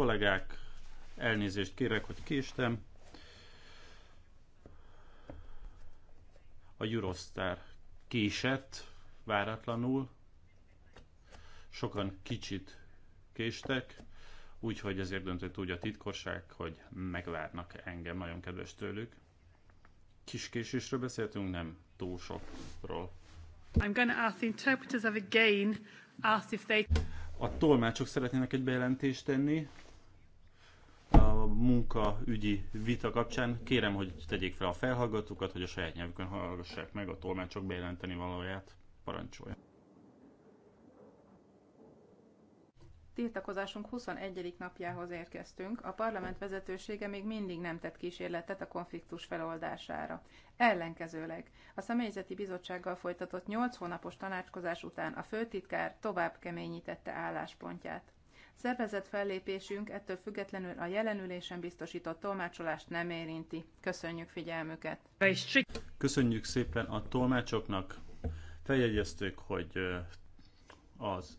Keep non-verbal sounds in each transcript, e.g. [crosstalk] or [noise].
Kollégák, elnézést kérek, hogy késtem. A Eurostar késett váratlanul. Sokan kicsit késtek, úgyhogy ezért döntött úgy a titkosság, hogy megvárnak engem, nagyon kedves tőlük. Kis késésről beszéltünk, nem túl sokról. I'm going to ask the interpreters of again ask if they... A tolmácsok szeretnének egy bejelentést tenni munkaügyi vita kapcsán kérem, hogy tegyék fel a felhallgatókat, hogy a saját nyelvükön hallgassák meg a tolmácsok bejelenteni valóját. Parancsolja. Tiltakozásunk 21. napjához érkeztünk, a parlament vezetősége még mindig nem tett kísérletet a konfliktus feloldására. Ellenkezőleg, a személyzeti bizottsággal folytatott 8 hónapos tanácskozás után a főtitkár tovább keményítette álláspontját. Szervezett fellépésünk ettől függetlenül a jelenülésen biztosított tolmácsolást nem érinti. Köszönjük figyelmüket! Köszönjük szépen a tolmácsoknak! Feljegyeztük, hogy az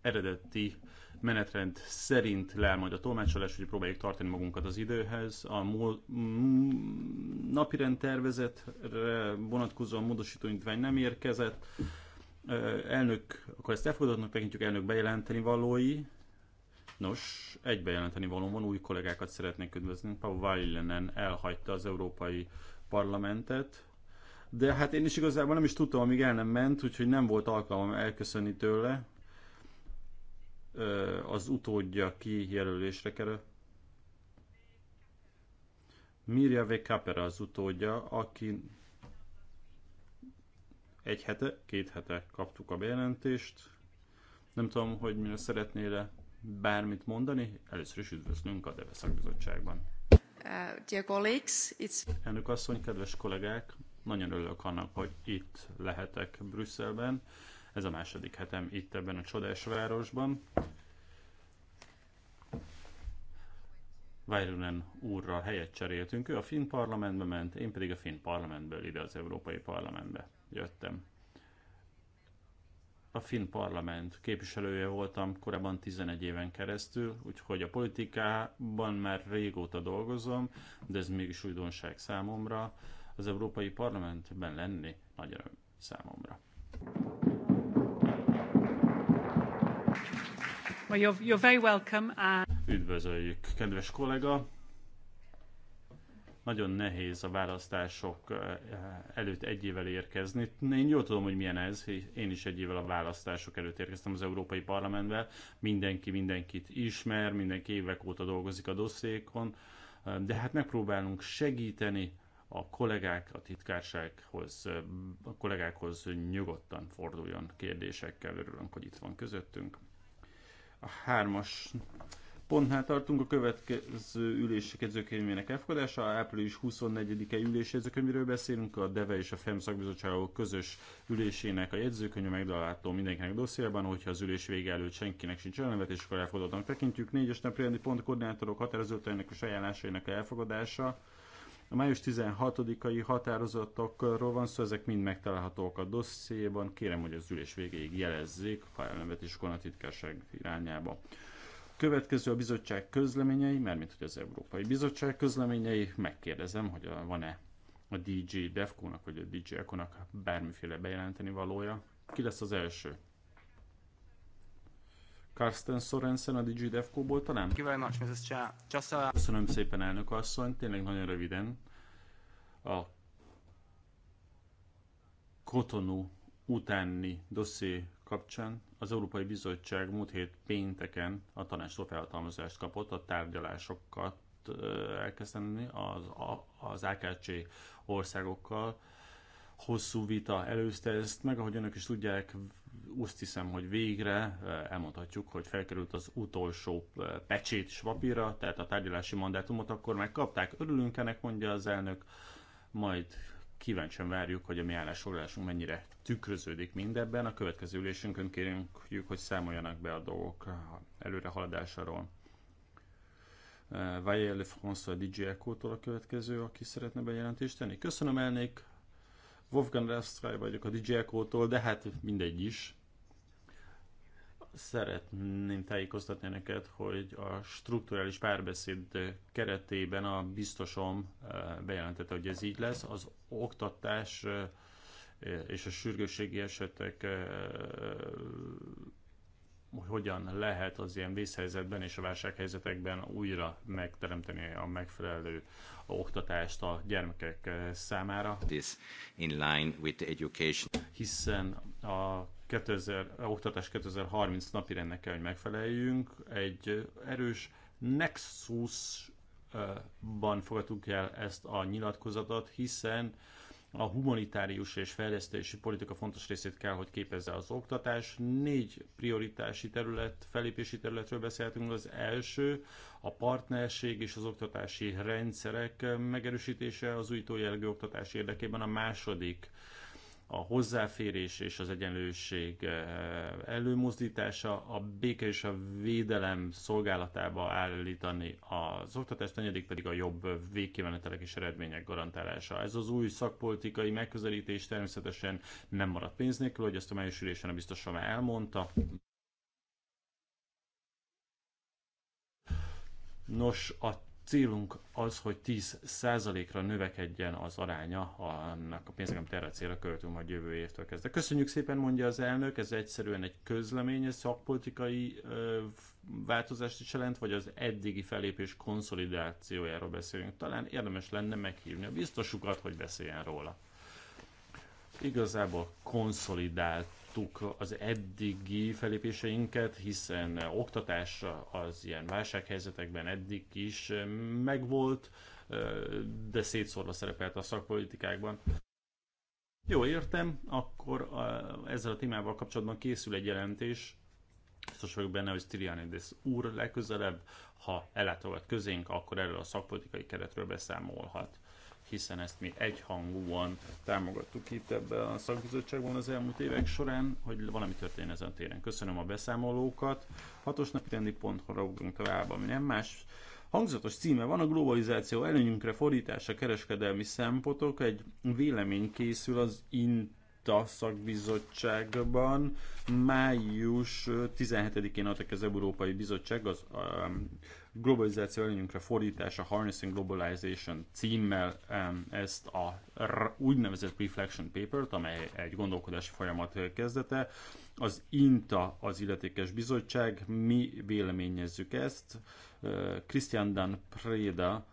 eredeti menetrend szerint leáll majd a tolmácsolás, hogy próbáljuk tartani magunkat az időhez. A mol- napirend tervezetre vonatkozóan módosítóintvány nem érkezett elnök, akkor ezt elfogadatnak tekintjük elnök bejelenteni valói. Nos, egy bejelenteni van, új kollégákat szeretnék üdvözlni. Paul Weilenen elhagyta az Európai Parlamentet, de hát én is igazából nem is tudtam, amíg el nem ment, úgyhogy nem volt alkalmam elköszönni tőle. Az utódja jelölésre kerül. Mirja V. Kapera az utódja, aki egy hete, két hete kaptuk a bejelentést. Nem tudom, hogy mire szeretnél -e bármit mondani. Először is üdvözlünk a Deve Szakbizottságban. Uh, dear colleagues, it's... Elnök asszony, kedves kollégák, nagyon örülök annak, hogy itt lehetek Brüsszelben. Ez a második hetem itt ebben a csodás városban. Vajrunen úrral helyet cseréltünk. Ő a finn parlamentbe ment, én pedig a finn parlamentből ide az Európai Parlamentbe jöttem. A finn parlament képviselője voltam korábban 11 éven keresztül, úgyhogy a politikában már régóta dolgozom, de ez mégis újdonság számomra. Az Európai Parlamentben lenni nagy öröm számomra. Well, you're, you're very welcome. Üdvözöljük, kedves kollega! Nagyon nehéz a választások eh, előtt egy évvel érkezni. Én jól tudom, hogy milyen ez. Én is egy évvel a választások előtt érkeztem az Európai Parlamentbe. Mindenki mindenkit ismer, mindenki évek óta dolgozik a dosszékon. Eh, de hát megpróbálunk segíteni, a kollégák, a titkársághoz, eh, a kollégákhoz nyugodtan forduljon kérdésekkel. Örülünk, hogy itt van közöttünk. A hármas pontnál tartunk a következő ülési kezdőkönyvének elfogadása. Április 24-e ülési jegyzőkönyvéről beszélünk, a DEVE és a FEM szakbizottságok közös ülésének a jegyzőkönyve megdalálható mindenkinek dossziában, hogyha az ülés vége előtt senkinek sincs ellenvetés, akkor elfogadatnak tekintjük. Négyes napi pont koordinátorok határozatainak és ajánlásainak elfogadása. A május 16-ai határozatokról van szó, ezek mind megtalálhatóak a dossziéban. Kérem, hogy az ülés végéig jelezzék, ha ellenvetés a titkárság irányába. Következő a bizottság közleményei, mert mint hogy az Európai Bizottság közleményei. Megkérdezem, hogy van-e a DJ Defco-nak vagy a DJ Econak bármiféle bejelenteni valója. Ki lesz az első? Karsten Sorensen a DJ Defco-ból talán? Uh, Köszönöm szépen, elnök asszony, tényleg nagyon röviden. A kotonu utáni dosszé kapcsán az Európai Bizottság múlt hét pénteken a tanácstól felhatalmazást kapott a tárgyalásokat elkezdeni az, az AKC országokkal. Hosszú vita előzte ezt meg, ahogy önök is tudják, úgy hiszem, hogy végre elmondhatjuk, hogy felkerült az utolsó pecsét is papírra, tehát a tárgyalási mandátumot akkor megkapták. Örülünk ennek, mondja az elnök, majd kíváncsian várjuk, hogy a mi állásfoglalásunk mennyire tükröződik mindebben. A következő ülésünkön kérjük, hogy számoljanak be a dolgok előrehaladásáról. Uh, Valle Le François DJ eko tól a következő, aki szeretne bejelentést tenni. Köszönöm elnék, Wolfgang Rastrai vagyok a DJ eko tól de hát mindegy is szeretném tájékoztatni neked, hogy a strukturális párbeszéd keretében a biztosom eh, bejelentette, hogy ez így lesz. Az oktatás eh, és a sürgősségi esetek eh, hogy hogyan lehet az ilyen vészhelyzetben és a válsághelyzetekben újra megteremteni a megfelelő oktatást a gyermekek számára. This in line with the education. Hiszen a 2000, oktatás 2030 napi rendnek kell, hogy megfeleljünk. Egy erős nexusban fogadtuk el ezt a nyilatkozatot, hiszen a humanitárius és fejlesztési politika fontos részét kell, hogy képezze az oktatás. Négy prioritási terület, felépési területről beszéltünk. Az első a partnerség és az oktatási rendszerek megerősítése az újtó jellegű oktatás érdekében. A második a hozzáférés és az egyenlőség eh, előmozdítása, a béke és a védelem szolgálatába állítani az oktatást, negyedik pedig a jobb végkimenetelek és eredmények garantálása. Ez az új szakpolitikai megközelítés természetesen nem maradt pénz nélkül, hogy ezt a május ülésen a biztosan elmondta. Nos, a Célunk az, hogy 10%-ra növekedjen az aránya annak a pénznek, amit erre a célra költünk majd jövő évtől kezdve. Köszönjük szépen, mondja az elnök, ez egyszerűen egy közlemény, ez szakpolitikai ö, változást is jelent, vagy az eddigi felépés konszolidációjáról beszélünk. Talán érdemes lenne meghívni a biztosukat, hogy beszéljen róla. Igazából konszolidált javítottuk az eddigi felépéseinket, hiszen oktatás az ilyen válsághelyzetekben eddig is megvolt, de szétszórva szerepelt a szakpolitikákban. Jó, értem, akkor a, ezzel a témával kapcsolatban készül egy jelentés, biztos vagyok benne, hogy Stylianides úr legközelebb, ha ellátogat közénk, akkor erről a szakpolitikai keretről beszámolhat hiszen ezt mi egyhangúan támogattuk itt ebben a szakbizottságban az elmúlt évek során, hogy valami történjen ezen a téren. Köszönöm a beszámolókat. Hatos napi rendi pontra raugrunk tovább, ami nem más. Hangzatos címe van a globalizáció előnyünkre fordítása kereskedelmi szempontok. Egy vélemény készül az Inta szakbizottságban. Május 17-én adtak az Európai Bizottság az um, globalizáció előnyünkre fordítása, Harnessing Globalization címmel ezt a úgynevezett Reflection Paper-t, amely egy gondolkodási folyamat kezdete. Az INTA az illetékes bizottság, mi véleményezzük ezt. Christian Dan Preda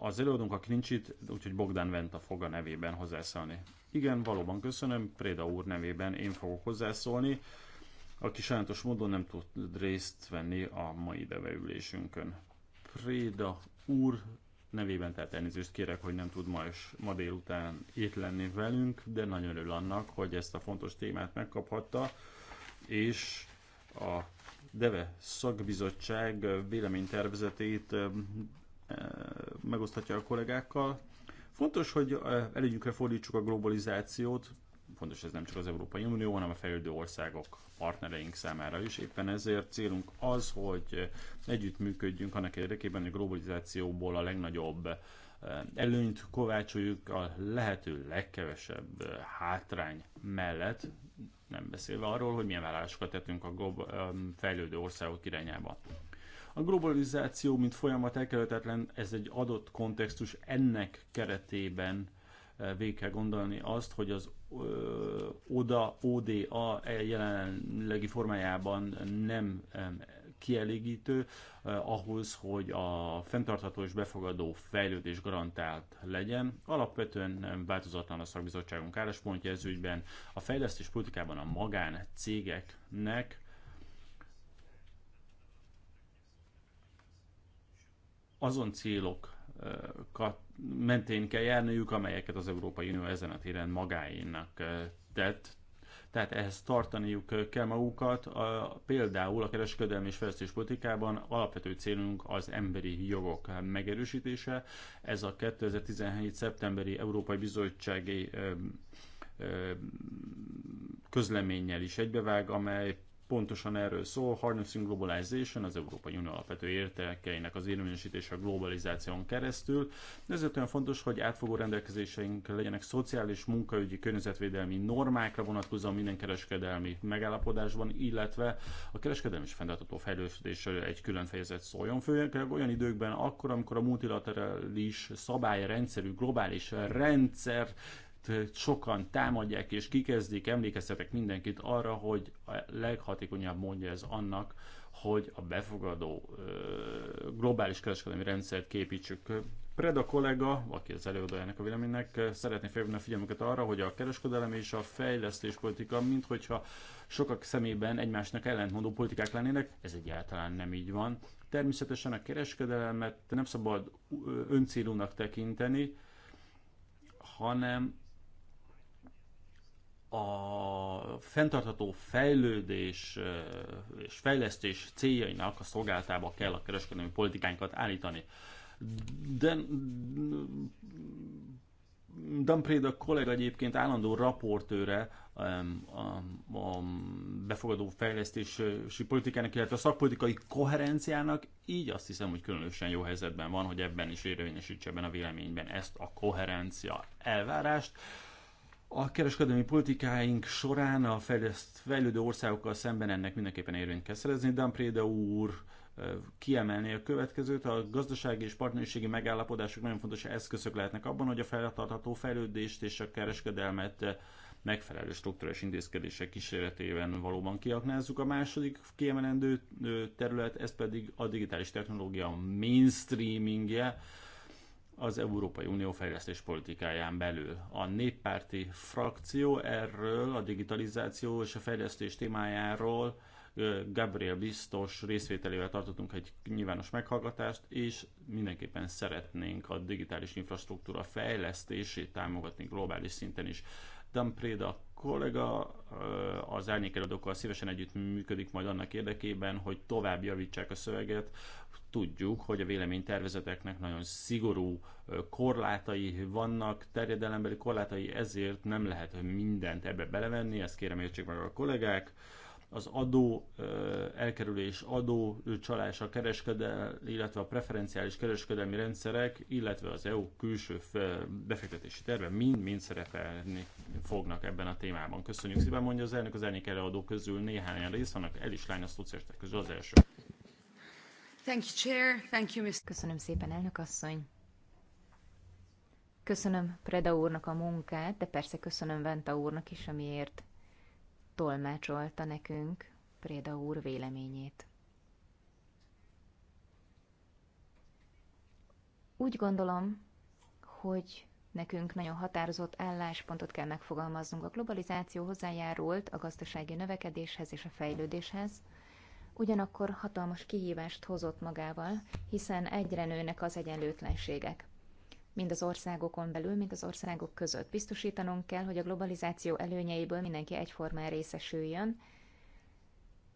az előadónk, aki nincs itt, úgyhogy Bogdan Venta fog a nevében hozzászólni. Igen, valóban köszönöm, Préda úr nevében én fogok hozzászólni aki sajnos módon nem tud részt venni a mai deveülésünkön. Préda úr nevében tehát elnézést kérek, hogy nem tud ma, is, ma délután itt lenni velünk, de nagyon örül annak, hogy ezt a fontos témát megkaphatta, és a DEVE szakbizottság véleménytervezetét megoszthatja a kollégákkal. Fontos, hogy előnyünkre fordítsuk a globalizációt, fontos ez nem csak az Európai Unió, hanem a fejlődő országok partnereink számára is. Éppen ezért célunk az, hogy együttműködjünk annak érdekében, hogy a globalizációból a legnagyobb eh, előnyt kovácsoljuk a lehető legkevesebb eh, hátrány mellett, nem beszélve arról, hogy milyen vállalásokat tettünk a fejlődő országok irányába. A globalizáció, mint folyamat elkerülhetetlen, ez egy adott kontextus, ennek keretében végig kell gondolni azt, hogy az ODA, ODA e jelenlegi formájában nem kielégítő ahhoz, hogy a fenntartható és befogadó fejlődés garantált legyen. Alapvetően változatlan a szakbizottságunk álláspontja ez ügyben. A fejlesztés politikában a magán cégeknek azon célokat mentén kell járniuk, amelyeket az Európai Unió ezen a téren magáénak tett. Tehát ehhez tartaniuk kell magukat. A, például a kereskedelmi és fejlesztés politikában alapvető célunk az emberi jogok megerősítése. Ez a 2017. szeptemberi Európai Bizottsági közleménnyel is egybevág, amely pontosan erről szól, Harnessing Globalization, az Európai Unió alapvető értékeinek az érvényesítése a globalizáción keresztül. Ezért olyan fontos, hogy átfogó rendelkezéseink legyenek szociális, munkaügyi, környezetvédelmi normákra vonatkozó minden kereskedelmi megállapodásban, illetve a kereskedelmi és fenntartható fejlődésről egy külön fejezet szóljon, főleg olyan időkben, akkor, amikor a multilaterális szabályrendszerű globális rendszer sokan támadják és kikezdik, emlékeztetek mindenkit arra, hogy a leghatékonyabb módja ez annak, hogy a befogadó globális kereskedelmi rendszert képítsük. Preda kollega, aki az előadójának a véleménynek, szeretné felvenni a figyelmüket arra, hogy a kereskedelem és a fejlesztés politika, mint hogyha sokak szemében egymásnak ellentmondó politikák lennének, ez egyáltalán nem így van. Természetesen a kereskedelmet nem szabad öncélúnak tekinteni, hanem a fenntartható fejlődés és fejlesztés céljainak a szolgáltába kell a kereskedelmi politikánkat állítani. De mm, a kollega egyébként állandó raportőre a, a befogadó fejlesztési politikának, illetve a szakpolitikai koherenciának, így azt hiszem, hogy különösen jó helyzetben van, hogy ebben is érvényesítse ebben a véleményben ezt a koherencia elvárást. A kereskedelmi politikáink során a fejleszt, fejlődő országokkal szemben ennek mindenképpen érvényt kell szerezni. Dampréda úr kiemelni a következőt. A gazdasági és partnerségi megállapodások nagyon fontos eszközök lehetnek abban, hogy a feltartható fejlődést és a kereskedelmet megfelelő struktúrás intézkedések kísérletében valóban kiaknázzuk. A második kiemelendő terület, ez pedig a digitális technológia mainstreamingje, az Európai Unió fejlesztés politikáján belül. A néppárti frakció erről, a digitalizáció és a fejlesztés témájáról Gabriel biztos részvételével tartottunk egy nyilvános meghallgatást, és mindenképpen szeretnénk a digitális infrastruktúra fejlesztését támogatni globális szinten is. Dampréda kollega az árnyékelődőkkal szívesen együtt működik majd annak érdekében, hogy tovább javítsák a szöveget. Tudjuk, hogy a véleménytervezeteknek nagyon szigorú korlátai vannak, terjedelembeli korlátai, ezért nem lehet mindent ebbe belevenni, ezt kérem értsék meg a kollégák az adó elkerülés, adó csalás, a kereskedel, illetve a preferenciális kereskedelmi rendszerek, illetve az EU külső befektetési terve mind-mind szerepelni fognak ebben a témában. Köszönjük szépen, mondja az elnök, az elnök előadó közül néhányan részt vannak, el is lány a szociálisták közül az első. Thank you, Chair. Thank you, Mr. Köszönöm szépen, elnök asszony. Köszönöm Preda úrnak a munkát, de persze köszönöm Venta úrnak is, amiért tolmácsolta nekünk Préda úr véleményét. Úgy gondolom, hogy nekünk nagyon határozott álláspontot kell megfogalmaznunk. A globalizáció hozzájárult a gazdasági növekedéshez és a fejlődéshez, ugyanakkor hatalmas kihívást hozott magával, hiszen egyre nőnek az egyenlőtlenségek mind az országokon belül, mind az országok között. Biztosítanunk kell, hogy a globalizáció előnyeiből mindenki egyformán részesüljön,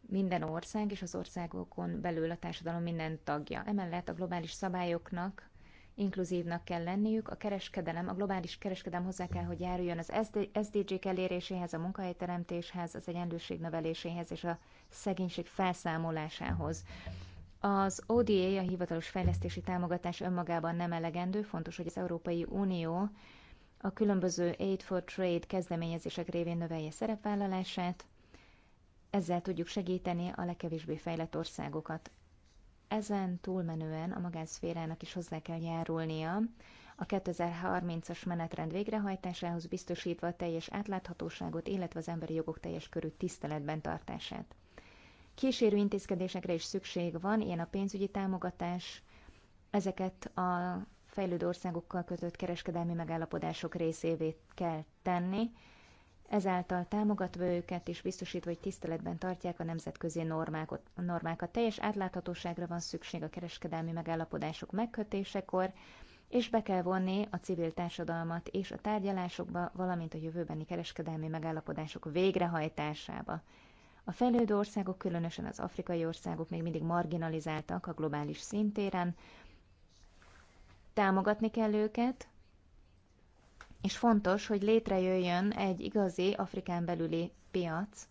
minden ország és az országokon belül a társadalom minden tagja. Emellett a globális szabályoknak inkluzívnak kell lenniük, a kereskedelem, a globális kereskedelem hozzá kell, hogy járuljon az SDG-k eléréséhez, a munkahelyteremtéshez, az egyenlőség növeléséhez és a szegénység felszámolásához. Az ODA, a hivatalos fejlesztési támogatás önmagában nem elegendő, fontos, hogy az Európai Unió a különböző Aid for Trade kezdeményezések révén növelje szerepvállalását, ezzel tudjuk segíteni a legkevésbé fejlett országokat. Ezen túlmenően a magánszférának is hozzá kell járulnia a 2030-as menetrend végrehajtásához biztosítva a teljes átláthatóságot, illetve az emberi jogok teljes körű tiszteletben tartását. Kísérő intézkedésekre is szükség van, ilyen a pénzügyi támogatás, ezeket a fejlődő országokkal kötött kereskedelmi megállapodások részévé kell tenni, ezáltal támogatva őket és biztosítva, hogy tiszteletben tartják a nemzetközi normákat. normákat. Teljes átláthatóságra van szükség a kereskedelmi megállapodások megkötésekor, és be kell vonni a civil társadalmat és a tárgyalásokba, valamint a jövőbeni kereskedelmi megállapodások végrehajtásába. A fejlődő országok, különösen az afrikai országok még mindig marginalizáltak a globális szintéren. Támogatni kell őket, és fontos, hogy létrejöjjön egy igazi Afrikán belüli piac.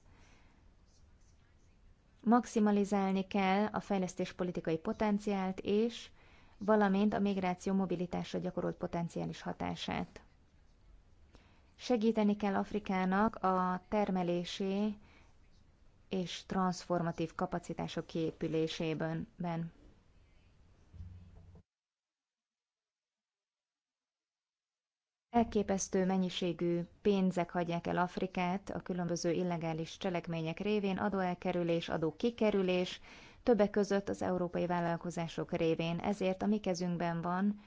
Maximalizálni kell a fejlesztéspolitikai potenciált és valamint a migráció mobilitásra gyakorolt potenciális hatását. Segíteni kell Afrikának a termelési és transformatív kapacitások kiépülésében. Elképesztő mennyiségű pénzek hagyják el Afrikát a különböző illegális cselekmények révén, adóelkerülés, adókikerülés, többek között az európai vállalkozások révén. Ezért a mi kezünkben van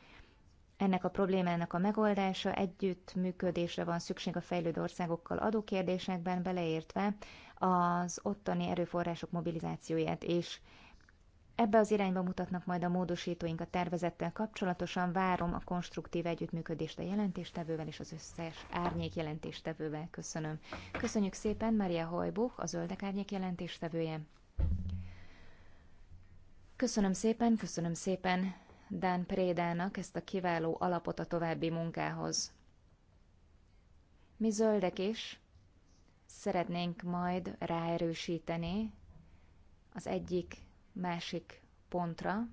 ennek a problémának a megoldása, együttműködésre van szükség a fejlődő országokkal adókérdésekben, beleértve az ottani erőforrások mobilizációját és Ebbe az irányba mutatnak majd a módosítóink a tervezettel kapcsolatosan. Várom a konstruktív együttműködést a jelentéstevővel és az összes árnyék jelentéstevővel. Köszönöm. Köszönjük szépen Maria Hojbuch, a Zöldek Árnyék jelentéstevője. Köszönöm szépen, köszönöm szépen Dán Prédának ezt a kiváló alapot a további munkához. Mi zöldek is szeretnénk majd ráerősíteni az egyik másik pontra.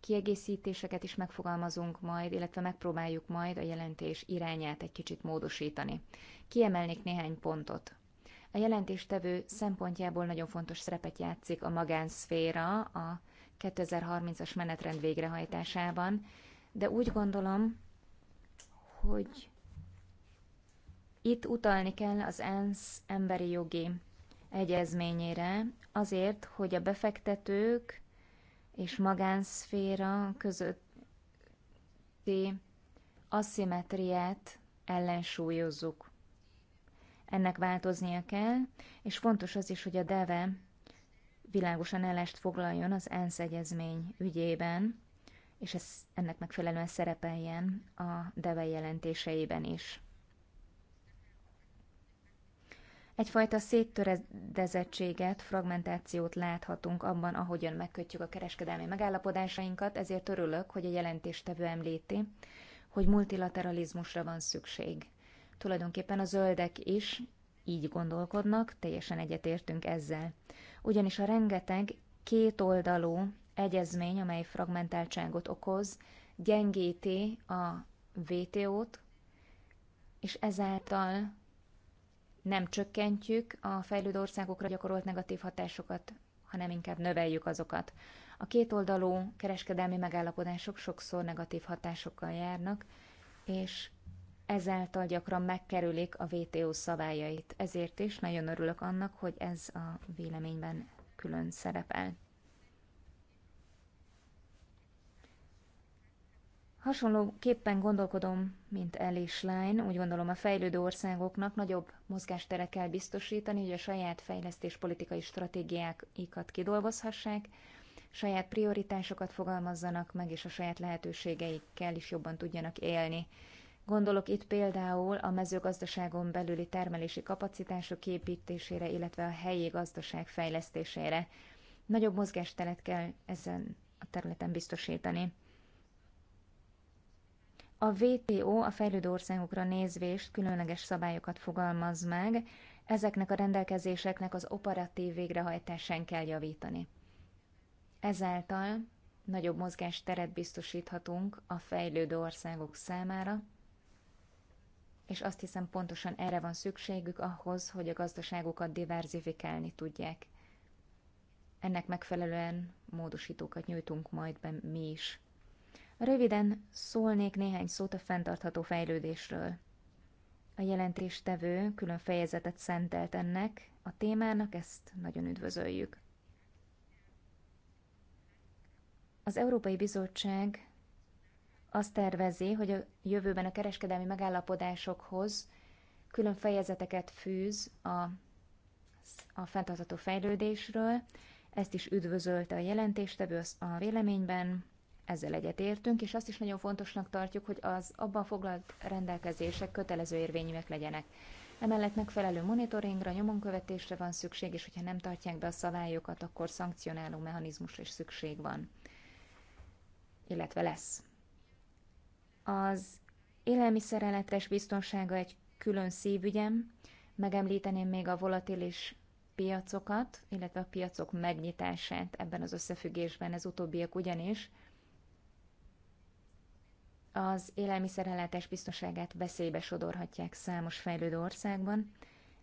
Kiegészítéseket is megfogalmazunk majd, illetve megpróbáljuk majd a jelentés irányát egy kicsit módosítani. Kiemelnék néhány pontot. A jelentéstevő szempontjából nagyon fontos szerepet játszik a magánszféra a 2030-as menetrend végrehajtásában, de úgy gondolom, hogy itt utalni kell az ENSZ emberi jogi egyezményére, azért, hogy a befektetők és magánszféra közötti aszimmetriát ellensúlyozzuk. Ennek változnia kell, és fontos az is, hogy a DEVE világosan elest foglaljon az ENSZ egyezmény ügyében, és ez ennek megfelelően szerepeljen a DEVE jelentéseiben is. Egyfajta széttöredezettséget, fragmentációt láthatunk abban, ahogyan megkötjük a kereskedelmi megállapodásainkat, ezért örülök, hogy a jelentéstevő említi, hogy multilateralizmusra van szükség. Tulajdonképpen a zöldek is így gondolkodnak, teljesen egyetértünk ezzel. Ugyanis a rengeteg kétoldalú egyezmény, amely fragmentáltságot okoz, gyengíti a VTO-t, és ezáltal nem csökkentjük a fejlődő országokra gyakorolt negatív hatásokat, hanem inkább növeljük azokat. A kétoldalú kereskedelmi megállapodások sokszor negatív hatásokkal járnak, és ezáltal gyakran megkerülik a WTO szabályait. Ezért is nagyon örülök annak, hogy ez a véleményben külön szerepel. Hasonlóképpen gondolkodom, mint Elis Line, úgy gondolom a fejlődő országoknak nagyobb mozgástere kell biztosítani, hogy a saját politikai stratégiáikat kidolgozhassák, saját prioritásokat fogalmazzanak meg, és a saját lehetőségeikkel is jobban tudjanak élni. Gondolok itt például a mezőgazdaságon belüli termelési kapacitások képítésére, illetve a helyi gazdaság fejlesztésére. Nagyobb mozgástelet kell ezen a területen biztosítani. A WTO a fejlődő országokra nézvést különleges szabályokat fogalmaz meg, ezeknek a rendelkezéseknek az operatív végrehajtásán kell javítani. Ezáltal nagyobb mozgásteret biztosíthatunk a fejlődő országok számára, és azt hiszem pontosan erre van szükségük ahhoz, hogy a gazdaságukat diverzifikálni tudják. Ennek megfelelően módosítókat nyújtunk majd be mi is. Röviden szólnék néhány szót a fenntartható fejlődésről. A jelentéstevő külön fejezetet szentelt ennek a témának, ezt nagyon üdvözöljük. Az Európai Bizottság azt tervezi, hogy a jövőben a kereskedelmi megállapodásokhoz külön fejezeteket fűz a, a fenntartható fejlődésről. Ezt is üdvözölte a jelentéstevő a véleményben, ezzel egyetértünk, és azt is nagyon fontosnak tartjuk, hogy az abban foglalt rendelkezések kötelező érvényűek legyenek. Emellett megfelelő monitoringra, nyomonkövetésre van szükség, és hogyha nem tartják be a szabályokat, akkor szankcionáló mechanizmus is szükség van. Illetve lesz. Az élelmiszerelletes biztonsága egy külön szívügyem. Megemlíteném még a volatilis piacokat, illetve a piacok megnyitását ebben az összefüggésben, ez utóbbiak ugyanis – az élelmiszerellátás biztonságát veszélybe sodorhatják számos fejlődő országban,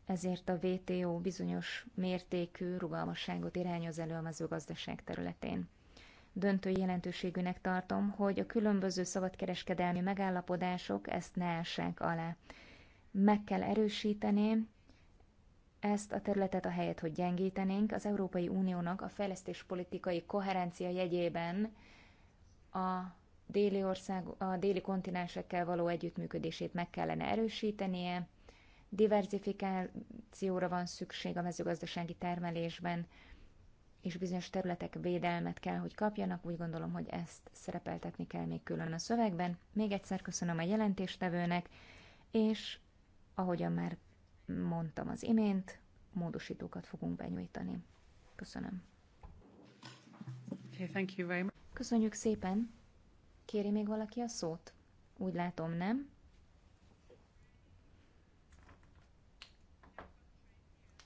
ezért a WTO bizonyos mértékű rugalmasságot irányoz elő a mezőgazdaság területén. Döntő jelentőségűnek tartom, hogy a különböző szabadkereskedelmi megállapodások ezt ne essenek alá. Meg kell erősíteni ezt a területet a helyet, hogy gyengítenénk. Az Európai Uniónak a fejlesztéspolitikai koherencia jegyében a déli ország, a déli kontinensekkel való együttműködését meg kellene erősítenie, diversifikációra van szükség a mezőgazdasági termelésben, és bizonyos területek védelmet kell, hogy kapjanak. Úgy gondolom, hogy ezt szerepeltetni kell még külön a szövegben. Még egyszer köszönöm a jelentéstevőnek, és ahogyan már mondtam az imént, módosítókat fogunk benyújtani. Köszönöm. Okay, thank you very much. Köszönjük szépen! Kéri még valaki a szót? Úgy látom, nem.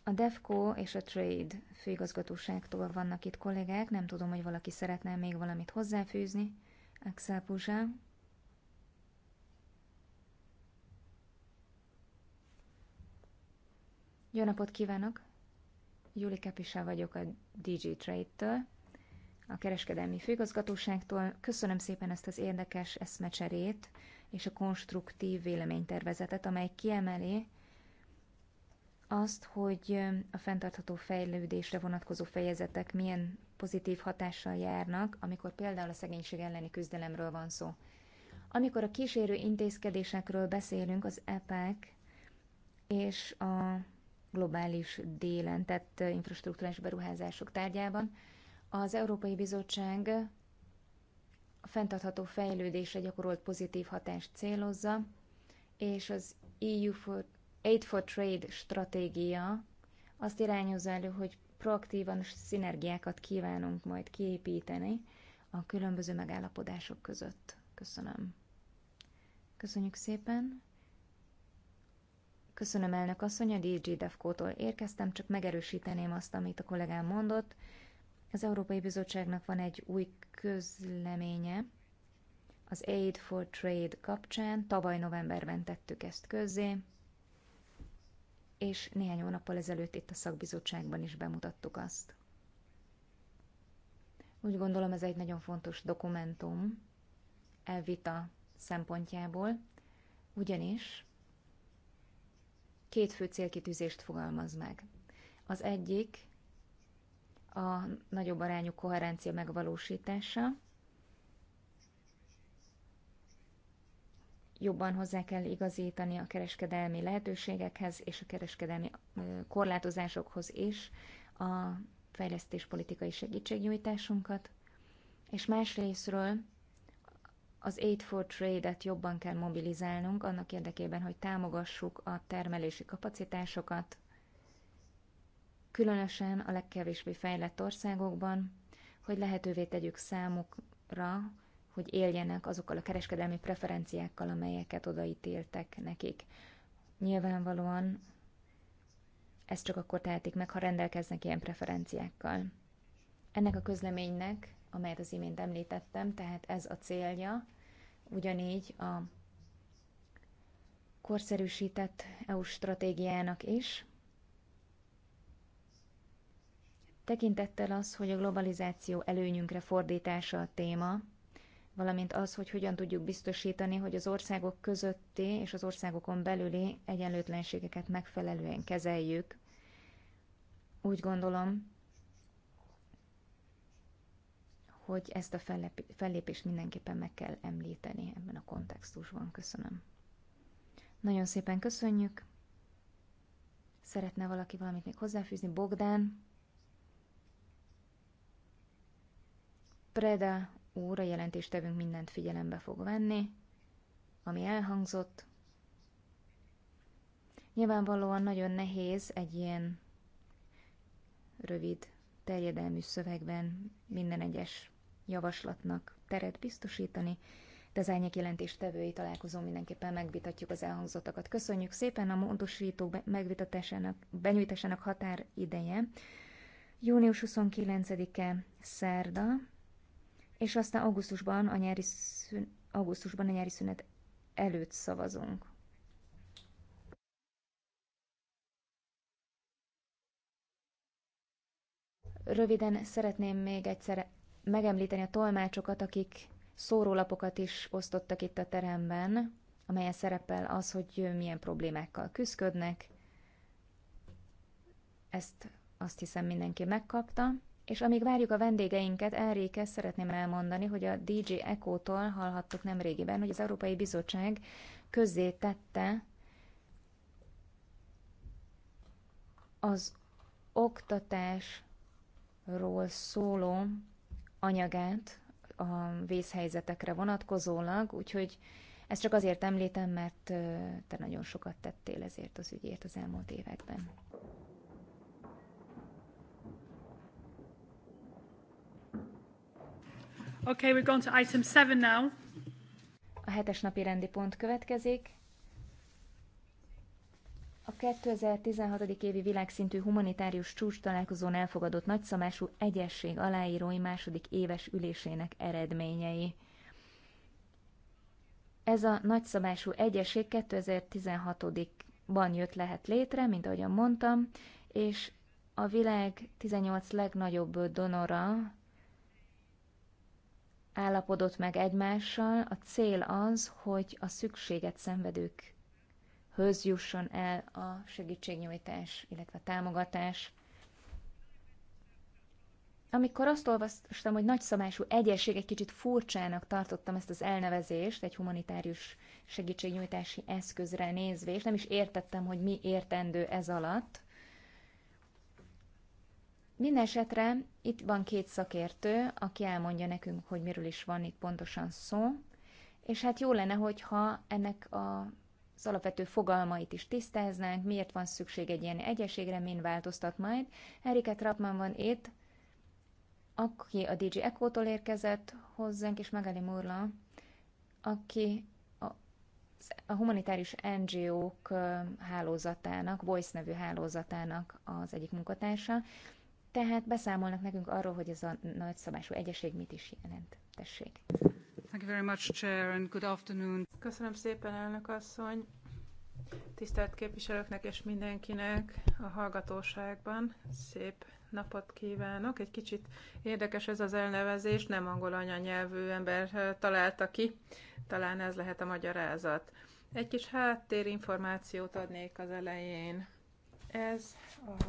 A DEFCO és a Trade főigazgatóságtól vannak itt kollégák, nem tudom, hogy valaki szeretne még valamit hozzáfűzni. Axel Puzsa. Jó napot kívánok! Juli Kepisa vagyok a DJ Trade-től a Kereskedelmi főgazgatóságtól. Köszönöm szépen ezt az érdekes eszmecserét és a konstruktív véleménytervezetet, amely kiemeli azt, hogy a fenntartható fejlődésre vonatkozó fejezetek milyen pozitív hatással járnak, amikor például a szegénység elleni küzdelemről van szó. Amikor a kísérő intézkedésekről beszélünk, az EPEC és a globális délen tett infrastruktúrás beruházások tárgyában, az Európai Bizottság a fenntartható fejlődésre gyakorolt pozitív hatást célozza, és az EU for, Aid for Trade stratégia azt irányozza elő, hogy proaktívan szinergiákat kívánunk majd kiépíteni a különböző megállapodások között. Köszönöm. Köszönjük szépen. Köszönöm elnök asszony, a DG Defco-tól érkeztem, csak megerősíteném azt, amit a kollégám mondott. Az Európai Bizottságnak van egy új közleménye, az Aid for Trade kapcsán, tavaly novemberben tettük ezt közzé, és néhány hónappal ezelőtt itt a szakbizottságban is bemutattuk azt. Úgy gondolom ez egy nagyon fontos dokumentum elvita szempontjából, ugyanis két fő célkitűzést fogalmaz meg. Az egyik a nagyobb arányú koherencia megvalósítása. Jobban hozzá kell igazítani a kereskedelmi lehetőségekhez és a kereskedelmi korlátozásokhoz is a fejlesztéspolitikai segítségnyújtásunkat, és másrésztről az Aid for Trade-et jobban kell mobilizálnunk annak érdekében, hogy támogassuk a termelési kapacitásokat, különösen a legkevésbé fejlett országokban, hogy lehetővé tegyük számukra, hogy éljenek azokkal a kereskedelmi preferenciákkal, amelyeket odaítéltek nekik. Nyilvánvalóan ez csak akkor tehetik meg, ha rendelkeznek ilyen preferenciákkal. Ennek a közleménynek, amelyet az imént említettem, tehát ez a célja, ugyanígy a korszerűsített EU stratégiának is, Tekintettel az, hogy a globalizáció előnyünkre fordítása a téma, valamint az, hogy hogyan tudjuk biztosítani, hogy az országok közötti és az országokon belüli egyenlőtlenségeket megfelelően kezeljük. Úgy gondolom, hogy ezt a fellépést mindenképpen meg kell említeni ebben a kontextusban. Köszönöm. Nagyon szépen köszönjük. Szeretne valaki valamit még hozzáfűzni? Bogdán? Preda úr, a jelentéstevünk mindent figyelembe fog venni, ami elhangzott. Nyilvánvalóan nagyon nehéz egy ilyen rövid, terjedelmű szövegben minden egyes javaslatnak teret biztosítani, de az árnyék jelentéstevői találkozó mindenképpen megvitatjuk az elhangzottakat. Köszönjük szépen a módosító megvitatásának, benyújtásának határideje. Június 29-e szerda, és aztán augusztusban a nyári, szün, augusztusban a nyári szünet előtt szavazunk. Röviden szeretném még egyszer megemlíteni a tolmácsokat, akik szórólapokat is osztottak itt a teremben, amelyen szerepel az, hogy milyen problémákkal küzdködnek. Ezt azt hiszem mindenki megkapta. És amíg várjuk a vendégeinket, Enrique szeretném elmondani, hogy a DJ echo tól hallhattuk régiben, hogy az Európai Bizottság közzé tette az oktatásról szóló anyagát a vészhelyzetekre vonatkozólag, úgyhogy ezt csak azért említem, mert te nagyon sokat tettél ezért az ügyért az elmúlt években. Okay, we're going to item seven now. A hetes napi rendi pont következik. A 2016. évi világszintű humanitárius csúcs találkozón elfogadott nagyszabású egyesség aláírói második éves ülésének eredményei. Ez a nagyszabású egyesség 2016-ban jött lehet létre, mint ahogyan mondtam, és a világ 18 legnagyobb donora állapodott meg egymással. A cél az, hogy a szükséget szenvedőkhöz jusson el a segítségnyújtás, illetve a támogatás. Amikor azt olvastam, hogy nagyszabású egyesség, egy kicsit furcsának tartottam ezt az elnevezést, egy humanitárius segítségnyújtási eszközre nézve, és nem is értettem, hogy mi értendő ez alatt. Mindenesetre itt van két szakértő, aki elmondja nekünk, hogy miről is van itt pontosan szó, és hát jó lenne, hogyha ennek a az alapvető fogalmait is tisztáznánk, miért van szükség egy ilyen egyeségre, min változtat majd. Erika Trappman van itt, aki a DJ Echo-tól érkezett hozzánk, és Megali Murla, aki a, a humanitárius NGO-k hálózatának, Voice nevű hálózatának az egyik munkatársa. Tehát beszámolnak nekünk arról, hogy ez a nagyszabású egyeség mit is jelent. Tessék. Thank you very much, Chair, and good afternoon. Köszönöm szépen, elnök asszony. Tisztelt képviselőknek és mindenkinek a hallgatóságban szép napot kívánok. Egy kicsit érdekes ez az elnevezés, nem angol anyanyelvű ember találta ki, talán ez lehet a magyarázat. Egy kis háttérinformációt adnék az elején. Ez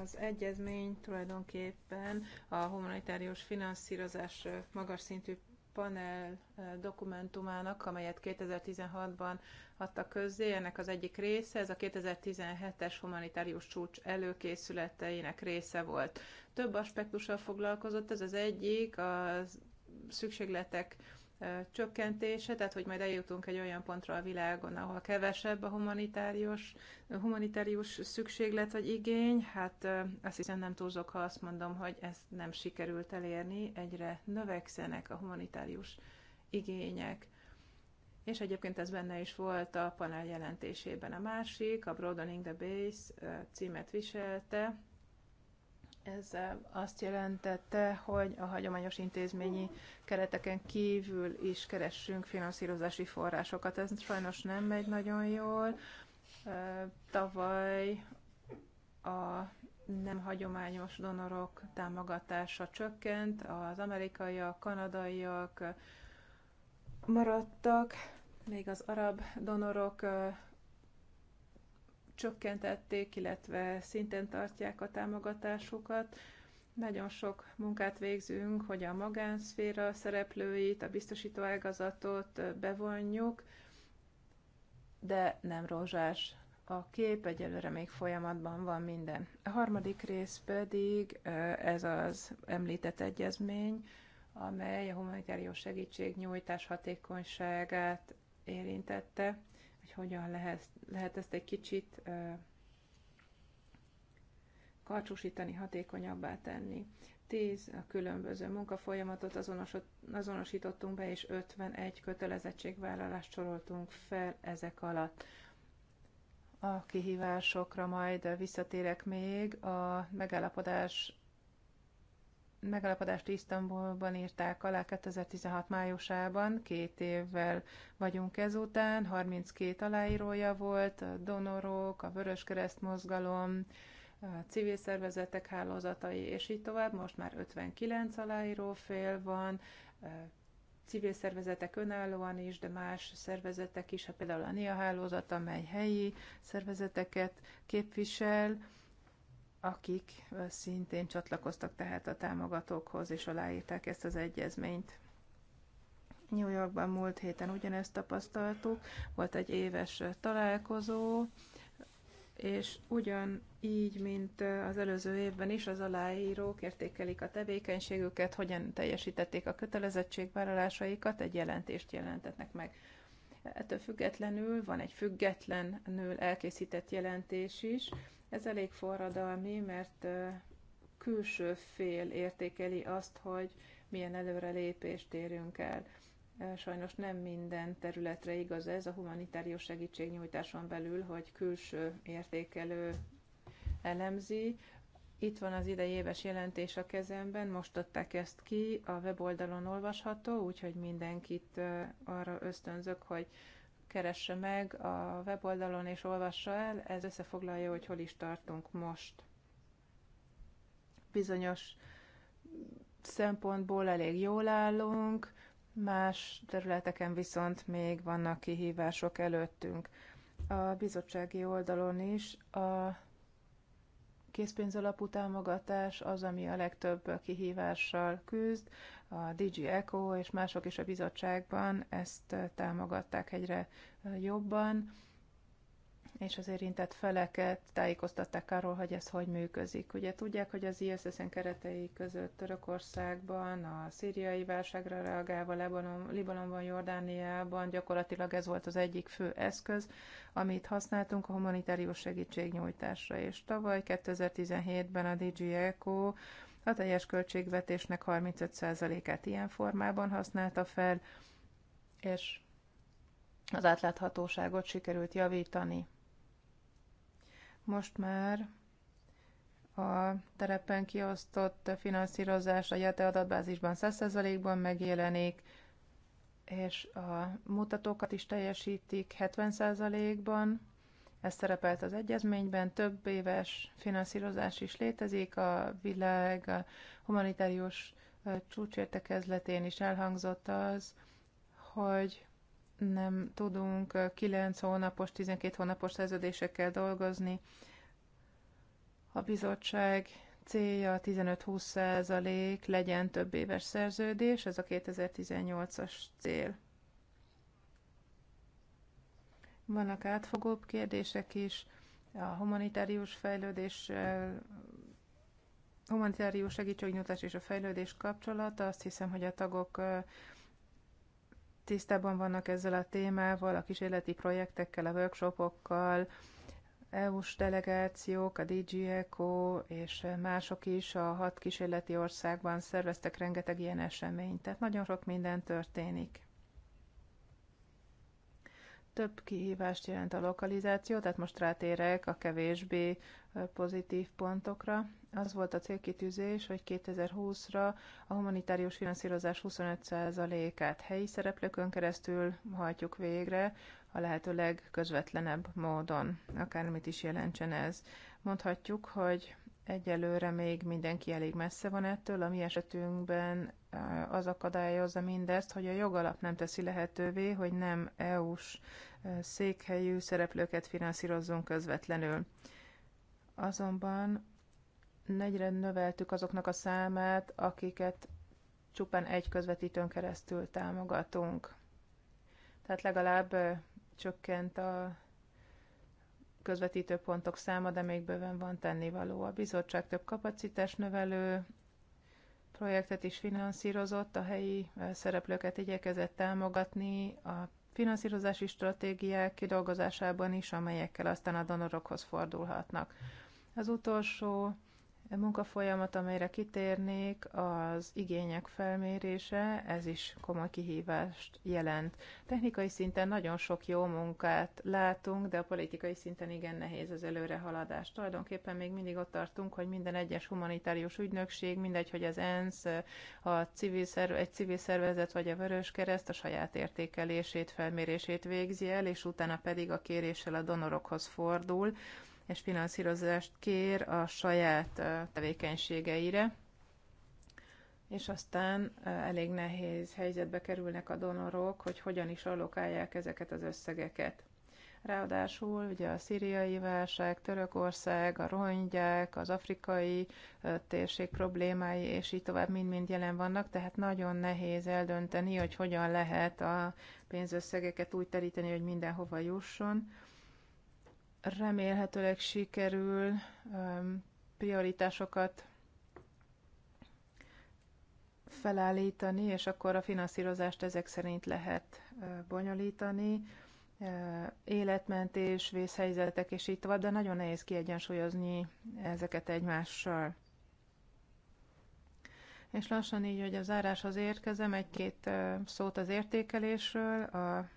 az egyezmény tulajdonképpen a humanitárius finanszírozás magas szintű panel eh, dokumentumának, amelyet 2016-ban adtak közzé. Ennek az egyik része, ez a 2017-es humanitárius csúcs előkészületeinek része volt. Több aspektussal foglalkozott, ez az egyik, a szükségletek csökkentése, tehát hogy majd eljutunk egy olyan pontra a világon, ahol kevesebb a humanitárius, humanitárius szükséglet vagy igény, hát azt hiszem nem túlzok, ha azt mondom, hogy ezt nem sikerült elérni, egyre növekszenek a humanitárius igények. És egyébként ez benne is volt a panel jelentésében. A másik, a Broadening the Base címet viselte, ez azt jelentette, hogy a hagyományos intézményi kereteken kívül is keressünk finanszírozási forrásokat. Ez sajnos nem megy nagyon jól. Tavaly a nem hagyományos donorok támogatása csökkent, az amerikaiak, kanadaiak maradtak, még az arab donorok csökkentették, illetve szinten tartják a támogatásukat. Nagyon sok munkát végzünk, hogy a magánszféra szereplőit, a biztosító ágazatot bevonjuk, de nem rózsás a kép, egyelőre még folyamatban van minden. A harmadik rész pedig ez az említett egyezmény, amely a humanitárius nyújtás hatékonyságát érintette, hogy hogyan lehet, lehet ezt egy kicsit karcsúsítani, hatékonyabbá tenni. 10 a különböző munkafolyamatot azonosítottunk be, és 51 kötelezettségvállalást soroltunk fel ezek alatt. A kihívásokra majd visszatérek még. A megállapodás megalapodást Isztambulban írták alá 2016 májusában, két évvel vagyunk ezután, 32 aláírója volt, a donorok, a Vöröskereszt mozgalom, a civil szervezetek hálózatai, és így tovább. Most már 59 aláíró fél van, civil szervezetek önállóan is, de más szervezetek is, ha hát például a NIA hálózat, amely helyi szervezeteket képvisel, akik szintén csatlakoztak tehát a támogatókhoz és aláírták ezt az egyezményt. New Yorkban múlt héten ugyanezt tapasztaltuk, volt egy éves találkozó, és ugyan így, mint az előző évben is, az aláírók értékelik a tevékenységüket, hogyan teljesítették a kötelezettségvállalásaikat, egy jelentést jelentetnek meg. Ettől függetlenül van egy független elkészített jelentés is, ez elég forradalmi, mert külső fél értékeli azt, hogy milyen előrelépést érünk el. Sajnos nem minden területre igaz ez a humanitárius segítségnyújtáson belül, hogy külső értékelő elemzi. Itt van az idei éves jelentés a kezemben, most adták ezt ki, a weboldalon olvasható, úgyhogy mindenkit arra ösztönzök, hogy keresse meg a weboldalon és olvassa el, ez összefoglalja, hogy hol is tartunk most. Bizonyos szempontból elég jól állunk, más területeken viszont még vannak kihívások előttünk. A bizottsági oldalon is a készpénz alapú támogatás az, ami a legtöbb kihívással küzd. A DG Echo és mások is a bizottságban ezt támogatták egyre jobban és az érintett feleket tájékoztatták arról, hogy ez hogy működik. Ugye tudják, hogy az ISS-en keretei között Törökországban, a szíriai válságra reagálva, Lebanon, Libanonban, Jordániában gyakorlatilag ez volt az egyik fő eszköz, amit használtunk a humanitárius segítségnyújtásra. És tavaly 2017-ben a DG Eco a teljes költségvetésnek 35%-át ilyen formában használta fel, és az átláthatóságot sikerült javítani most már a terepen kiosztott finanszírozás a JETE adatbázisban 100%-ban megjelenik, és a mutatókat is teljesítik 70%-ban. Ez szerepelt az egyezményben, több éves finanszírozás is létezik, a világ a humanitárius csúcsértekezletén is elhangzott az, hogy nem tudunk 9 hónapos, 12 hónapos szerződésekkel dolgozni. A bizottság célja 15-20 százalék legyen több éves szerződés, ez a 2018-as cél. Vannak átfogóbb kérdések is, a humanitárius fejlődés humanitárius segítségnyújtás és a fejlődés kapcsolata. Azt hiszem, hogy a tagok tisztában vannak ezzel a témával, a kísérleti projektekkel, a workshopokkal, EU-s delegációk, a DG ECO és mások is a hat kísérleti országban szerveztek rengeteg ilyen eseményt, tehát nagyon sok minden történik. Több kihívást jelent a lokalizáció, tehát most rátérek a kevésbé pozitív pontokra. Az volt a célkitűzés, hogy 2020-ra a humanitárius finanszírozás 25%-át helyi szereplőkön keresztül hajtjuk végre, a lehető legközvetlenebb módon, akármit is jelentsen ez. Mondhatjuk, hogy egyelőre még mindenki elég messze van ettől, a mi esetünkben az akadályozza mindezt, hogy a jogalap nem teszi lehetővé, hogy nem EU-s székhelyű szereplőket finanszírozzunk közvetlenül. Azonban negyre növeltük azoknak a számát, akiket csupán egy közvetítőn keresztül támogatunk. Tehát legalább csökkent a közvetítőpontok száma, de még bőven van tennivaló. A bizottság több kapacitás növelő projektet is finanszírozott, a helyi eh, szereplőket igyekezett támogatni a finanszírozási stratégiák kidolgozásában is, amelyekkel aztán a donorokhoz fordulhatnak. Az utolsó munkafolyamat, amelyre kitérnék, az igények felmérése, ez is komoly kihívást jelent. Technikai szinten nagyon sok jó munkát látunk, de a politikai szinten igen nehéz az előrehaladás. Tulajdonképpen még mindig ott tartunk, hogy minden egyes humanitárius ügynökség, mindegy, hogy az ENSZ, a civil szerv, egy civil szervezet vagy a Kereszt a saját értékelését, felmérését végzi el, és utána pedig a kéréssel a donorokhoz fordul, és finanszírozást kér a saját tevékenységeire, és aztán elég nehéz helyzetbe kerülnek a donorok, hogy hogyan is allokálják ezeket az összegeket. Ráadásul ugye a szíriai válság, Törökország, a rohingyák, az afrikai térség problémái, és így tovább mind-mind jelen vannak, tehát nagyon nehéz eldönteni, hogy hogyan lehet a pénzösszegeket úgy teríteni, hogy mindenhova jusson remélhetőleg sikerül prioritásokat felállítani, és akkor a finanszírozást ezek szerint lehet bonyolítani. Életmentés, vészhelyzetek és így tovább, de nagyon nehéz kiegyensúlyozni ezeket egymással. És lassan így, hogy a záráshoz érkezem, egy-két szót az értékelésről, a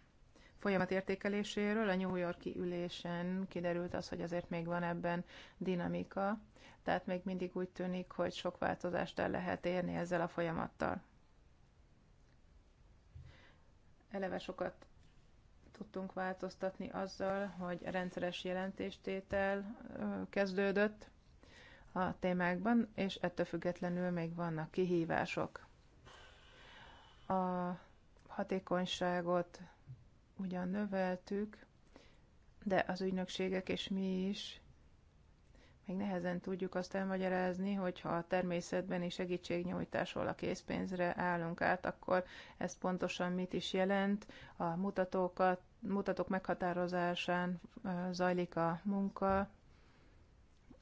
folyamat értékeléséről a New Yorki ülésen kiderült az, hogy azért még van ebben dinamika, tehát még mindig úgy tűnik, hogy sok változást el lehet érni ezzel a folyamattal. Eleve sokat tudtunk változtatni azzal, hogy rendszeres jelentéstétel kezdődött a témákban, és ettől függetlenül még vannak kihívások. A hatékonyságot ugyan növeltük, de az ügynökségek és mi is még nehezen tudjuk azt elmagyarázni, hogy ha a is segítségnyújtásról a készpénzre állunk át, akkor ez pontosan mit is jelent. A mutatókat, mutatók meghatározásán zajlik a munka,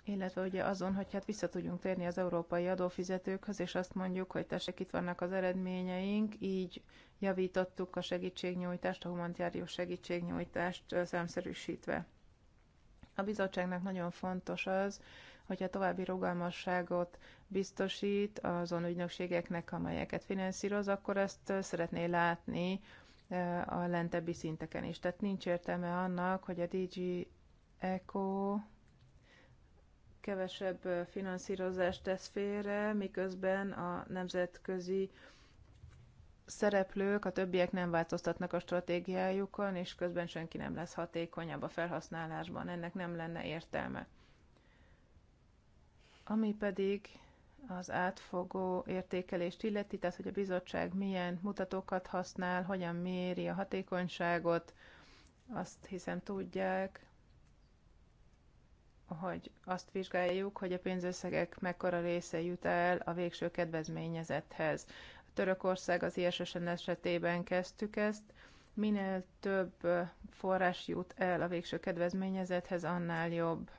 illetve ugye azon, hogy hát vissza tudjunk térni az európai adófizetőkhöz, és azt mondjuk, hogy tessék, itt vannak az eredményeink, így javítottuk a segítségnyújtást, a humanitárius segítségnyújtást szemszerűsítve. A bizottságnak nagyon fontos az, hogyha további rugalmasságot biztosít azon ügynökségeknek, amelyeket finanszíroz, akkor ezt szeretné látni a lentebbi szinteken is. Tehát nincs értelme annak, hogy a DG Eco kevesebb finanszírozást tesz félre, miközben a nemzetközi szereplők, a többiek nem változtatnak a stratégiájukon, és közben senki nem lesz hatékonyabb a felhasználásban. Ennek nem lenne értelme. Ami pedig az átfogó értékelést illeti, tehát hogy a bizottság milyen mutatókat használ, hogyan méri a hatékonyságot, azt hiszem tudják, hogy azt vizsgáljuk, hogy a pénzösszegek mekkora része jut el a végső kedvezményezethez. A Törökország az ISSN esetében kezdtük ezt, minél több forrás jut el a végső kedvezményezethez, annál jobb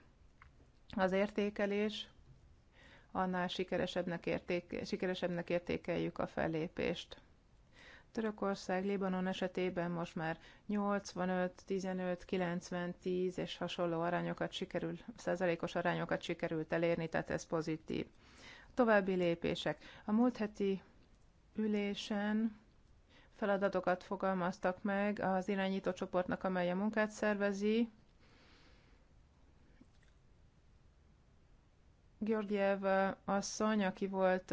az értékelés, annál sikeresebbnek, érték, sikeresebbnek értékeljük a fellépést. Törökország, Libanon esetében most már 85, 15, 90, 10 és hasonló arányokat sikerül, százalékos arányokat sikerült elérni, tehát ez pozitív. További lépések. A múlt heti ülésen feladatokat fogalmaztak meg az irányító csoportnak, amely a munkát szervezi. Georgiev asszony, aki volt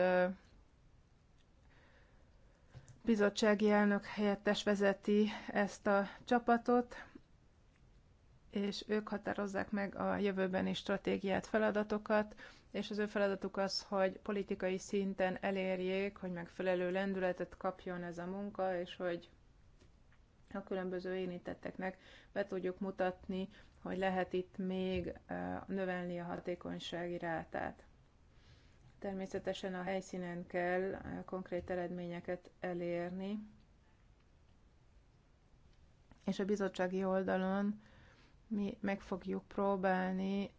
bizottsági elnök helyettes vezeti ezt a csapatot, és ők határozzák meg a jövőbeni stratégiát, feladatokat, és az ő feladatuk az, hogy politikai szinten elérjék, hogy megfelelő lendületet kapjon ez a munka, és hogy a különböző érintetteknek be tudjuk mutatni, hogy lehet itt még eh, növelni a hatékonysági rátát. Természetesen a helyszínen kell eh, konkrét eredményeket elérni, és a bizottsági oldalon mi meg fogjuk próbálni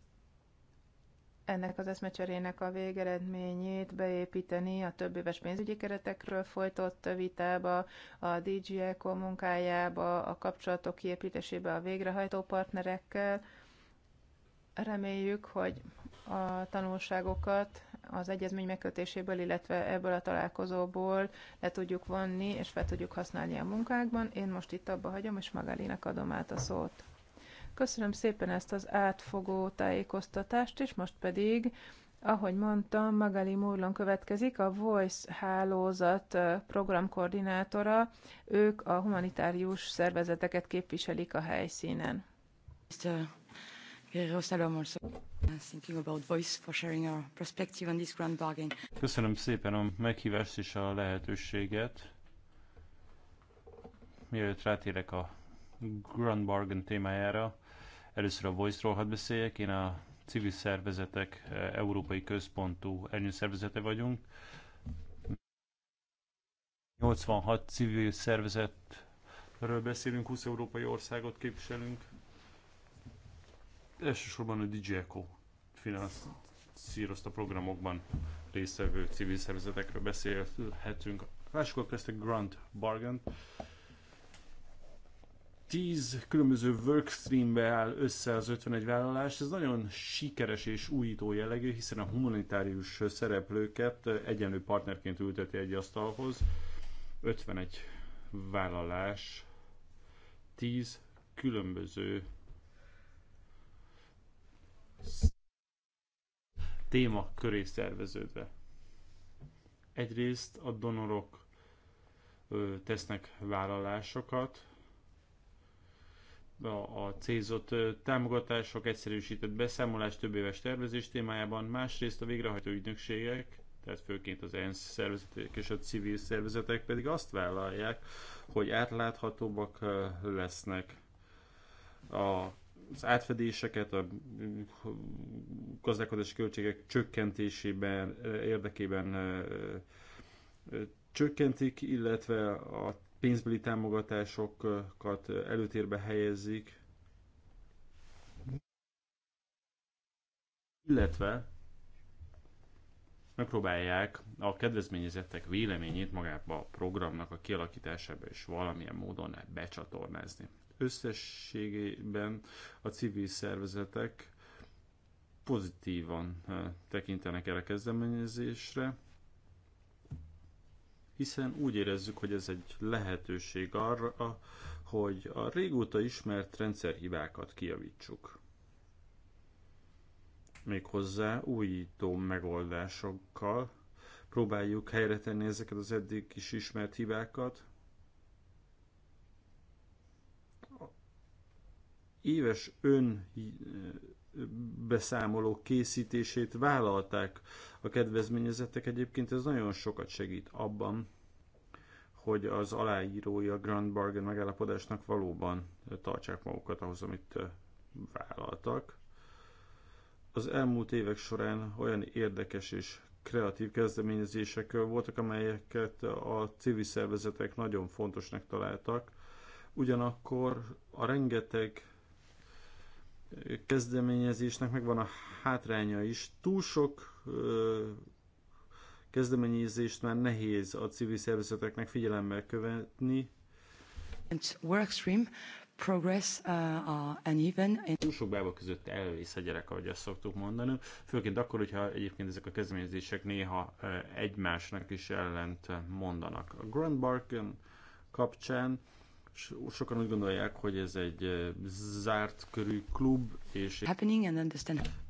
ennek az eszmecserének a végeredményét beépíteni a több éves pénzügyi keretekről folytott vitába, a DG Eco munkájába, a kapcsolatok kiépítésébe a végrehajtó partnerekkel. Reméljük, hogy a tanulságokat az egyezmény megkötéséből, illetve ebből a találkozóból le tudjuk vonni, és fel tudjuk használni a munkákban. Én most itt abba hagyom, és Magalinak adom át a szót. Köszönöm szépen ezt az átfogó tájékoztatást, és most pedig, ahogy mondtam, Magali Múrlon következik, a Voice hálózat programkoordinátora. Ők a humanitárius szervezeteket képviselik a helyszínen. Mr. Köszönöm szépen a meghívást és a lehetőséget. Mielőtt rátérek a Grand Bargain témájára, először a Voice-ról hadd beszéljek. Én a civil szervezetek e, európai központú ernyőszervezete vagyunk. 86 civil szervezetről beszélünk, 20 európai országot képviselünk, Elsősorban a DJ Echo finanszírozta programokban résztvevő civil szervezetekről beszélhetünk. Lássuk akkor ezt a Grant Bargain. Tíz különböző workstreambe áll össze az 51 vállalás. Ez nagyon sikeres és újító jellegű, hiszen a humanitárius szereplőket egyenlő partnerként ülteti egy asztalhoz. 51 vállalás, 10 különböző téma köré szerveződve. Egyrészt a donorok tesznek vállalásokat, a célzott támogatások, egyszerűsített beszámolás több éves tervezés témájában, másrészt a végrehajtó ügynökségek, tehát főként az ENSZ szervezetek és a civil szervezetek pedig azt vállalják, hogy átláthatóbbak lesznek a az átfedéseket, a gazdálkodási költségek csökkentésében érdekében csökkentik, illetve a pénzbeli támogatásokat előtérbe helyezik, illetve megpróbálják a kedvezményezettek véleményét magába a programnak a kialakításába is valamilyen módon becsatornázni összességében a civil szervezetek pozitívan eh, tekintenek erre kezdeményezésre, hiszen úgy érezzük, hogy ez egy lehetőség arra, hogy a régóta ismert rendszerhibákat kiavítsuk. Méghozzá újító megoldásokkal próbáljuk helyre tenni ezeket az eddig is ismert hibákat, éves önbeszámolók eh, készítését vállalták a kedvezményezettek. Egyébként ez nagyon sokat segít abban, hogy az aláírói a Grand Bargain megállapodásnak valóban eh, tartsák magukat ahhoz, amit eh, vállaltak. Az elmúlt évek során olyan érdekes és kreatív kezdeményezések voltak, amelyeket a civil szervezetek nagyon fontosnak találtak. Ugyanakkor a rengeteg kezdeményezésnek megvan a hátránya is. Túl sok kezdeményezést már nehéz a civil szervezeteknek figyelemmel követni. progress uh, Túl sok bába között elvész a gyerek, ahogy azt szoktuk mondani. Főként akkor, hogyha egyébként ezek a kezdeményezések néha egymásnak is ellent mondanak. A Grand Barken kapcsán sokan úgy gondolják, hogy ez egy zárt körű klub, és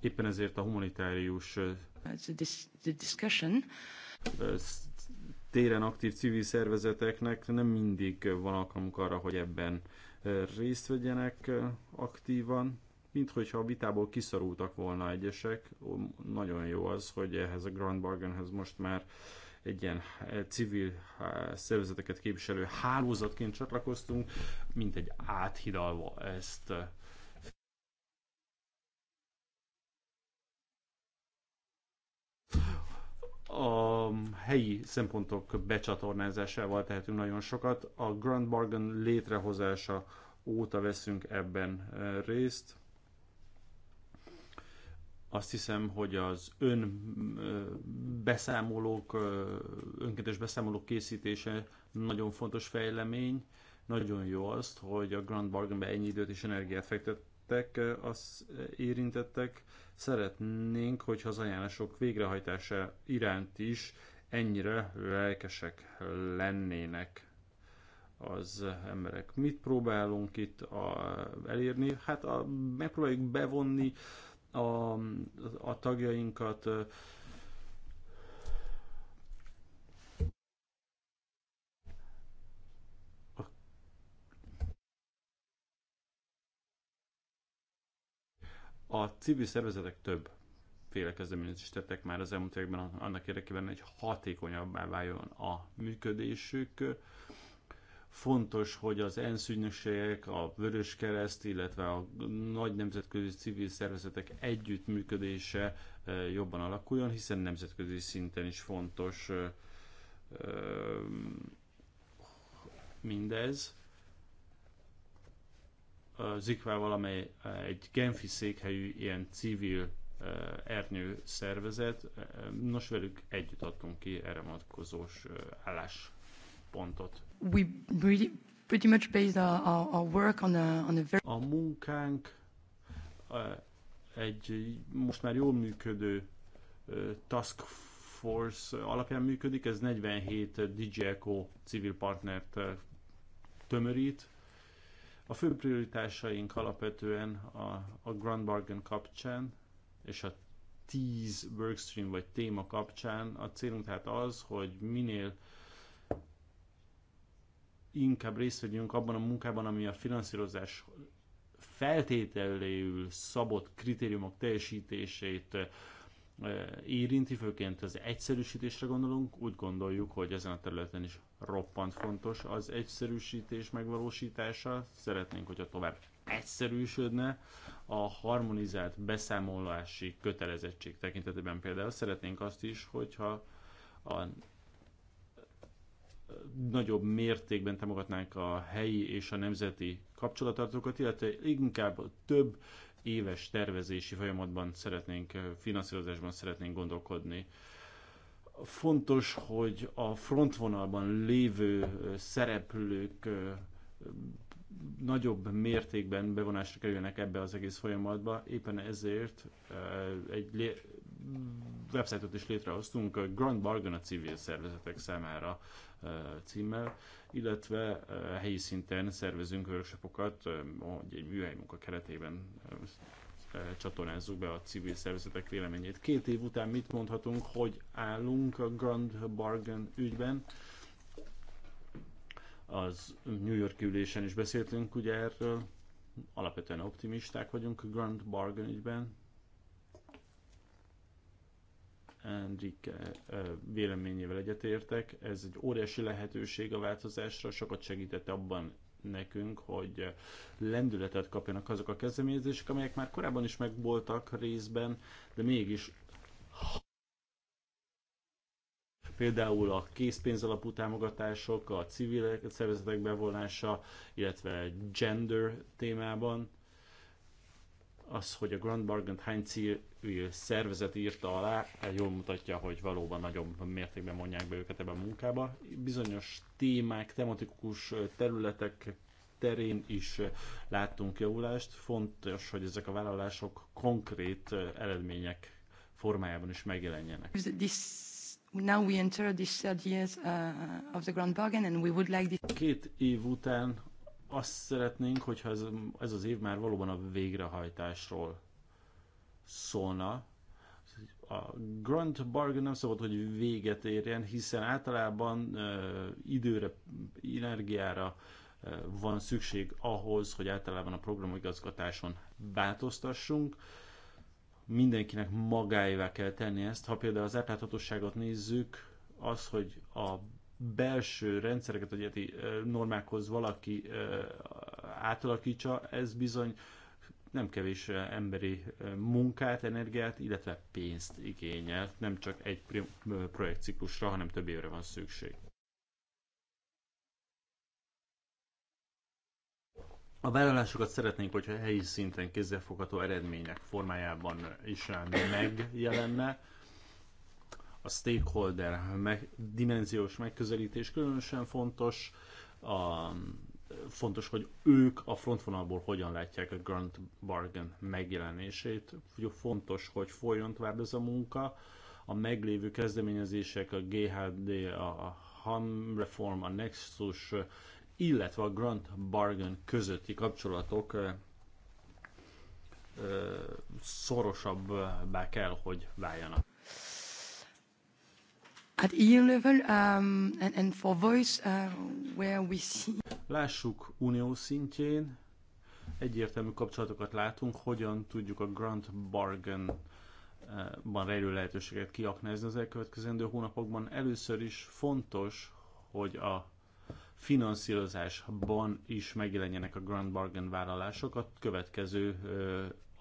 éppen ezért a humanitárius téren aktív civil szervezeteknek nem mindig van alkalmuk arra, hogy ebben részt vegyenek aktívan, mint hogyha a vitából kiszorultak volna egyesek. Nagyon jó az, hogy ehhez a Grand Bargainhez most már egy ilyen eh, civil eh, szervezeteket képviselő hálózatként csatlakoztunk, mint egy áthidalva ezt eh, a helyi szempontok becsatornázásával tehetünk nagyon sokat. A Grand Bargain létrehozása óta veszünk ebben részt. Azt hiszem, hogy az ön beszámolók, önkéntes beszámolók készítése nagyon fontos fejlemény. Nagyon jó azt, hogy a Grand Bargainbe ennyi időt és energiát fektettek az érintettek. Szeretnénk, hogy az ajánlások végrehajtása iránt is ennyire lelkesek lennének az emberek. Mit próbálunk itt a, elérni? Hát a, megpróbáljuk bevonni a, a tagjainkat A civil szervezetek több féle kezdeményezést tettek már az elmúlt években annak érdekében, hogy hatékonyabbá váljon a működésük. Fontos, hogy az ENSZ ügynökségek, a Vörös Kereszt, illetve a nagy nemzetközi civil szervezetek együttműködése eh, jobban alakuljon, hiszen nemzetközi szinten is fontos eh, eh, mindez. Az IKVA valamely egy Genfi székhelyű ilyen civil ernyő szervezet. Nos, velük együtt adtunk ki erre vonatkozós álláspontot we really pretty much based our, our, our work on a, on a very... A munkánk egy most már jól működő task Force alapján működik, ez 47 DigiEco civil partnert tömörít. A fő prioritásaink alapvetően a, a Grand Bargain kapcsán és a 10 workstream vagy téma kapcsán. A célunk tehát az, hogy minél uh, inkább részt vegyünk abban a munkában, ami a finanszírozás feltételéül szabott kritériumok teljesítését érinti, főként az egyszerűsítésre gondolunk, úgy gondoljuk, hogy ezen a területen is roppant fontos az egyszerűsítés megvalósítása. Szeretnénk, hogyha tovább egyszerűsödne a harmonizált beszámolási kötelezettség tekintetében például. Szeretnénk azt is, hogyha a nagyobb mértékben támogatnánk a helyi és a nemzeti kapcsolatartókat, illetve inkább több éves tervezési folyamatban szeretnénk, finanszírozásban szeretnénk gondolkodni. Fontos, hogy a frontvonalban lévő szereplők nagyobb mértékben bevonásra kerüljenek ebbe az egész folyamatba, éppen ezért egy websájtot is létrehoztunk a Grand Bargain a civil szervezetek számára címmel, illetve helyi szinten szervezünk workshopokat, hogy egy műhely munka keretében csatornázzuk be a civil szervezetek véleményét. Két év után mit mondhatunk, hogy állunk a Grand Bargain ügyben? Az New York ülésen is beszéltünk ugye erről, alapvetően optimisták vagyunk a Grand Bargain ügyben, Enrique véleményével egyetértek. Ez egy óriási lehetőség a változásra, sokat segített abban nekünk, hogy lendületet kapjanak azok a kezdeményezések, amelyek már korábban is megvoltak részben, de mégis például a készpénz alapú támogatások, a civil szervezetek bevonása, illetve gender témában az, hogy a Grand Bargain hány civil szervezet írta alá, jól mutatja, hogy valóban nagyobb mértékben mondják be őket ebben a munkába. Bizonyos témák, tematikus területek terén is láttunk javulást. Fontos, hogy ezek a vállalások konkrét eredmények formájában is megjelenjenek. This now we enter this third years uh, of the Grand Bargain, and we would like this. Két év után azt szeretnénk, hogyha ez, ez az év már valóban a végrehajtásról szólna. A Grand Bargain nem szabad, hogy véget érjen, hiszen általában ö, időre, energiára ö, van szükség ahhoz, hogy általában a programigazgatáson változtassunk mindenkinek magáévá kell tenni ezt. Ha például az átláthatóságot nézzük, az, hogy a belső rendszereket, vagy egyeti normákhoz valaki átalakítsa, ez bizony nem kevés emberi munkát, energiát, illetve pénzt igényel. Nem csak egy projektciklusra, hanem több évre van szükség. A vállalásokat szeretnénk, hogyha helyi szinten kézzelfogható eredmények formájában is megjelenne a stakeholder meg, dimenziós megközelítés különösen fontos, a, fontos, hogy ők a frontvonalból hogyan látják a grant Bargain megjelenését. Ugye fontos, hogy folyjon tovább ez a munka, a meglévő kezdeményezések, a GHD, a HAM reform, a Nexus, illetve a grant Bargain közötti kapcsolatok szorosabbá kell, hogy váljanak. At EU level um, and, and for voice uh, where we see... Lássuk unió szintjén, egyértelmű kapcsolatokat látunk, hogyan tudjuk a Grand Bargain ban rejlő lehetőséget kiaknázni az elkövetkezendő hónapokban. Először is fontos, hogy a finanszírozásban is megjelenjenek a Grand Bargain vállalások a következő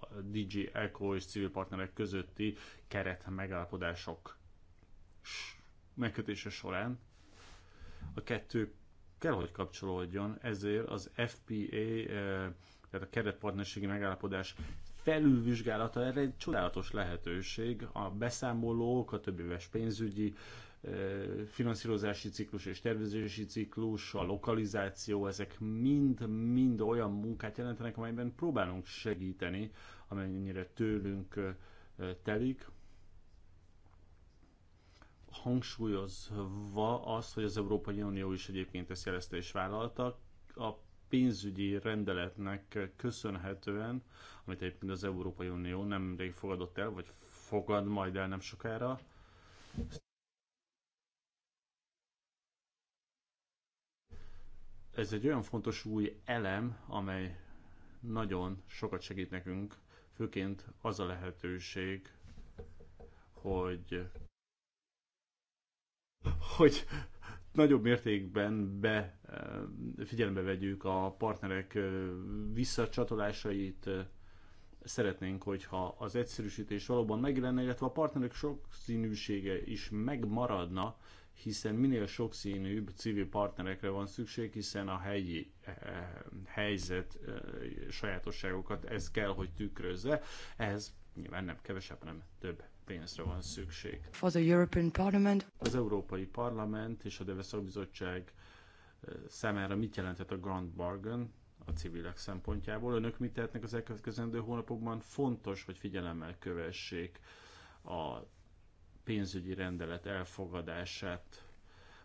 a DG Eco és civil partnerek közötti keret megállapodások megkötése során a kettő kell, hogy kapcsolódjon, ezért az FPA, eh, tehát a keretpartnerségi megállapodás felülvizsgálata erre egy csodálatos lehetőség. A beszámolók, a többéves pénzügyi eh, finanszírozási ciklus és tervezési ciklus, a lokalizáció, ezek mind-mind olyan munkát jelentenek, amelyben próbálunk segíteni, amennyire tőlünk eh, telik hangsúlyozva azt, hogy az Európai Unió is egyébként ezt jelezte és vállalta, a pénzügyi rendeletnek köszönhetően, amit egyébként az Európai Unió nemrég fogadott el, vagy fogad majd el nem sokára, ez egy olyan fontos új elem, amely nagyon sokat segít nekünk, főként az a lehetőség, hogy hogy nagyobb mértékben be, eh, figyelembe vegyük a partnerek eh, visszacsatolásait, szeretnénk, hogyha az egyszerűsítés valóban megjelenne, illetve a partnerek sokszínűsége is megmaradna, hiszen minél sokszínűbb civil partnerekre van szükség, hiszen a helyi eh, helyzet eh, sajátosságokat ez kell, hogy tükrözze. Ehhez nyilván nem kevesebb, nem több pénzre van szükség. For the European Parliament. Az Európai Parlament és a Deveszak Bizottság eh, számára mit jelentett a Grand Bargain a civilek szempontjából? Önök mit tehetnek az elkövetkezendő hónapokban? Fontos, hogy figyelemmel kövessék a pénzügyi rendelet elfogadását,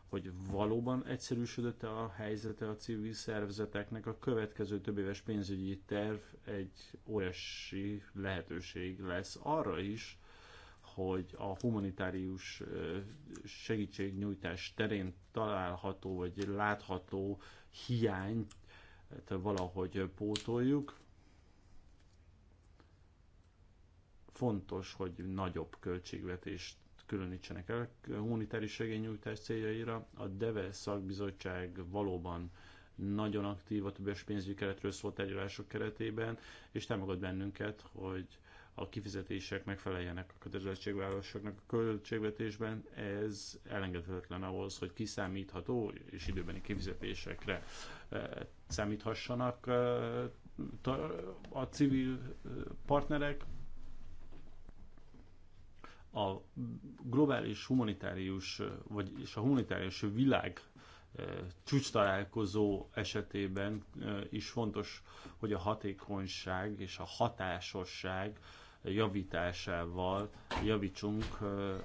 hogy valóban egyszerűsödött -e a helyzete a civil szervezeteknek. A következő több éves pénzügyi terv egy óriási lehetőség lesz arra is, hogy a humanitárius segítségnyújtás terén található vagy látható hiányt hát, valahogy pótoljuk. Fontos, hogy nagyobb költségvetést különítsenek el a humanitárius segélynyújtás céljaira. A DEVE szakbizottság valóban nagyon aktív a többes pénzügyi keretről szólt tárgyalások keretében, és támogat bennünket, hogy a kifizetések megfeleljenek a kötelezettségvállalásoknak a költségvetésben, ez elengedhetetlen ahhoz, hogy kiszámítható és időbeni kifizetésekre eh, számíthassanak eh, a civil eh, partnerek. A globális humanitárius, vagy és a humanitárius világ csúcs találkozó esetében is fontos, hogy a hatékonyság és a hatásosság javításával javítsunk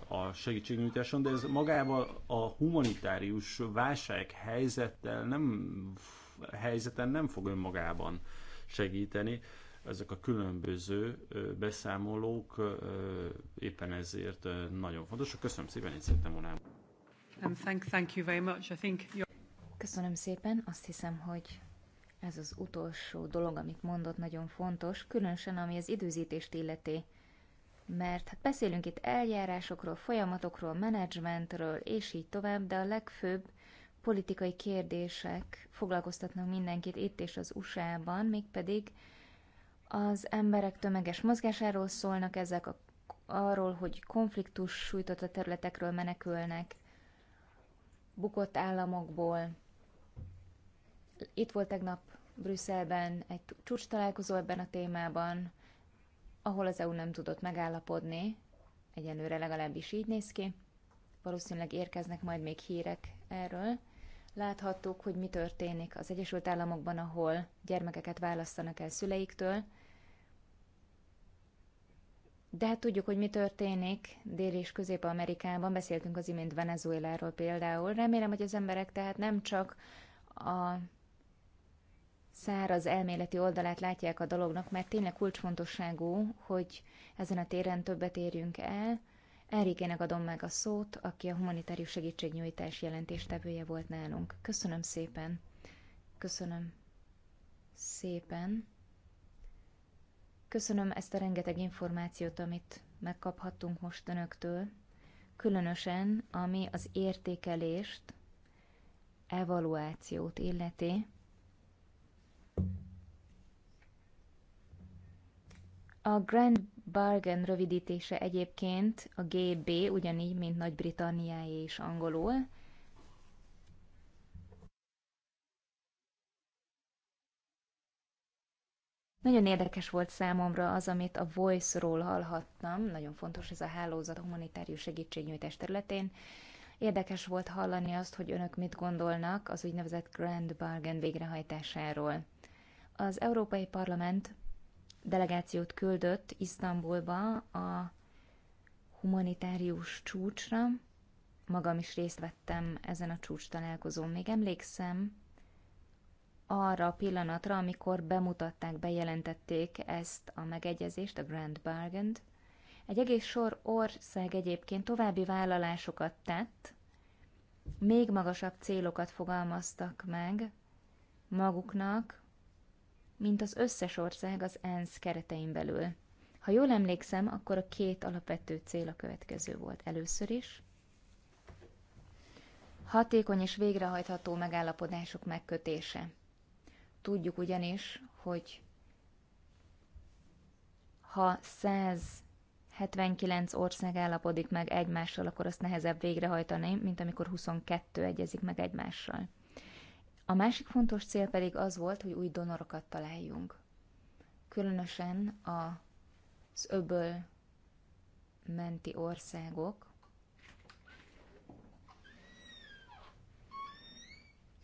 a segítségnyújtáson, de ez magával a humanitárius válság helyzettel nem, helyzeten nem fog önmagában segíteni. Ezek a különböző beszámolók éppen ezért nagyon fontosak. Köszönöm szépen, én szerettem um, Köszönöm szépen, azt hiszem, hogy ez az utolsó dolog, amit mondott, nagyon fontos, különösen ami az időzítést illeti. Mert hát beszélünk itt eljárásokról, folyamatokról, menedzsmentről, és így tovább, de a legfőbb politikai kérdések foglalkoztatnak mindenkit itt és az USA-ban, mégpedig az emberek tömeges mozgásáról szólnak ezek, a, arról, hogy konfliktus sújtotta területekről menekülnek, bukott államokból. Itt volt tegnap Brüsszelben egy csúcs találkozó ebben a témában, ahol az EU nem tudott megállapodni, egyenőre legalábbis így néz ki. Valószínűleg érkeznek majd még hírek erről. Láthattuk, hogy mi történik az Egyesült Államokban, ahol gyermekeket választanak el szüleiktől, de hát tudjuk, hogy mi történik Dél- és Közép-Amerikában, beszéltünk az imént Venezueláról például. Remélem, hogy az emberek tehát nem csak a száraz elméleti oldalát látják a dolognak, mert tényleg kulcsfontosságú, hogy ezen a téren többet érjünk el. Erikének adom meg a szót, aki a humanitárius segítségnyújtás jelentéstevője volt nálunk. Köszönöm szépen. Köszönöm szépen. Köszönöm ezt a rengeteg információt, amit megkaphattunk most önöktől, különösen ami az értékelést, evaluációt illeti. A Grand Bargain rövidítése egyébként a GB, ugyanígy, mint Nagy-Britanniáé is angolul. Nagyon érdekes volt számomra az, amit a Voice-ról hallhattam, nagyon fontos ez a hálózat a humanitárius segítségnyújtás területén. Érdekes volt hallani azt, hogy önök mit gondolnak az úgynevezett Grand Bargain végrehajtásáról. Az Európai Parlament delegációt küldött Isztambulba a humanitárius csúcsra. Magam is részt vettem ezen a csúcs találkozón. Még emlékszem arra a pillanatra, amikor bemutatták, bejelentették ezt a megegyezést, a Grand Bargain-t. Egy egész sor ország egyébként további vállalásokat tett, még magasabb célokat fogalmaztak meg maguknak, mint az összes ország az ENSZ keretein belül. Ha jól emlékszem, akkor a két alapvető cél a következő volt először is. Hatékony és végrehajtható megállapodások megkötése. Tudjuk ugyanis, hogy ha 179 ország állapodik meg egymással, akkor azt nehezebb végrehajtani, mint amikor 22 egyezik meg egymással. A másik fontos cél pedig az volt, hogy új donorokat találjunk. Különösen az öböl menti országok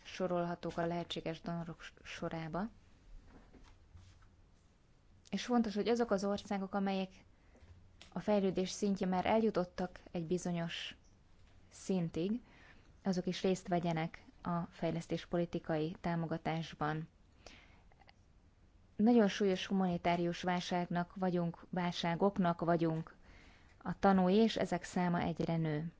sorolhatók a lehetséges donorok sorába. És fontos, hogy azok az országok, amelyek a fejlődés szintje már eljutottak egy bizonyos szintig, azok is részt vegyenek a politikai támogatásban. Nagyon súlyos humanitárius válságnak vagyunk, válságoknak vagyunk a tanúi, és ezek száma egyre nő.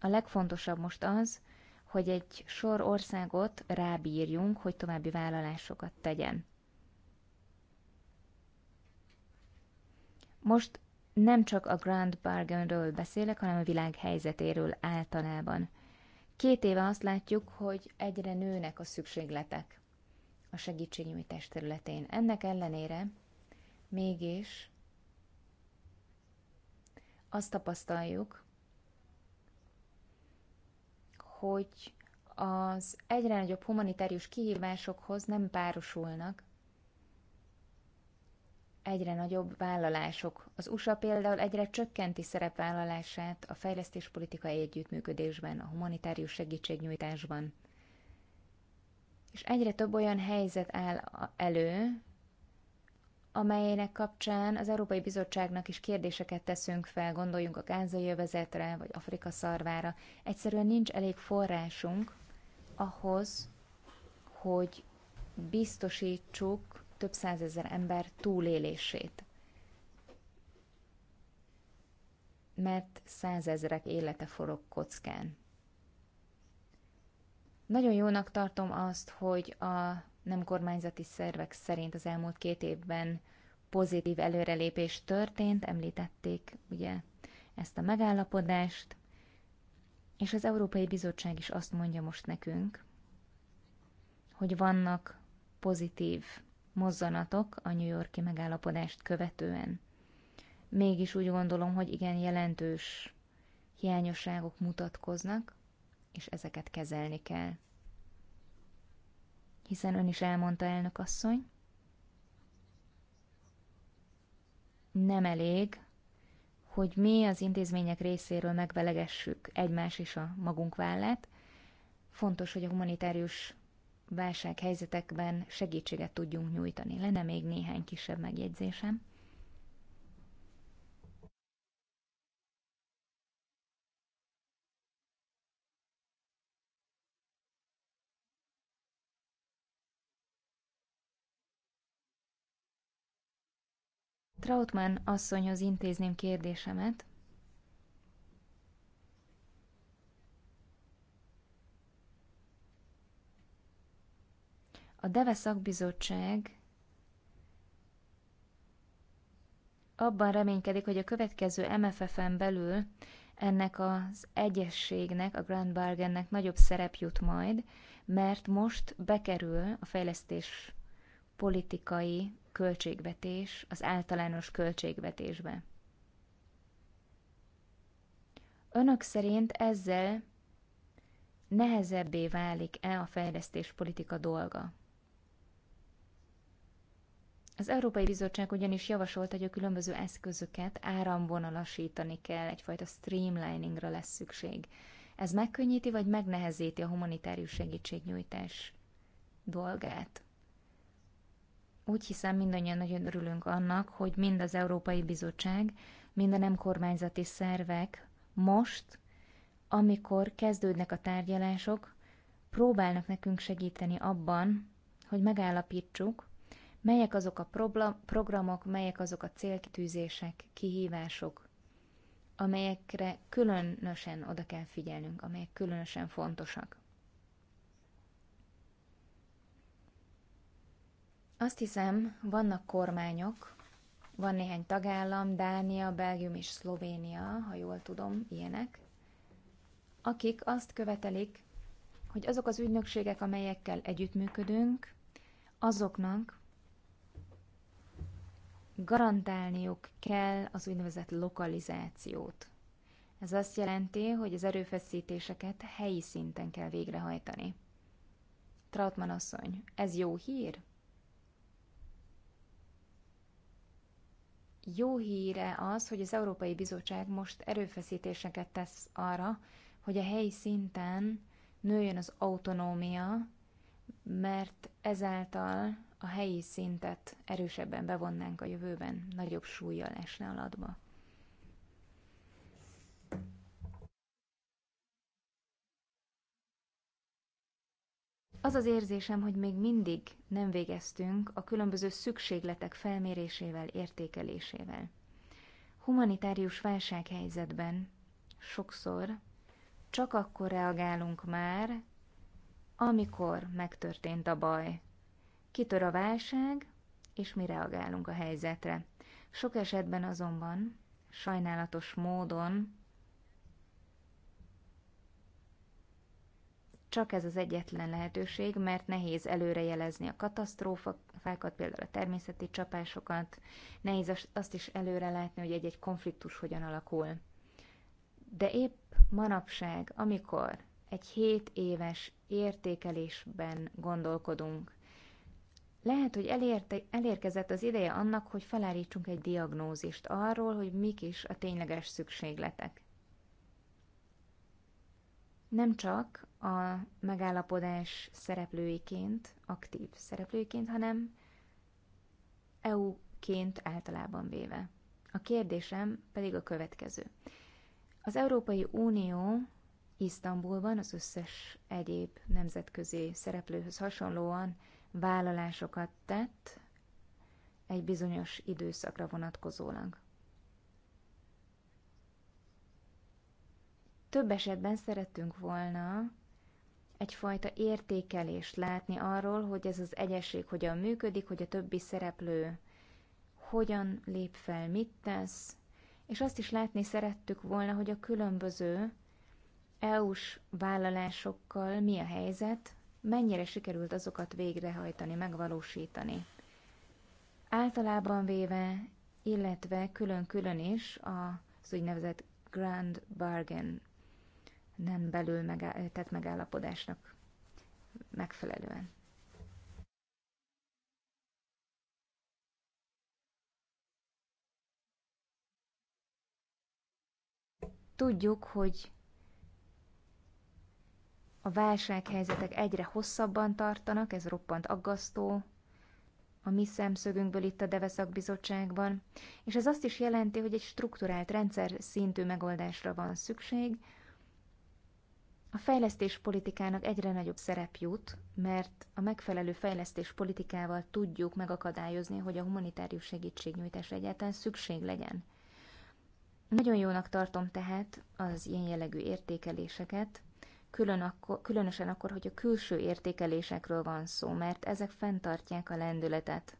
A legfontosabb most az, hogy egy sor országot rábírjunk, hogy további vállalásokat tegyen. Most nem csak a Grand Bargainről beszélek, hanem a világ helyzetéről általában. Két éve azt látjuk, hogy egyre nőnek a szükségletek a segítségnyújtás területén. Ennek ellenére mégis azt tapasztaljuk, hogy az egyre nagyobb humanitárius kihívásokhoz nem párosulnak egyre nagyobb vállalások. Az USA például egyre csökkenti szerepvállalását a fejlesztéspolitikai együttműködésben, a humanitárius segítségnyújtásban. És egyre több olyan helyzet áll elő, amelynek kapcsán az Európai Bizottságnak is kérdéseket teszünk fel, gondoljunk a gázai övezetre, vagy Afrika szarvára. Egyszerűen nincs elég forrásunk ahhoz, hogy biztosítsuk több százezer ember túlélését. Mert százezrek élete forog kockán. Nagyon jónak tartom azt, hogy a nem kormányzati szervek szerint az elmúlt két évben pozitív előrelépés történt, említették ugye ezt a megállapodást, és az Európai Bizottság is azt mondja most nekünk, hogy vannak pozitív mozzanatok a New Yorki megállapodást követően. Mégis úgy gondolom, hogy igen jelentős hiányosságok mutatkoznak, és ezeket kezelni kell. Hiszen ön is elmondta, elnök asszony, nem elég, hogy mi az intézmények részéről megvelegessük egymás és a magunk vállát. Fontos, hogy a humanitárius válsághelyzetekben segítséget tudjunk nyújtani. Lenne még néhány kisebb megjegyzésem. Trautmann asszonyhoz intézném kérdésemet. A DEVE szakbizottság abban reménykedik, hogy a következő MFF-en belül ennek az egyességnek, a Grand Bargainnek nagyobb szerep jut majd, mert most bekerül a fejlesztés politikai költségvetés az általános költségvetésbe. Önök szerint ezzel nehezebbé válik-e a fejlesztés politika dolga? Az Európai Bizottság ugyanis javasolt, hogy a különböző eszközöket áramvonalasítani kell, egyfajta streamliningra lesz szükség. Ez megkönnyíti vagy megnehezíti a humanitárius segítségnyújtás dolgát? Úgy hiszem, mindannyian nagyon örülünk annak, hogy mind az Európai Bizottság, mind a nem kormányzati szervek most, amikor kezdődnek a tárgyalások, próbálnak nekünk segíteni abban, hogy megállapítsuk, Melyek azok a programok, melyek azok a célkitűzések, kihívások, amelyekre különösen oda kell figyelnünk, amelyek különösen fontosak. Azt hiszem, vannak kormányok, van néhány tagállam, Dánia, Belgium és Szlovénia, ha jól tudom, ilyenek, akik azt követelik, hogy azok az ügynökségek, amelyekkel együttműködünk, azoknak garantálniuk kell az úgynevezett lokalizációt. Ez azt jelenti, hogy az erőfeszítéseket helyi szinten kell végrehajtani. Trautmann asszony, ez jó hír? Jó híre az, hogy az Európai Bizottság most erőfeszítéseket tesz arra, hogy a helyi szinten nőjön az autonómia, mert ezáltal a helyi szintet erősebben bevonnánk a jövőben, nagyobb súlyjal esne alatba. Az az érzésem, hogy még mindig nem végeztünk a különböző szükségletek felmérésével, értékelésével. Humanitárius válsághelyzetben sokszor csak akkor reagálunk már, amikor megtörtént a baj. Kitör a válság, és mi reagálunk a helyzetre. Sok esetben azonban sajnálatos módon csak ez az egyetlen lehetőség, mert nehéz előrejelezni a katasztrófákat, például a természeti csapásokat, nehéz azt is előre látni, hogy egy-egy konfliktus hogyan alakul. De épp manapság, amikor egy 7 éves értékelésben gondolkodunk, lehet, hogy elérte, elérkezett az ideje annak, hogy felállítsunk egy diagnózist arról, hogy mik is a tényleges szükségletek. Nem csak a megállapodás szereplőiként, aktív szereplőiként, hanem EU-ként általában véve. A kérdésem pedig a következő. Az Európai Unió Isztambulban az összes egyéb nemzetközi szereplőhöz hasonlóan vállalásokat tett egy bizonyos időszakra vonatkozólag. Több esetben szerettünk volna egyfajta értékelést látni arról, hogy ez az egyesség hogyan működik, hogy a többi szereplő hogyan lép fel, mit tesz, és azt is látni szerettük volna, hogy a különböző EU-s vállalásokkal mi a helyzet, mennyire sikerült azokat végrehajtani, megvalósítani. Általában véve, illetve külön-külön is az úgynevezett Grand Bargain nem belül megáll, tett megállapodásnak megfelelően. Tudjuk, hogy a válsághelyzetek egyre hosszabban tartanak, ez roppant aggasztó, a mi szemszögünkből itt a Deveszak Bizottságban, és ez azt is jelenti, hogy egy strukturált rendszer szintű megoldásra van szükség. A fejlesztéspolitikának egyre nagyobb szerep jut, mert a megfelelő fejlesztéspolitikával tudjuk megakadályozni, hogy a humanitárius segítségnyújtás egyáltalán szükség legyen. Nagyon jónak tartom tehát az ilyen jellegű értékeléseket, külön akkor, különösen akkor, hogy a külső értékelésekről van szó, mert ezek fenntartják a lendületet.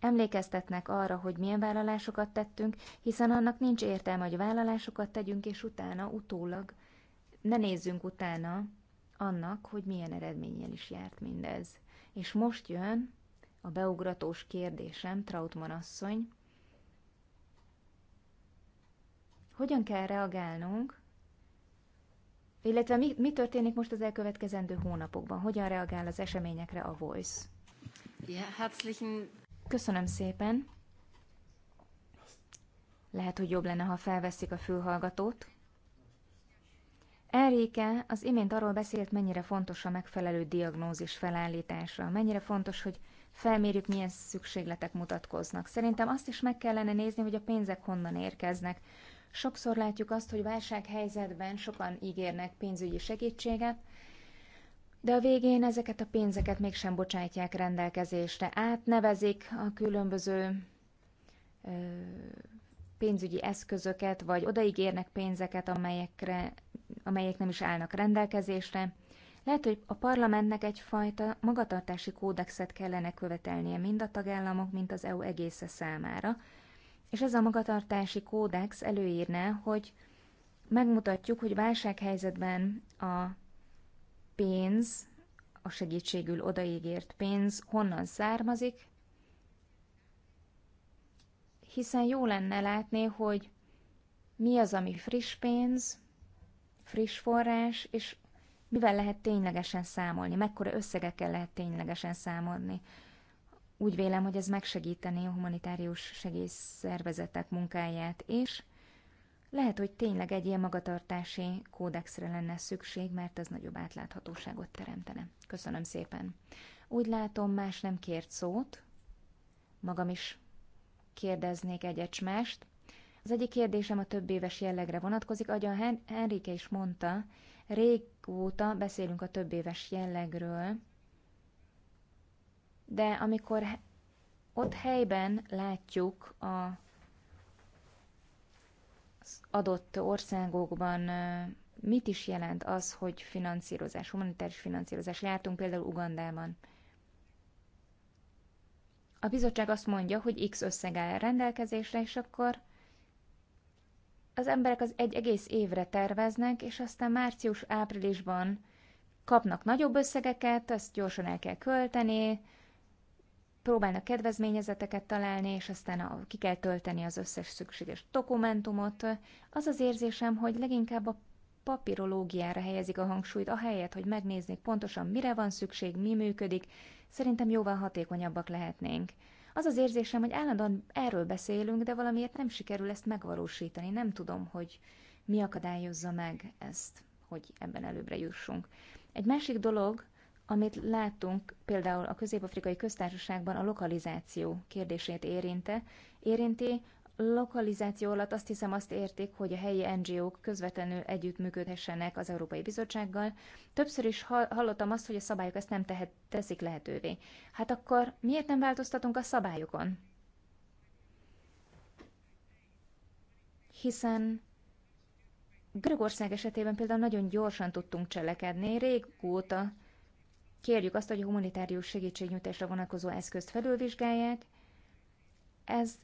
Emlékeztetnek arra, hogy milyen vállalásokat tettünk, hiszen annak nincs értelme, hogy vállalásokat tegyünk, és utána, utólag ne nézzünk utána annak, hogy milyen eredménnyel is járt mindez. És most jön a beugratós kérdésem, Trautmann asszony. Hogyan kell reagálnunk illetve mi, mi történik most az elkövetkezendő hónapokban? Hogyan reagál az eseményekre a Voice? Ja, herzlichen... Köszönöm szépen. Lehet, hogy jobb lenne, ha felveszik a fülhallgatót. Enrique az imént arról beszélt, mennyire fontos a megfelelő diagnózis felállítása, mennyire fontos, hogy felmérjük, milyen szükségletek mutatkoznak. Szerintem azt is meg kellene nézni, hogy a pénzek honnan érkeznek. Sokszor látjuk azt, hogy válsághelyzetben sokan ígérnek pénzügyi segítséget, de a végén ezeket a pénzeket mégsem bocsátják rendelkezésre. Átnevezik a különböző ö, pénzügyi eszközöket, vagy odaígérnek pénzeket, amelyekre, amelyek nem is állnak rendelkezésre. Lehet, hogy a parlamentnek egyfajta magatartási kódexet kellene követelnie mind a tagállamok, mint az EU egésze számára, és ez a magatartási kódex előírne, hogy megmutatjuk, hogy válsághelyzetben a pénz, a segítségül odaígért pénz honnan származik, hiszen jó lenne látni, hogy mi az, ami friss pénz, friss forrás, és mivel lehet ténylegesen számolni, mekkora összegekkel lehet ténylegesen számolni. Úgy vélem, hogy ez megsegítené a humanitárius segélyszervezetek munkáját, és lehet, hogy tényleg egy ilyen magatartási kódexre lenne szükség, mert ez nagyobb átláthatóságot teremtene. Köszönöm szépen. Úgy látom, más nem kért szót. Magam is kérdeznék egy mást. Az egyik kérdésem a több éves jellegre vonatkozik, ahogy a Henrike is mondta, régóta beszélünk a több éves jellegről, de amikor ott helyben látjuk a adott országokban mit is jelent az, hogy finanszírozás, humanitárius finanszírozás. Jártunk például Ugandában. A bizottság azt mondja, hogy X összeg áll rendelkezésre, és akkor az emberek az egy egész évre terveznek, és aztán március-áprilisban kapnak nagyobb összegeket, azt gyorsan el kell költeni, próbálnak kedvezményezeteket találni, és aztán a, ki kell tölteni az összes szükséges dokumentumot. Az az érzésem, hogy leginkább a papírológiára helyezik a hangsúlyt, ahelyett, hogy megnéznék pontosan, mire van szükség, mi működik, szerintem jóval hatékonyabbak lehetnénk. Az az érzésem, hogy állandóan erről beszélünk, de valamiért nem sikerül ezt megvalósítani. Nem tudom, hogy mi akadályozza meg ezt, hogy ebben előbbre jussunk. Egy másik dolog, amit láttunk például a Közép-Afrikai Köztársaságban a lokalizáció kérdését érinte, érinti, lokalizáció alatt azt hiszem azt értik, hogy a helyi NGO-k közvetlenül együttműködhessenek az Európai Bizottsággal. Többször is hallottam azt, hogy a szabályok ezt nem tehet, teszik lehetővé. Hát akkor miért nem változtatunk a szabályokon? Hiszen Görögország esetében például nagyon gyorsan tudtunk cselekedni, régóta Kérjük azt, hogy a humanitárius segítségnyújtásra vonatkozó eszközt felülvizsgálják. Ez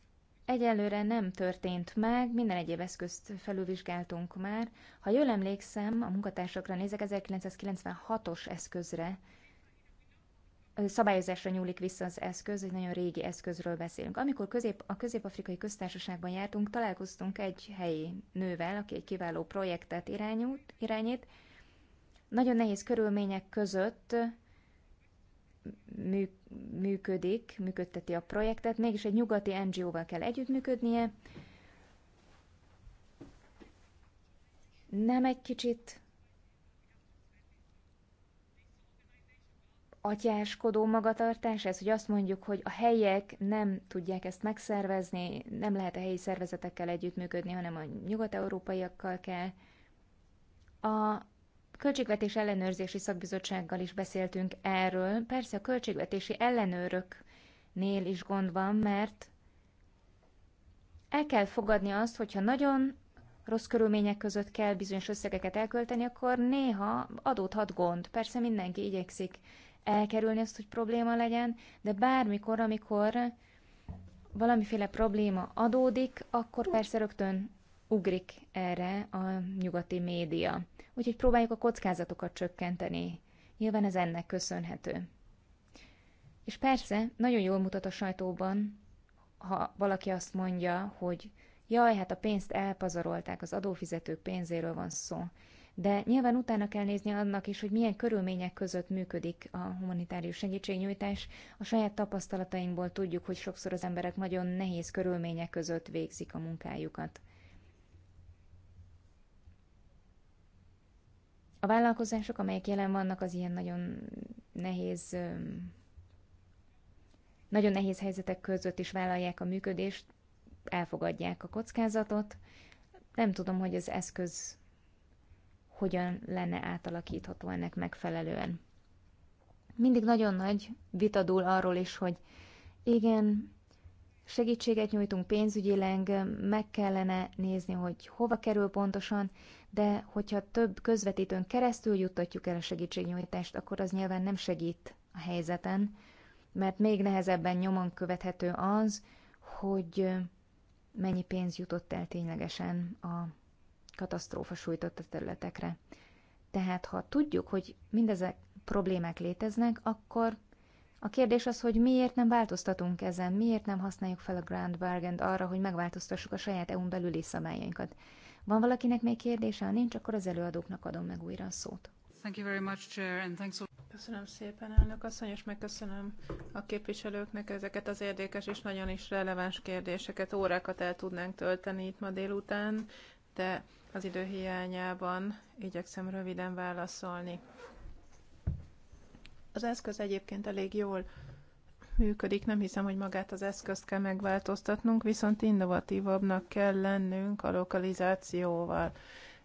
egyelőre nem történt meg, minden egyéb eszközt felülvizsgáltunk már. Ha jól emlékszem, a munkatársakra nézek, 1996-os eszközre szabályozásra nyúlik vissza az eszköz, egy nagyon régi eszközről beszélünk. Amikor közép, a Közép-Afrikai Köztársaságban jártunk, találkoztunk egy helyi nővel, aki egy kiváló projektet irányult, irányít. Nagyon nehéz körülmények között működik, működteti a projektet, mégis egy nyugati NGO-val kell együttműködnie. Nem egy kicsit atyáskodó magatartás, ez, hogy azt mondjuk, hogy a helyiek nem tudják ezt megszervezni, nem lehet a helyi szervezetekkel együttműködni, hanem a nyugat-európaiakkal kell. A Költségvetés ellenőrzési szakbizottsággal is beszéltünk erről. Persze a költségvetési ellenőröknél is gond van, mert el kell fogadni azt, hogyha nagyon rossz körülmények között kell bizonyos összegeket elkölteni, akkor néha adódhat gond. Persze mindenki igyekszik elkerülni azt, hogy probléma legyen, de bármikor, amikor valamiféle probléma adódik, akkor persze rögtön ugrik erre a nyugati média. Úgyhogy próbáljuk a kockázatokat csökkenteni. Nyilván ez ennek köszönhető. És persze, nagyon jól mutat a sajtóban, ha valaki azt mondja, hogy jaj, hát a pénzt elpazarolták, az adófizetők pénzéről van szó. De nyilván utána kell nézni annak is, hogy milyen körülmények között működik a humanitárius segítségnyújtás. A saját tapasztalatainkból tudjuk, hogy sokszor az emberek nagyon nehéz körülmények között végzik a munkájukat. A vállalkozások, amelyek jelen vannak, az ilyen nagyon nehéz, nagyon nehéz helyzetek között is vállalják a működést, elfogadják a kockázatot. Nem tudom, hogy az eszköz hogyan lenne átalakítható ennek megfelelően. Mindig nagyon nagy vitadul arról is, hogy igen, segítséget nyújtunk pénzügyileg, meg kellene nézni, hogy hova kerül pontosan, de hogyha több közvetítőn keresztül juttatjuk el a segítségnyújtást, akkor az nyilván nem segít a helyzeten, mert még nehezebben nyomon követhető az, hogy mennyi pénz jutott el ténylegesen a katasztrófa sújtotta területekre. Tehát ha tudjuk, hogy mindezek problémák léteznek, akkor a kérdés az, hogy miért nem változtatunk ezen, miért nem használjuk fel a Grand bargain arra, hogy megváltoztassuk a saját EU-n belüli szabályainkat. Van valakinek még kérdése? Ha nincs, akkor az előadóknak adom meg újra a szót. Thank you very much, Chair, and thanks Köszönöm szépen, elnök asszony, és megköszönöm a képviselőknek ezeket az érdekes és nagyon is releváns kérdéseket. Órákat el tudnánk tölteni itt ma délután, de az idő hiányában igyekszem röviden válaszolni. Az eszköz egyébként elég jól működik, nem hiszem, hogy magát az eszközt kell megváltoztatnunk, viszont innovatívabbnak kell lennünk a lokalizációval.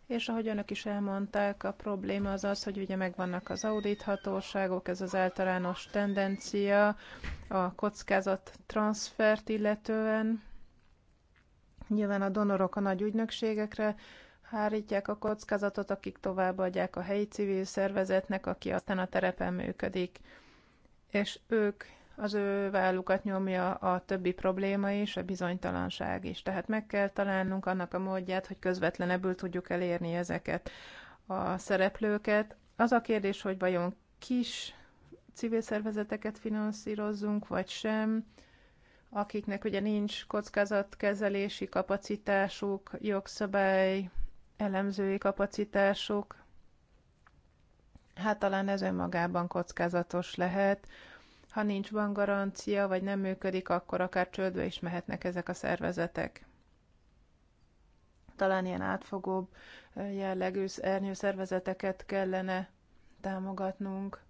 És ahogy önök is elmondták, a probléma az az, hogy ugye megvannak az audíthatóságok, ez az általános tendencia a kockázat transfert illetően. Nyilván a donorok a nagy ügynökségekre hárítják a kockázatot, akik továbbadják a helyi civil szervezetnek, aki aztán a terepen működik. És ők az ő vállukat nyomja a többi probléma is, a bizonytalanság is. Tehát meg kell találnunk annak a módját, hogy közvetlenebbül tudjuk elérni ezeket a szereplőket. Az a kérdés, hogy vajon kis civil szervezeteket finanszírozzunk, vagy sem, akiknek ugye nincs kockázatkezelési kapacitásuk, jogszabály, elemzői kapacitásuk. Hát talán ez önmagában kockázatos lehet. Ha nincs bankgarancia, vagy nem működik, akkor akár csődbe is mehetnek ezek a szervezetek. Talán ilyen átfogóbb jellegű ernyő szervezeteket kellene támogatnunk,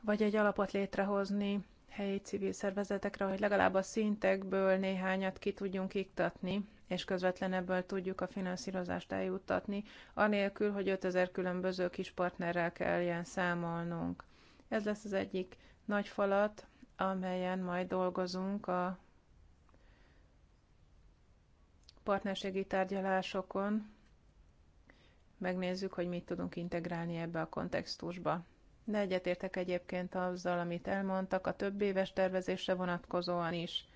vagy egy alapot létrehozni helyi civil szervezetekre, hogy legalább a szintekből néhányat ki tudjunk iktatni, és közvetlenebből tudjuk a finanszírozást eljuttatni, anélkül, hogy 5000 különböző kis partnerrel kelljen számolnunk. Ez lesz az egyik nagy falat, amelyen majd dolgozunk a partnerségi tárgyalásokon. Megnézzük, hogy mit tudunk integrálni ebbe a kontextusba. De egyetértek egyébként azzal, amit elmondtak a több éves tervezésre vonatkozóan is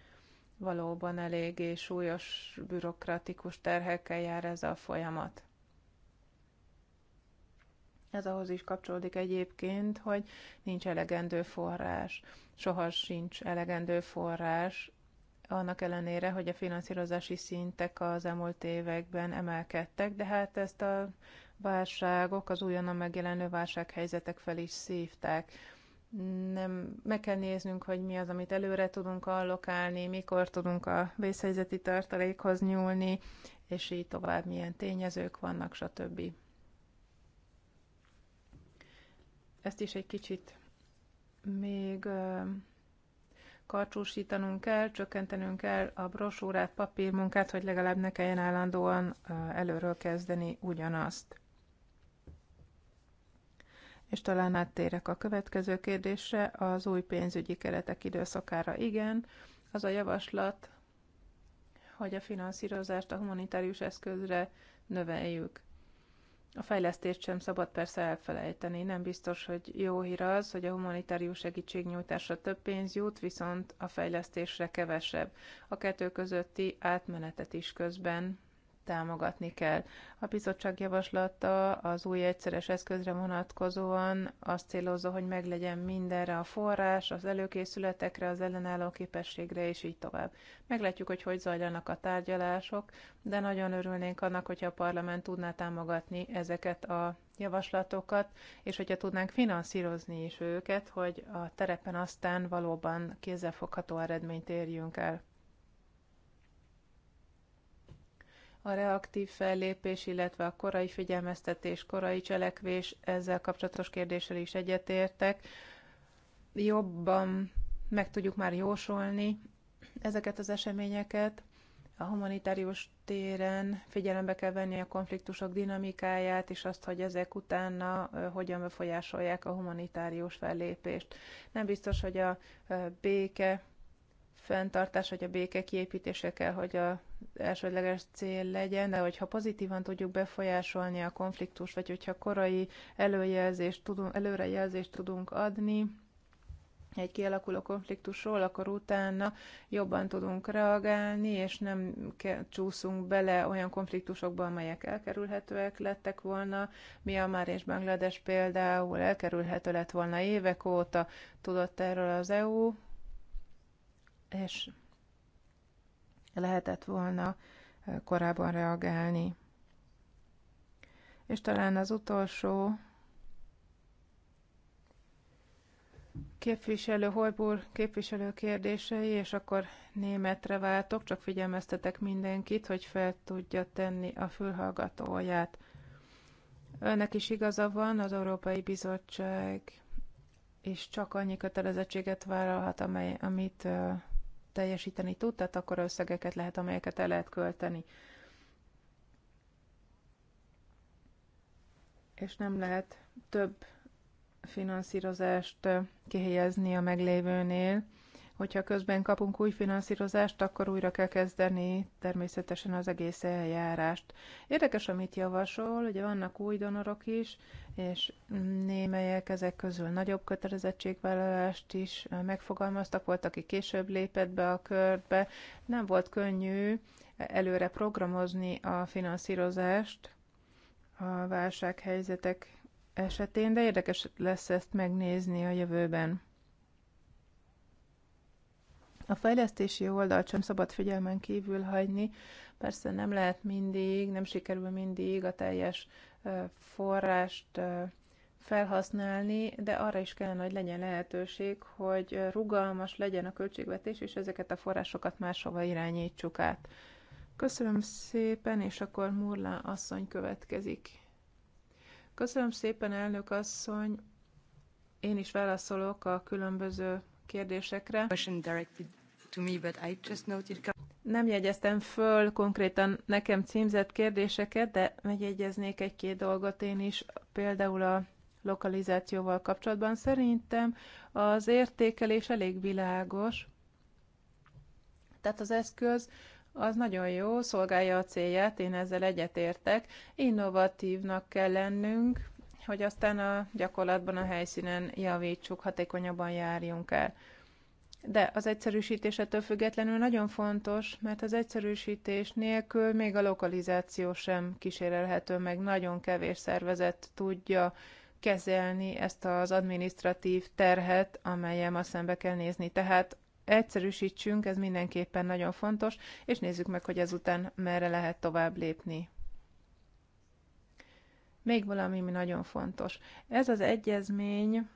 valóban eléggé súlyos bürokratikus terhekkel jár ez a folyamat. Ez ahhoz is kapcsolódik egyébként, hogy nincs elegendő forrás. Soha sincs elegendő forrás, annak ellenére, hogy a finanszírozási szintek az elmúlt években emelkedtek, de hát ezt a válságok, az újonnan megjelenő válsághelyzetek fel is szívták nem, meg kell néznünk, hogy mi az, amit előre tudunk allokálni, mikor tudunk a vészhelyzeti tartalékhoz nyúlni, és így tovább milyen tényezők vannak, stb. Ezt is egy kicsit még karcsúsítanunk kell, csökkentenünk kell a brosúrát, papírmunkát, hogy legalább ne kelljen állandóan előről kezdeni ugyanazt. És talán áttérek a következő kérdésre, az új pénzügyi keretek időszakára. Igen, az a javaslat, hogy a finanszírozást a humanitárius eszközre növeljük. A fejlesztést sem szabad persze elfelejteni. Nem biztos, hogy jó hír az, hogy a humanitárius segítségnyújtásra több pénz jut, viszont a fejlesztésre kevesebb. A kettő közötti átmenetet is közben támogatni kell. A bizottság javaslata az új egyszeres eszközre vonatkozóan azt célozza, hogy meglegyen mindenre a forrás, az előkészületekre, az ellenálló képességre, és így tovább. Meglátjuk, hogy hogy zajlanak a tárgyalások, de nagyon örülnénk annak, hogyha a parlament tudná támogatni ezeket a javaslatokat, és hogyha tudnánk finanszírozni is őket, hogy a terepen aztán valóban kézzelfogható eredményt érjünk el. a reaktív fellépés, illetve a korai figyelmeztetés, korai cselekvés, ezzel kapcsolatos kérdéssel is egyetértek. Jobban meg tudjuk már jósolni ezeket az eseményeket. A humanitárius téren figyelembe kell venni a konfliktusok dinamikáját, és azt, hogy ezek utána hogyan befolyásolják a humanitárius fellépést. Nem biztos, hogy a béke fenntartás vagy a béke kiépítése kell, hogy a elsődleges cél legyen, de hogyha pozitívan tudjuk befolyásolni a konfliktust, vagy hogyha korai előjelzést tudunk, előrejelzést tudunk adni, egy kialakuló konfliktusról, akkor utána jobban tudunk reagálni, és nem csúszunk bele olyan konfliktusokba, amelyek elkerülhetőek lettek volna. Mi Már és Banglades például elkerülhető lett volna évek óta, tudott erről az EU, és lehetett volna korábban reagálni. És talán az utolsó képviselő, Holbúr képviselő kérdései, és akkor németre váltok, csak figyelmeztetek mindenkit, hogy fel tudja tenni a fülhallgatóját. Önnek is igaza van, az Európai Bizottság és csak annyi kötelezettséget vállalhat, amely, amit teljesíteni tud, tehát akkor összegeket lehet, amelyeket el lehet költeni. És nem lehet több finanszírozást kihelyezni a meglévőnél, hogyha közben kapunk új finanszírozást, akkor újra kell kezdeni természetesen az egész eljárást. Érdekes, amit javasol, ugye vannak új donorok is, és némelyek ezek közül nagyobb kötelezettségvállalást is megfogalmaztak, volt, aki később lépett be a körbe. Nem volt könnyű előre programozni a finanszírozást a válsághelyzetek esetén, de érdekes lesz ezt megnézni a jövőben. A fejlesztési oldalt sem szabad figyelmen kívül hagyni. Persze nem lehet mindig, nem sikerül mindig a teljes forrást felhasználni, de arra is kellene, hogy legyen lehetőség, hogy rugalmas legyen a költségvetés, és ezeket a forrásokat máshova irányítsuk át. Köszönöm szépen, és akkor Murla asszony következik. Köszönöm szépen, elnök asszony. Én is válaszolok a különböző kérdésekre. Nem jegyeztem föl konkrétan nekem címzett kérdéseket, de megjegyeznék egy-két dolgot én is, például a lokalizációval kapcsolatban. Szerintem az értékelés elég világos, tehát az eszköz az nagyon jó, szolgálja a célját, én ezzel egyetértek. Innovatívnak kell lennünk, hogy aztán a gyakorlatban a helyszínen javítsuk, hatékonyabban járjunk el. De az egyszerűsítésetől függetlenül nagyon fontos, mert az egyszerűsítés nélkül még a lokalizáció sem kísérelhető meg. Nagyon kevés szervezet tudja kezelni ezt az administratív terhet, amelyel ma szembe kell nézni. Tehát egyszerűsítsünk, ez mindenképpen nagyon fontos, és nézzük meg, hogy ezután merre lehet tovább lépni. Még valami, ami nagyon fontos. Ez az egyezmény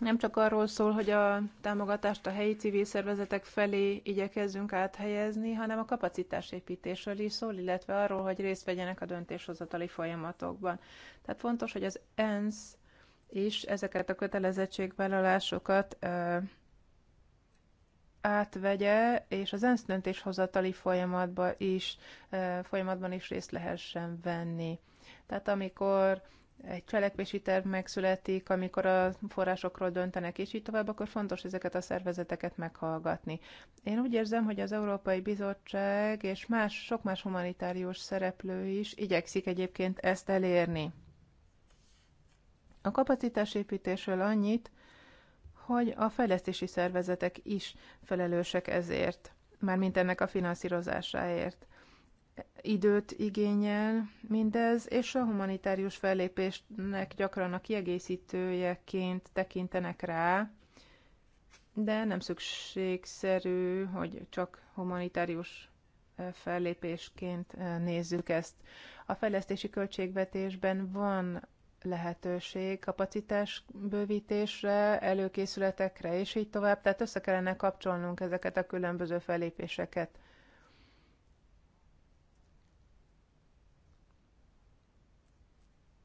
nem csak arról szól, hogy a támogatást a helyi civil szervezetek felé igyekezzünk áthelyezni, hanem a kapacitásépítésről is szól, illetve arról, hogy részt vegyenek a döntéshozatali folyamatokban. Tehát fontos, hogy az ENSZ is ezeket a kötelezettségvállalásokat ö, átvegye, és az ENSZ döntéshozatali folyamatban is, ö, folyamatban is részt lehessen venni. Tehát amikor egy cselekvési terv megszületik, amikor a forrásokról döntenek, és így tovább, akkor fontos ezeket a szervezeteket meghallgatni. Én úgy érzem, hogy az Európai Bizottság és más, sok más humanitárius szereplő is igyekszik egyébként ezt elérni. A kapacitásépítésről annyit, hogy a fejlesztési szervezetek is felelősek ezért, mármint ennek a finanszírozásáért időt igényel mindez, és a humanitárius fellépésnek gyakran a kiegészítőjeként tekintenek rá, de nem szükségszerű, hogy csak humanitárius eh, fellépésként eh, nézzük ezt. A fejlesztési költségvetésben van lehetőség kapacitás bővítésre, előkészületekre, és így tovább, tehát össze kellene kapcsolnunk ezeket a különböző fellépéseket.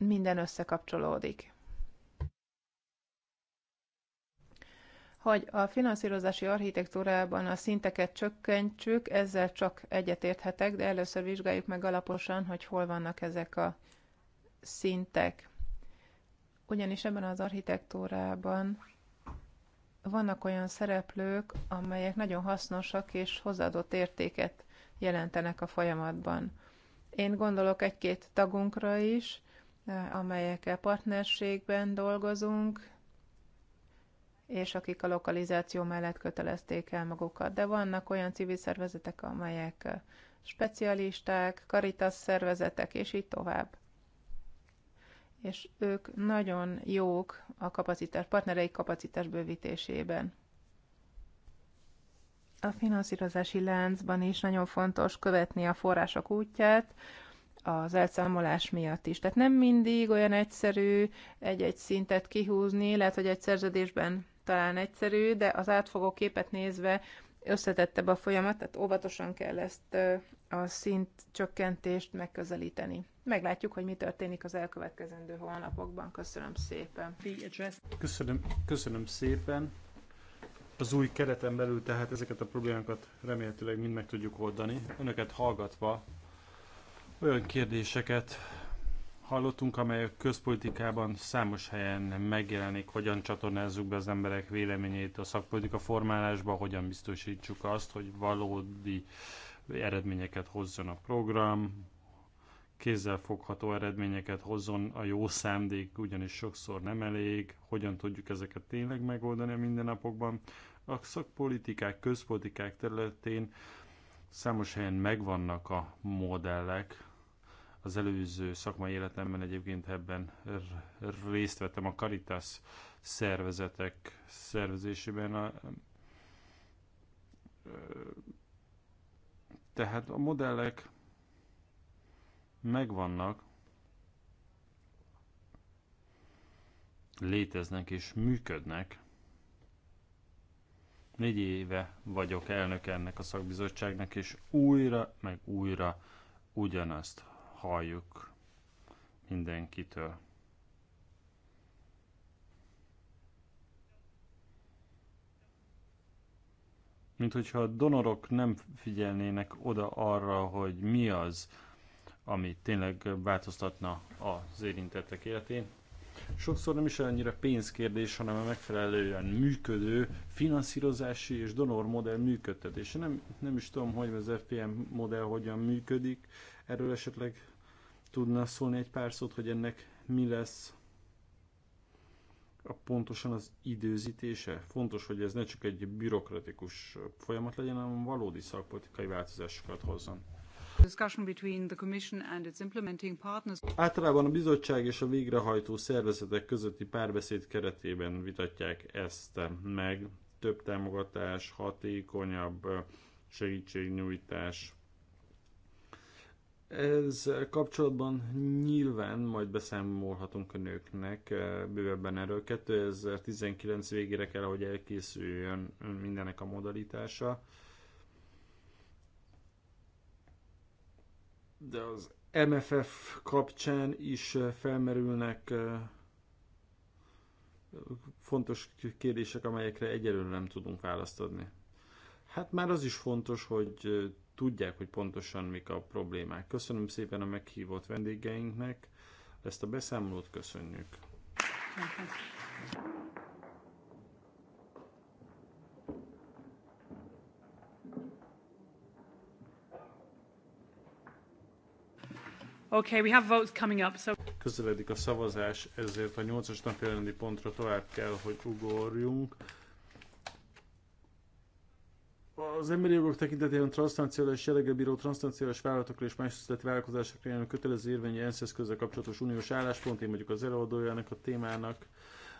minden összekapcsolódik. Hogy a finanszírozási architektúrában a szinteket csökkentsük, ezzel csak egyetérthetek, de először vizsgáljuk meg alaposan, hogy hol vannak ezek a szintek. Ugyanis ebben az architektúrában vannak olyan szereplők, amelyek nagyon hasznosak és hozzáadott értéket jelentenek a folyamatban. Én gondolok egy-két tagunkra is, amelyekkel partnerségben dolgozunk, és akik a lokalizáció mellett kötelezték el magukat. De vannak olyan civil szervezetek, amelyek specialisták, karitas szervezetek, és így tovább. És ők nagyon jók a kapacitás, partnereik kapacitás bővítésében. A finanszírozási láncban is nagyon fontos követni a források útját, az elszámolás miatt is. Tehát nem mindig olyan egyszerű egy-egy szintet kihúzni, lehet, hogy egy szerződésben talán egyszerű, de az átfogó képet nézve összetettebb a folyamat, tehát óvatosan kell ezt a szint csökkentést megközelíteni. Meglátjuk, hogy mi történik az elkövetkezendő hónapokban. Köszönöm szépen. Köszönöm, köszönöm szépen. Az új kereten belül tehát ezeket a problémákat remélhetőleg mind meg tudjuk oldani. Önöket hallgatva olyan kérdéseket hallottunk, amelyek közpolitikában számos helyen megjelenik, hogyan csatornázzuk be az emberek véleményét a szakpolitika formálásba, hogyan biztosítsuk azt, hogy valódi eredményeket hozzon a program, kézzelfogható eredményeket hozzon, a jó szándék ugyanis sokszor nem elég, hogyan tudjuk ezeket tényleg megoldani a mindennapokban. A szakpolitikák, közpolitikák területén számos helyen megvannak a modellek, az előző szakmai életemben egyébként ebben részt vettem a Caritas szervezetek szervezésében. A, tehát a modellek megvannak, léteznek és működnek. Négy éve vagyok elnök ennek a szakbizottságnak, és újra meg újra ugyanazt halljuk mindenkitől. Mint hogyha a donorok nem figyelnének oda arra, hogy mi az, ami tényleg változtatna az érintettek életén. Sokszor nem is annyira pénzkérdés, hanem a megfelelően működő finanszírozási és donor modell működtetése. Nem, nem is tudom, hogy az FPM modell hogyan működik. Erről esetleg tudna szólni egy pár szót, hogy ennek mi lesz a pontosan az időzítése? Fontos, hogy ez ne csak egy bürokratikus folyamat legyen, hanem valódi szakpolitikai változásokat hozzon. Általában a bizottság és a végrehajtó szervezetek közötti párbeszéd keretében vitatják ezt meg. Több támogatás, hatékonyabb segítségnyújtás, ez kapcsolatban nyilván majd beszámolhatunk a nőknek eh, bővebben erről. 2019 végére kell, hogy elkészüljön mindenek a modalitása. De az MFF kapcsán is eh, felmerülnek eh, fontos kérdések, amelyekre egyelőre nem tudunk választ adni. Hát már az is fontos, hogy tudják, hogy pontosan mik a problémák. Köszönöm szépen a meghívott vendégeinknek, ezt a beszámolót köszönjük. Okay, we have votes coming up, so... Közeledik a szavazás, ezért a 8-as pontra tovább kell, hogy ugorjunk az emberi jogok tekintetében transznacionális jelleggel bíró transznacionális vállalatokra és más szüzeti vállalkozásokra jelenő kötelező érvényű ENSZ eszközzel kapcsolatos uniós álláspont, én vagyok az előadójának a témának,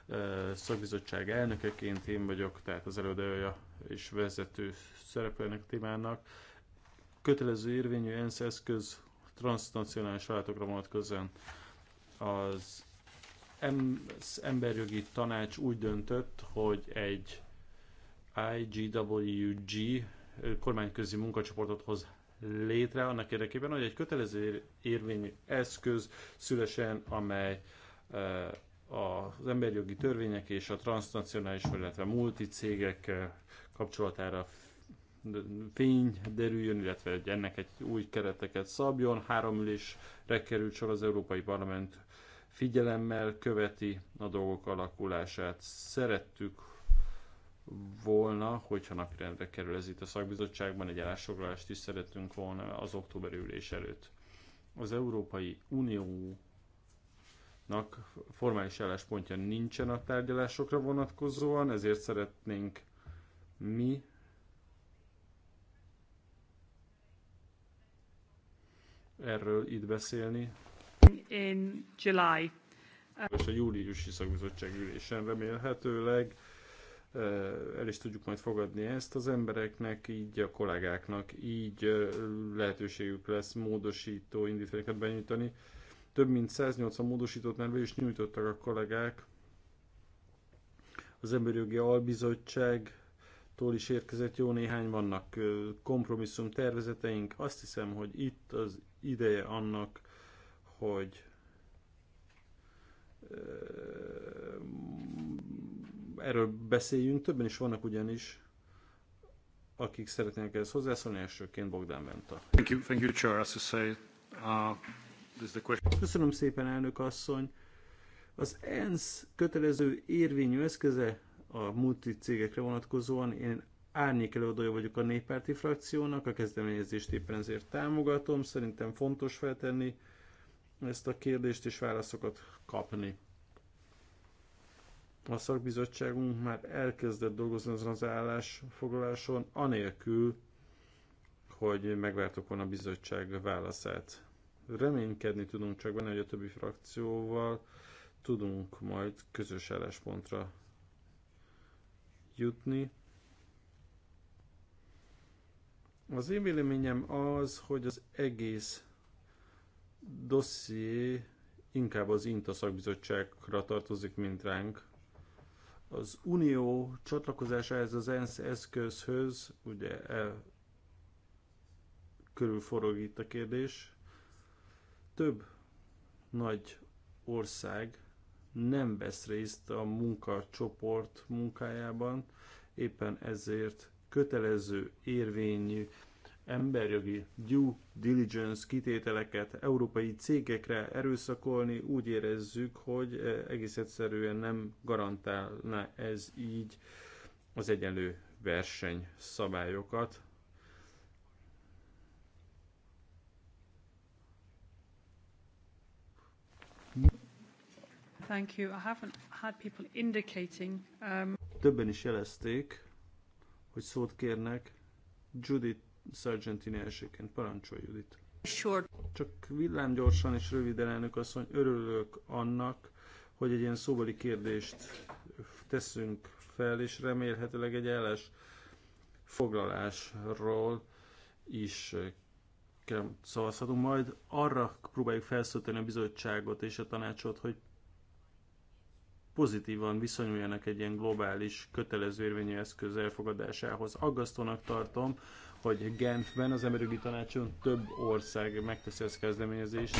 eh, szakbizottság elnökeként én vagyok, tehát az előadója és vezető szereplőnek a témának. Kötelező érvényű ENSZ eszköz transznacionális vállalatokra vonatkozóan az emberjogi tanács úgy döntött, hogy egy IGWG kormányközi munkacsoportot hoz létre annak érdekében, hogy egy kötelező érvényű eszköz szülesen, amely az emberjogi törvények és a transnacionális, illetve multicégek kapcsolatára fény derüljön, illetve hogy ennek egy új kereteket szabjon. Három ülésre került sor az Európai Parlament figyelemmel követi a dolgok alakulását. Szerettük volna, hogyha napirendre kerül ez itt a szakbizottságban, egy állásfoglalást is szeretünk volna az október ülés előtt. Az Európai Uniónak formális álláspontja nincsen a tárgyalásokra vonatkozóan, ezért szeretnénk mi erről itt beszélni. In July. És a júliusi szakbizottság ülésen remélhetőleg el is tudjuk majd fogadni ezt az embereknek, így a kollégáknak, így lehetőségük lesz módosító indítványokat benyújtani. Több mint 180 módosítót már is nyújtottak a kollégák. Az Emberi Jogi Albizottság is érkezett jó néhány, vannak kompromisszum tervezeteink. Azt hiszem, hogy itt az ideje annak, hogy erről beszéljünk, többen is vannak ugyanis, akik szeretnének ezt hozzászólni, elsőként Bogdán Benta. Thank you, thank you, Chair, as you say, uh, this the question. Köszönöm szépen, elnök asszony. Az ENSZ kötelező érvényű eszköze a multicégekre vonatkozóan, én árnyék előadója vagyok a néppárti frakciónak, a kezdeményezést éppen ezért támogatom, szerintem fontos feltenni ezt a kérdést és válaszokat kapni. A szakbizottságunk már elkezdett dolgozni azon az állásfoglaláson, anélkül, hogy megvártuk volna a bizottság válaszát. Reménykedni tudunk csak benne, hogy a többi frakcióval tudunk majd közös álláspontra jutni. Az én véleményem az, hogy az egész dosszié inkább az INTA szakbizottságra tartozik, mint ránk. Az unió csatlakozása az ENSZ eszközhöz, ugye e, körül forog itt a kérdés, több nagy ország nem vesz részt a munkacsoport munkájában, éppen ezért kötelező érvényű emberjogi due diligence kitételeket európai cégekre erőszakolni, úgy érezzük, hogy eh, egész egyszerűen nem garantálna ez így az egyenlő verseny szabályokat. Thank you. I haven't had people indicating. Um... Többen is jelezték, hogy szót kérnek. Judith Sargentini elsőként. Parancsolj, Judit. Sure. Csak villám gyorsan és röviden, elnök asszony, örülök annak, hogy egy ilyen szóbeli kérdést teszünk fel, és remélhetőleg egy ellens foglalásról is eh, szavazhatunk. Majd arra próbáljuk felszólítani a bizottságot és a tanácsot, hogy pozitívan viszonyuljanak egy ilyen globális kötelező érvényű eszköz elfogadásához. Aggasztónak tartom, hogy Genfben az emberügyi tanácson több ország megteszi ezt kezdeményezést.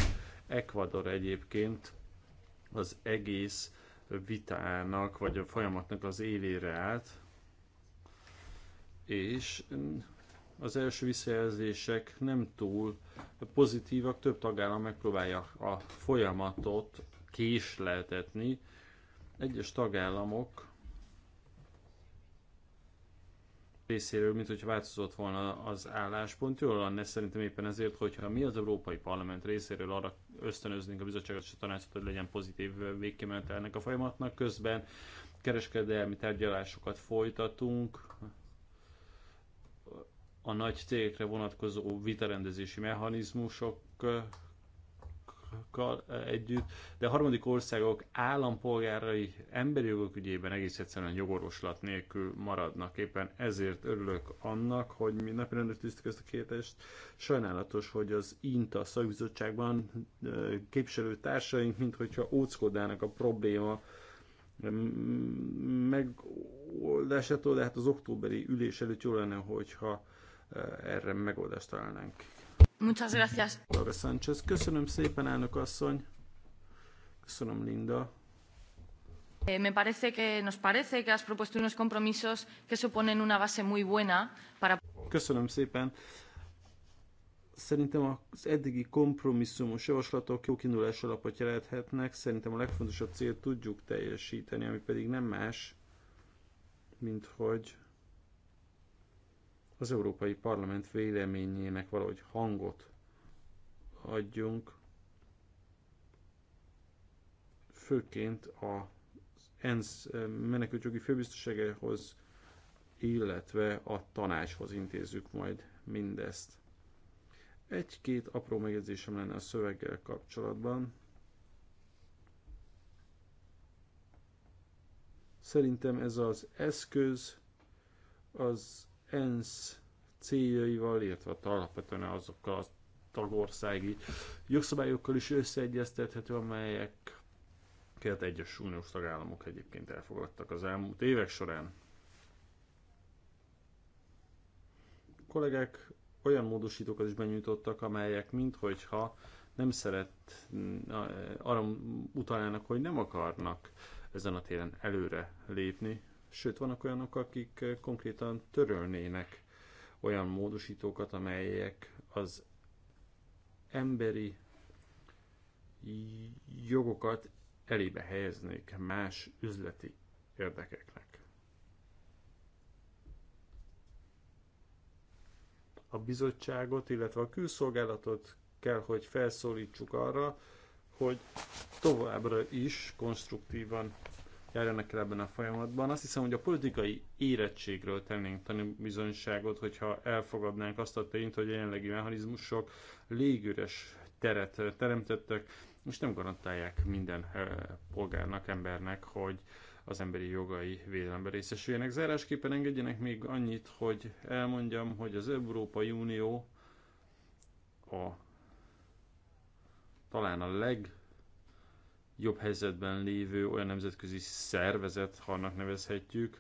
Ecuador egyébként az egész vitának, vagy a folyamatnak az élére állt, és az első visszajelzések nem túl pozitívak, több tagállam megpróbálja a folyamatot késleltetni. Egyes tagállamok részéről, mint hogyha változott volna az álláspont. Jól lenne szerintem éppen ezért, hogyha mi az Európai Parlament részéről arra ösztönöznénk a bizottságot és a tanácsot, hogy legyen pozitív végkimenet ennek a folyamatnak, közben kereskedelmi tárgyalásokat folytatunk, a nagy cégekre vonatkozó vitarendezési mechanizmusok országokkal együtt, de a harmadik országok állampolgárai emberi jogok ügyében egész egyszerűen jogorvoslat nélkül maradnak. Éppen ezért örülök annak, hogy mi napirendre tűztük ezt a kérdést. Sajnálatos, hogy az INTA szakbizottságban képviselő társaink, minthogyha óckodnának a probléma megoldásától, de hát az októberi ülés előtt jó lenne, hogyha erre megoldást találnánk. Muchas gracias. Laura Sánchez. Köszönöm szépen, elnök asszony. Köszönöm, Linda. Eh, me parece que, nos parece que has propuesto unos compromisos que suponen una base muy buena para... Köszönöm szépen. Szerintem az eddigi kompromisszumos javaslatok jó kiindulás alapot jelenthetnek. Szerintem a legfontosabb célt tudjuk teljesíteni, ami pedig nem más, mint hogy az Európai Parlament véleményének valahogy hangot adjunk, főként a ENSZ menekültjogi főbiztosságához, illetve a tanácshoz intézzük majd mindezt. Egy-két apró megjegyzésem lenne a szöveggel kapcsolatban. Szerintem ez az eszköz az ENSZ céljaival, illetve alapvetően azokkal a tagországi jogszabályokkal is összeegyeztethető, amelyek egyes uniós tagállamok egyébként elfogadtak az elmúlt évek során. kollégák olyan módosítókat is benyújtottak, amelyek minthogyha nem szeret, arra utalnának, hogy nem akarnak ezen a téren előre lépni, Sőt, vannak olyanok, akik eh, konkrétan törölnének olyan módosítókat, amelyek az emberi jogokat elébe helyeznék más üzleti érdekeknek. A bizottságot, illetve a külszolgálatot kell, hogy felszólítsuk arra, hogy továbbra is konstruktívan járjanak el ebben a folyamatban. Azt hiszem, hogy a politikai érettségről tennénk tanúbizonyságot, hogyha elfogadnánk azt a tényt, hogy a jelenlegi mechanizmusok légüres teret teremtettek, és nem garantálják minden polgárnak, embernek, hogy az emberi jogai védelembe részesüljenek. Zárásképpen engedjenek még annyit, hogy elmondjam, hogy az Európai Unió a talán a leg jobb helyzetben lévő olyan nemzetközi szervezet, ha annak nevezhetjük,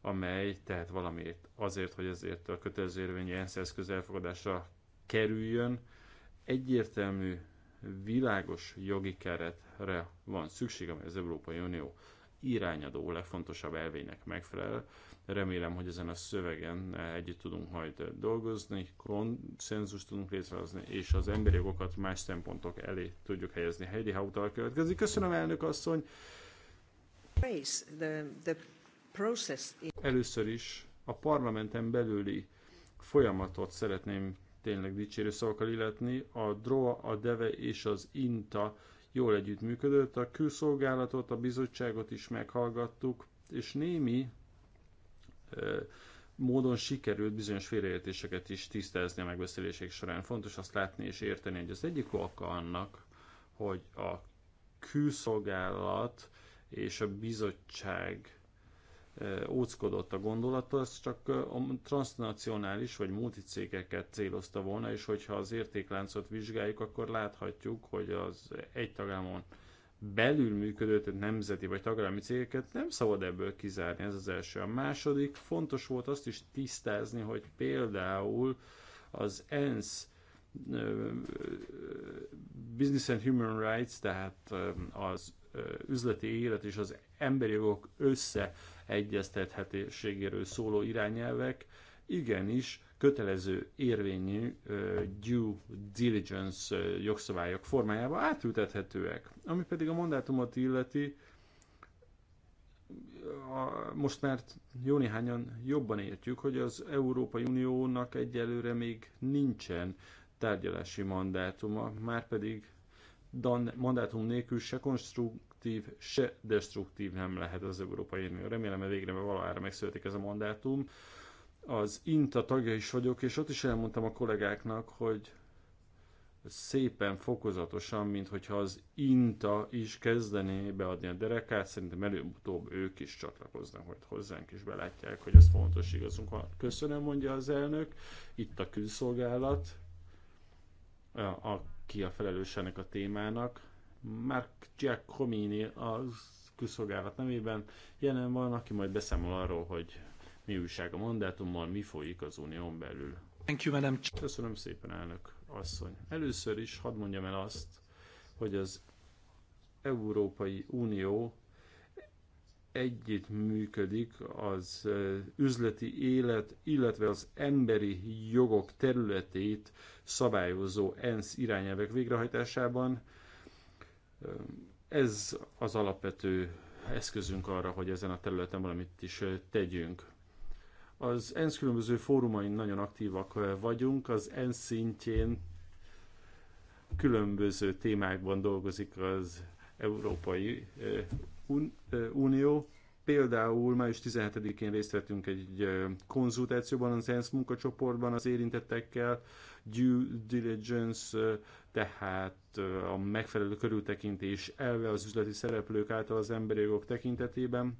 amely tehet valamit azért, hogy ezért a kötelező érvényi ENSZ eszköz elfogadásra kerüljön. Egyértelmű, világos jogi keretre van szükség, amely az Európai Unió irányadó legfontosabb elvének megfelel, Remélem, hogy ezen a szövegen együtt tudunk majd dolgozni, konszenzust tudunk létrehozni, és az emberi jogokat más szempontok elé tudjuk helyezni. Heidi Hautal következik. Köszönöm, elnök asszony! Először is a parlamenten belüli folyamatot szeretném tényleg dicsérő szavakkal illetni. A DROA, a DEVE és az INTA jól együttműködött. A külszolgálatot, a bizottságot is meghallgattuk, és némi módon sikerült bizonyos félreértéseket is tisztázni a megbeszélések során. Fontos azt látni és érteni, hogy az egyik oka annak, hogy a külszolgálat és a bizottság óckodott a gondolattól, az csak a transnacionális vagy multicégeket célozta volna, és hogyha az értékláncot vizsgáljuk, akkor láthatjuk, hogy az egy tagállamon belül működő nemzeti vagy tagállami cégeket nem szabad ebből kizárni, ez az első. A második, fontos volt azt is tisztázni, hogy például az ENSZ Business and Human Rights, tehát az üzleti élet és az emberi jogok összeegyeztethetőségéről szóló irányelvek igenis kötelező érvényű due diligence jogszabályok formájába átültethetőek. Ami pedig a mandátumot illeti, most már jó néhányan jobban értjük, hogy az Európai Uniónak egyelőre még nincsen tárgyalási mandátuma, már pedig dan, mandátum nélkül se konstruktív, se destruktív nem lehet az Európai Unió. Remélem, hogy végre valahára megszületik ez a mandátum az INTA tagja is vagyok, és ott is elmondtam a kollégáknak, hogy szépen, fokozatosan, mint hogyha az INTA is kezdené beadni a derekát, szerintem előbb-utóbb ők is csatlakoznak hogy hozzánk, és belátják, hogy ez fontos igazunk van. Köszönöm, mondja az elnök, itt a külszolgálat, aki a felelős ennek a témának. Mark Giacomini az külszolgálat nemében jelen van, aki majd beszámol arról, hogy mi újság a mandátummal, mi folyik az unión belül. Thank you, Köszönöm szépen, elnök asszony. Először is hadd mondjam el azt, hogy az Európai Unió együtt működik az üzleti élet, illetve az emberi jogok területét szabályozó ENSZ irányelvek végrehajtásában. Ez az alapvető eszközünk arra, hogy ezen a területen valamit is tegyünk. Az ENSZ különböző fórumain nagyon aktívak vagyunk, az ENSZ szintjén különböző témákban dolgozik az Európai Unió. Például május 17-én részt vettünk egy konzultációban az ENSZ munkacsoportban az érintettekkel, due diligence, tehát a megfelelő körültekintés elve az üzleti szereplők által az emberi jogok tekintetében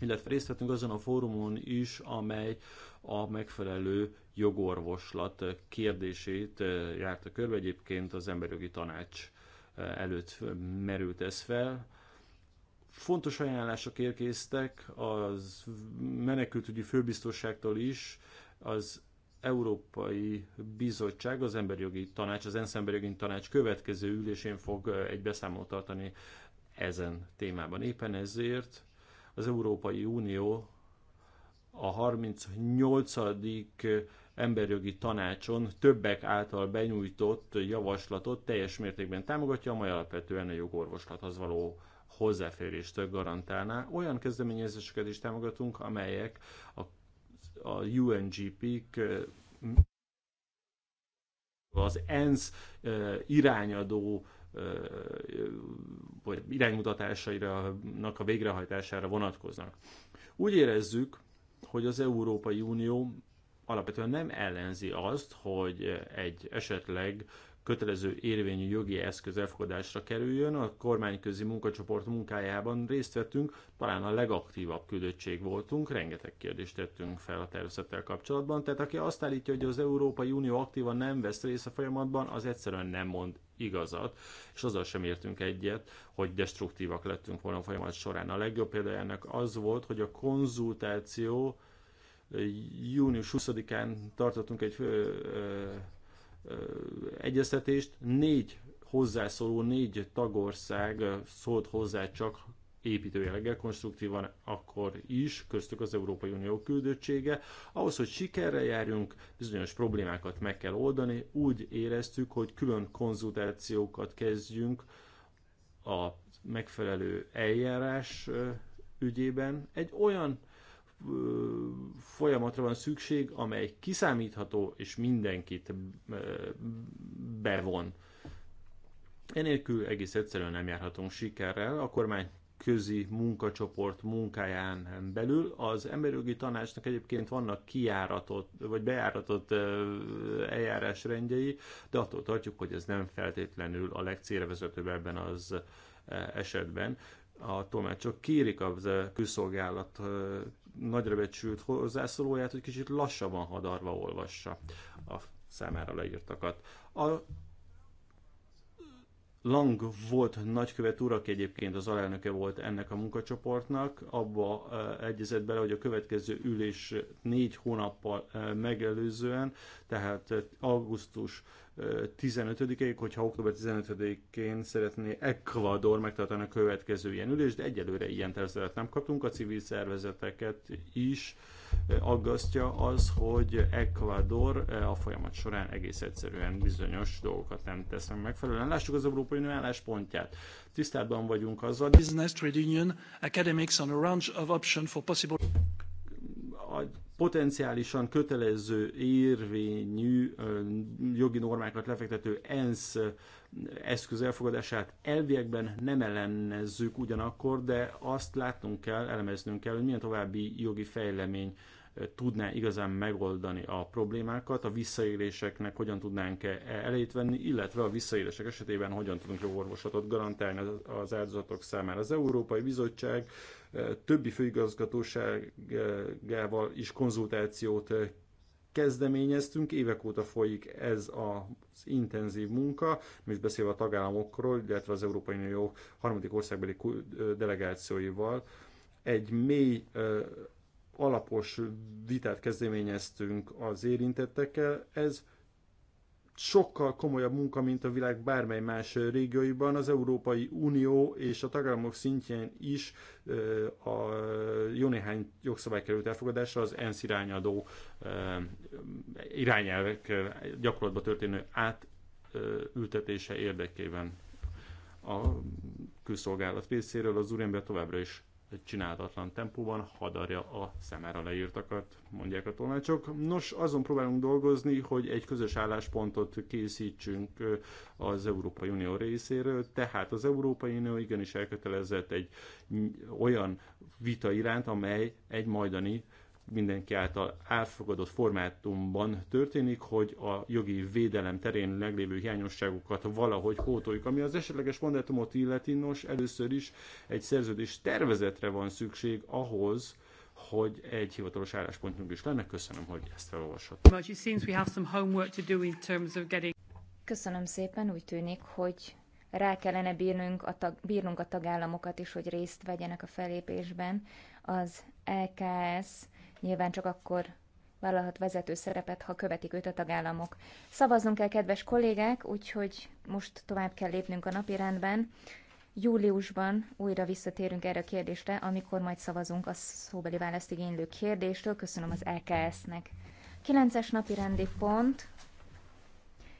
illetve részt vettünk azon a fórumon is, amely a megfelelő jogorvoslat kérdését eh, járta körbe. Egyébként az emberjogi tanács eh, előtt merült ez fel. Fontos ajánlások érkeztek az menekültügyi főbiztosságtól is, az Európai Bizottság, az Emberjogi Tanács, az ENSZ Emberjogi Tanács következő ülésén fog eh, egy beszámolót tartani ezen témában. Éppen ezért az Európai Unió a 38. emberjogi tanácson többek által benyújtott javaslatot teljes mértékben támogatja, amely alapvetően a jogorvoslathoz való hozzáférést garantálná. Olyan kezdeményezéseket is támogatunk, amelyek a, a UNGP-k az ENSZ eh, irányadó vagy iránymutatásainak a végrehajtására vonatkoznak. Úgy érezzük, hogy az Európai Unió alapvetően nem ellenzi azt, hogy egy esetleg kötelező érvényű jogi eszköz elfogadásra kerüljön. A kormányközi munkacsoport munkájában részt vettünk, talán a legaktívabb küldöttség voltunk, rengeteg kérdést tettünk fel a tervezettel kapcsolatban. Tehát aki azt állítja, hogy az Európai Unió aktívan nem vesz részt a folyamatban, az egyszerűen nem mond igazat, és azzal sem értünk egyet, hogy destruktívak lettünk volna a folyamat során. A legjobb példa ennek az volt, hogy a konzultáció június 20-án tartottunk egy ö, ö, ö, egyeztetést, négy hozzászóló négy tagország szólt hozzá csak építő jelleggel konstruktívan akkor is, köztük az Európai Unió küldöttsége. Ahhoz, hogy sikerre járjunk, bizonyos problémákat meg kell oldani. Úgy éreztük, hogy külön konzultációkat kezdjünk a megfelelő eljárás ügyében. Egy olyan folyamatra van szükség, amely kiszámítható és mindenkit bevon. Enélkül egész egyszerűen nem járhatunk sikerrel, a kormány közi munkacsoport munkáján belül. Az emberjogi tanácsnak egyébként vannak kiáratott, vagy bejáratott eljárásrendjei, de attól tartjuk, hogy ez nem feltétlenül a legcélvezetőbb ebben az esetben. A tolmácsok kérik a külszolgálat nagyra becsült hozzászólóját, hogy kicsit lassabban hadarva olvassa a számára leírtakat. A Lang volt nagykövet úr, aki egyébként az alelnöke volt ennek a munkacsoportnak, abba eh, egyezett bele, hogy a következő ülés négy hónappal eh, megelőzően, tehát eh, augusztus 15-ig, hogyha október 15-én szeretné Ecuador megtartani a következő ilyen ülést, de egyelőre ilyen tervezetet nem kaptunk, a civil szervezeteket is aggasztja az, hogy Ecuador eh, a folyamat során egész egyszerűen bizonyos dolgokat nem tesz meg megfelelően. Lássuk az Európai Unió álláspontját. Tisztában vagyunk azzal. Business, trade union, academics on a range of option for possible a potenciálisan kötelező, érvényű eh, jogi normákat lefektető ENSZ eszköz elfogadását elviekben nem ellenezzük ugyanakkor, de azt látnunk kell, elemeznünk kell, hogy milyen további jogi fejlemény tudná igazán megoldani a problémákat, a visszaéléseknek hogyan tudnánk elejét venni, illetve a visszaélések esetében hogyan tudunk jogorvoslatot garantálni az áldozatok számára. Az Európai Bizottság többi főigazgatóságával is konzultációt kezdeményeztünk, évek óta folyik ez az intenzív munka, mi is beszélve a tagállamokról, illetve az Európai Unió harmadik országbeli delegációival. Egy mély alapos vitát kezdeményeztünk az érintettekkel, ez sokkal komolyabb munka, mint a világ bármely más régióiban. Az Európai Unió és a tagállamok szintjén is a jó néhány jogszabály került elfogadásra, az ENSZ irányadó irányelvek gyakorlatban történő átültetése érdekében a külszolgálat részéről az úriember továbbra is csinálatlan tempóban hadarja a szemára leírtakat, mondják a tolmácsok. Nos, azon próbálunk dolgozni, hogy egy közös álláspontot készítsünk az Európai Unió részéről, tehát az Európai Unió igenis elkötelezett egy olyan vita iránt, amely egy majdani mindenki által elfogadott formátumban történik, hogy a jogi védelem terén leglévő hiányosságokat valahogy pótoljuk. Ami az esetleges mandátumot illeti, nos, először is egy szerződés tervezetre van szükség ahhoz, hogy egy hivatalos álláspontunk is lenne. Köszönöm, hogy ezt felolvashatom. Köszönöm szépen, úgy tűnik, hogy rá kellene bírnunk a, tag, bírnunk a tagállamokat is, hogy részt vegyenek a felépésben. Az LKS Nyilván csak akkor vállalhat vezető szerepet, ha követik őt a tagállamok. Szavaznunk kell, kedves kollégák, úgyhogy most tovább kell lépnünk a napirendben. Júliusban újra visszatérünk erre a kérdésre, amikor majd szavazunk a szóbeli választ igénylő kérdéstől. Köszönöm az LKS-nek. 9-es napi rendi pont.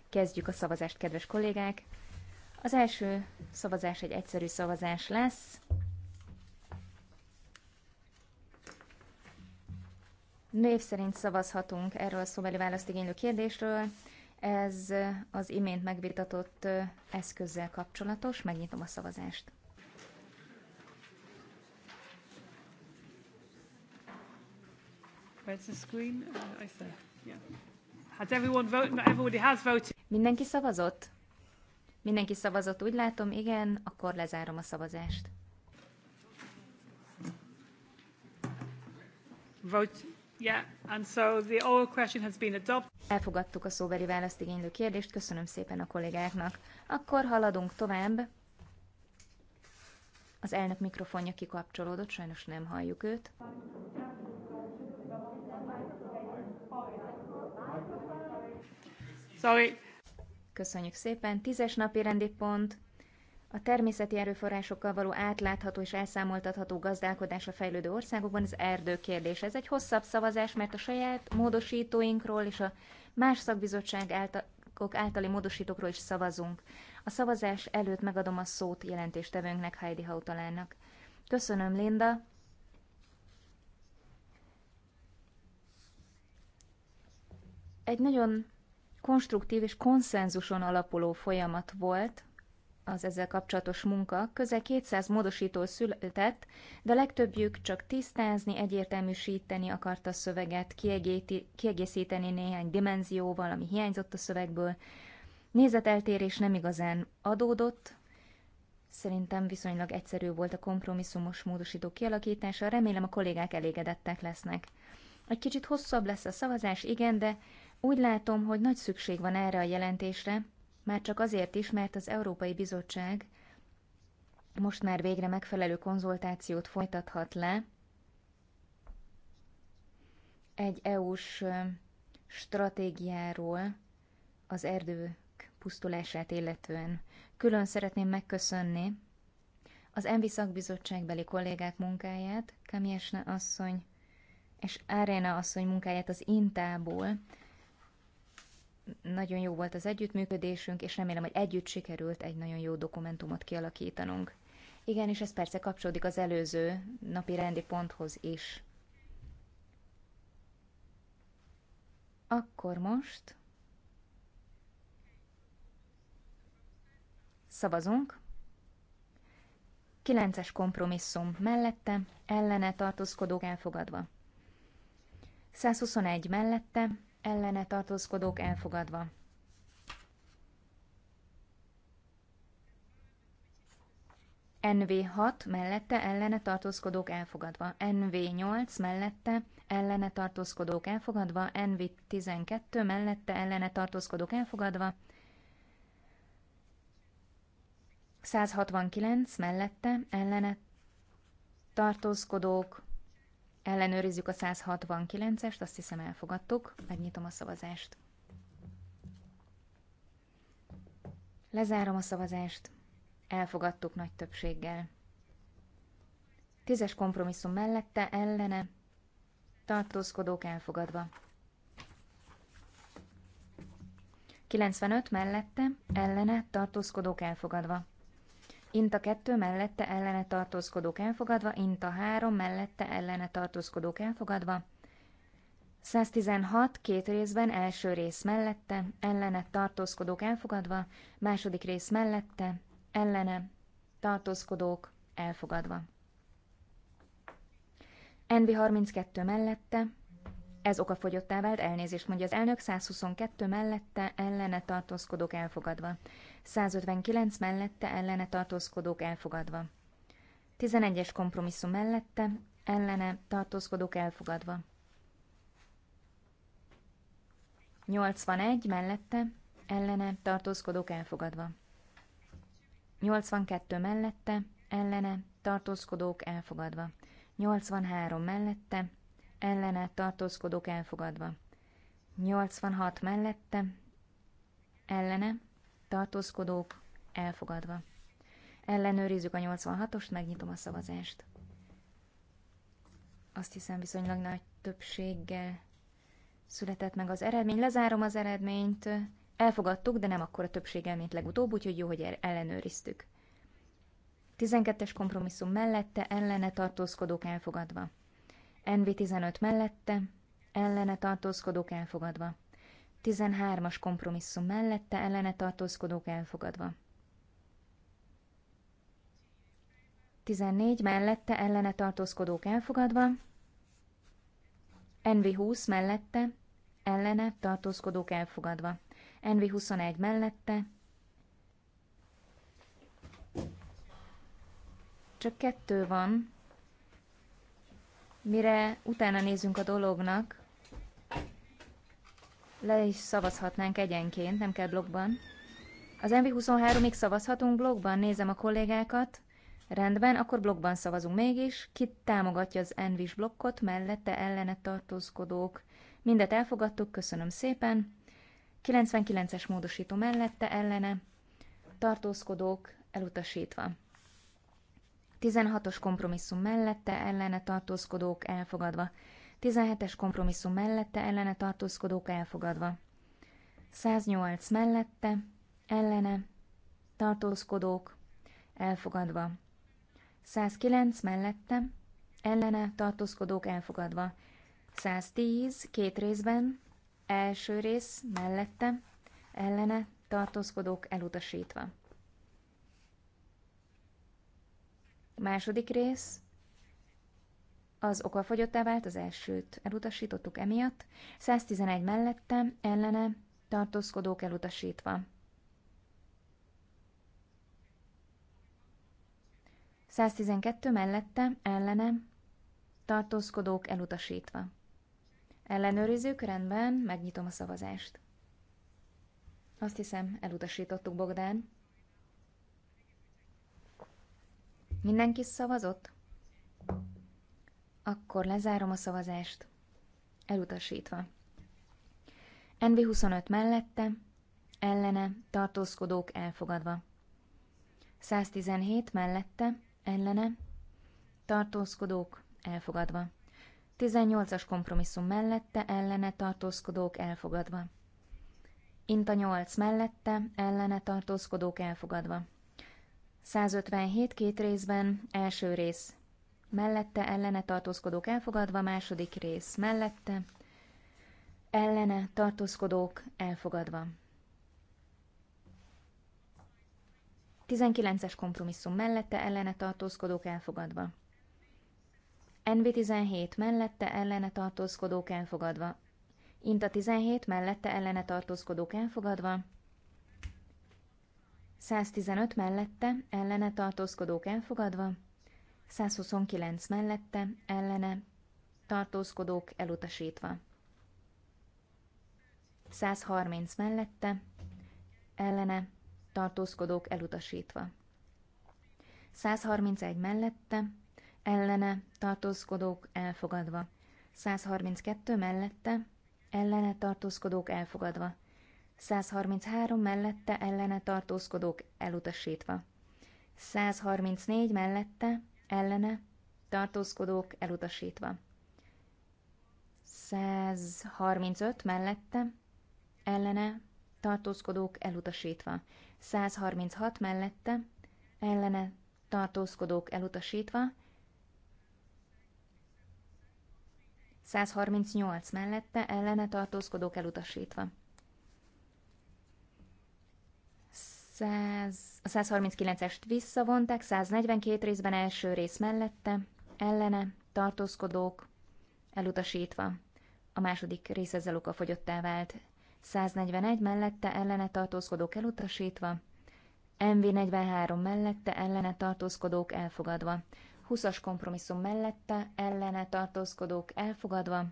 Kezdjük a szavazást, kedves kollégák. Az első szavazás egy egyszerű szavazás lesz. Név szerint szavazhatunk erről a szóbeli választigénylő kérdésről. Ez az imént megvitatott eszközzel kapcsolatos. Megnyitom a szavazást. Uh, Mindenki szavazott? Mindenki szavazott, úgy látom, igen, akkor lezárom a szavazást. Vote Elfogadtuk a szóbeli választ igénylő kérdést, köszönöm szépen a kollégáknak. Akkor haladunk tovább. Az elnök mikrofonja kikapcsolódott, sajnos nem halljuk őt. Sorry. Köszönjük szépen. Tízes napi rendi pont. A természeti erőforrásokkal való átlátható és elszámoltatható gazdálkodás a fejlődő országokban az erdő kérdés. Ez egy hosszabb szavazás, mert a saját módosítóinkról és a más szakbizottság által általi módosítókról is szavazunk. A szavazás előtt megadom a szót jelentéstevőnknek, Heidi Hautalának. Köszönöm, Linda. Egy nagyon konstruktív és konszenzuson alapuló folyamat volt, az ezzel kapcsolatos munka. Közel 200 módosító született, de a legtöbbjük csak tisztázni, egyértelműsíteni akarta a szöveget, kiegészíteni néhány dimenzióval, ami hiányzott a szövegből. Nézeteltérés nem igazán adódott, Szerintem viszonylag egyszerű volt a kompromisszumos módosító kialakítása, remélem a kollégák elégedettek lesznek. Egy kicsit hosszabb lesz a szavazás, igen, de úgy látom, hogy nagy szükség van erre a jelentésre, már csak azért is, mert az Európai Bizottság most már végre megfelelő konzultációt folytathat le egy EU-s stratégiáról az erdők pusztulását illetően. Külön szeretném megköszönni az ENVI szakbizottságbeli kollégák munkáját, Kamiesna asszony és Aréna asszony munkáját az Intából, nagyon jó volt az együttműködésünk, és remélem, hogy együtt sikerült egy nagyon jó dokumentumot kialakítanunk. Igen, és ez persze kapcsolódik az előző napi rendi ponthoz is. Akkor most szavazunk. 9-es kompromisszum mellette, ellene tartózkodók elfogadva. 121 mellette, ellene tartózkodók elfogadva. NV6 mellette ellene tartózkodók elfogadva, NV8 mellette ellene tartózkodók elfogadva, NV12 mellette ellene tartózkodók elfogadva, 169 mellette ellene tartózkodók Ellenőrizzük a 169-est, azt hiszem elfogadtuk. Megnyitom a szavazást. Lezárom a szavazást. Elfogadtuk nagy többséggel. Tízes kompromisszum mellette, ellene, tartózkodók elfogadva. 95 mellette, ellene, tartózkodók elfogadva. Inta 2 mellette ellene tartózkodók elfogadva, Inta 3 mellette ellene tartózkodók elfogadva, 116 két részben első rész mellette, ellene tartózkodók elfogadva, második rész mellette, ellene tartózkodók elfogadva. NV 32 mellette, ez fogyottá vált elnézést, mondja az elnök, 122 mellette, ellene tartózkodók elfogadva. 159 mellette ellene tartózkodók elfogadva. 11-es kompromisszum mellette ellene tartózkodók elfogadva. 81 mellette ellene tartózkodók elfogadva. 82 mellette ellene tartózkodók elfogadva. 83 mellette ellene tartózkodók elfogadva. 86 mellette ellene tartózkodók, elfogadva. Ellenőrizzük a 86-ost, megnyitom a szavazást. Azt hiszem viszonylag nagy többséggel született meg az eredmény. Lezárom az eredményt. Elfogadtuk, de nem akkor a többséggel, mint legutóbb, úgyhogy jó, hogy ellenőriztük. 12-es kompromisszum mellette, ellene tartózkodók elfogadva. NV15 mellette, ellene tartózkodók elfogadva. 13-as kompromisszum mellette ellene tartózkodók elfogadva. 14 mellette ellene tartózkodók elfogadva. NV20 mellette ellene tartózkodók elfogadva. NV21 mellette. Csak kettő van. Mire utána nézünk a dolognak, le is szavazhatnánk egyenként, nem kell blogban. Az MV23-ig szavazhatunk blogban, nézem a kollégákat. Rendben, akkor blogban szavazunk mégis. Ki támogatja az Envis blokkot, mellette ellene tartózkodók. Mindet elfogadtuk, köszönöm szépen. 99-es módosító mellette ellene tartózkodók elutasítva. 16-os kompromisszum mellette ellene tartózkodók elfogadva. 17-es kompromisszum mellette ellene tartózkodók elfogadva. 108 mellette ellene tartózkodók elfogadva. 109 mellette ellene tartózkodók elfogadva. 110 két részben első rész mellette ellene tartózkodók elutasítva. Második rész az okafogyottá vált, az elsőt elutasítottuk emiatt, 111 mellette, ellene, tartózkodók elutasítva. 112 mellette, ellene, tartózkodók elutasítva. Ellenőrizzük, rendben, megnyitom a szavazást. Azt hiszem, elutasítottuk Bogdán. Mindenki szavazott? Akkor lezárom a szavazást. Elutasítva. NV25 mellette, ellene, tartózkodók elfogadva. 117 mellette, ellene, tartózkodók elfogadva. 18-as kompromisszum mellette, ellene, tartózkodók elfogadva. Inta 8 mellette, ellene, tartózkodók elfogadva. 157 két részben, első rész mellette ellene tartózkodók elfogadva, második rész mellette ellene tartózkodók elfogadva. 19-es kompromisszum mellette ellene tartózkodók elfogadva. NV17 mellette ellene tartózkodók elfogadva. Inta 17 mellette ellene tartózkodók elfogadva. 115 mellette ellene tartózkodók elfogadva. 129 mellette, ellene, tartózkodók elutasítva. 130 mellette, ellene, tartózkodók elutasítva. 131 mellette, ellene, tartózkodók elfogadva. 132 mellette, ellene tartózkodók elfogadva. 133 mellette ellene tartózkodók elutasítva. 134 mellette ellene, tartózkodók elutasítva. 135 mellette, ellene, tartózkodók elutasítva. 136 mellette, ellene, tartózkodók elutasítva. 138 mellette, ellene, tartózkodók elutasítva. 100, a 139-est visszavonták, 142 részben első rész mellette, ellene, tartózkodók, elutasítva. A második rész ezzel fogyottá vált. 141 mellette, ellene, tartózkodók elutasítva. MV 43 mellette, ellene, tartózkodók elfogadva. 20-as kompromisszum mellette, ellene, tartózkodók elfogadva.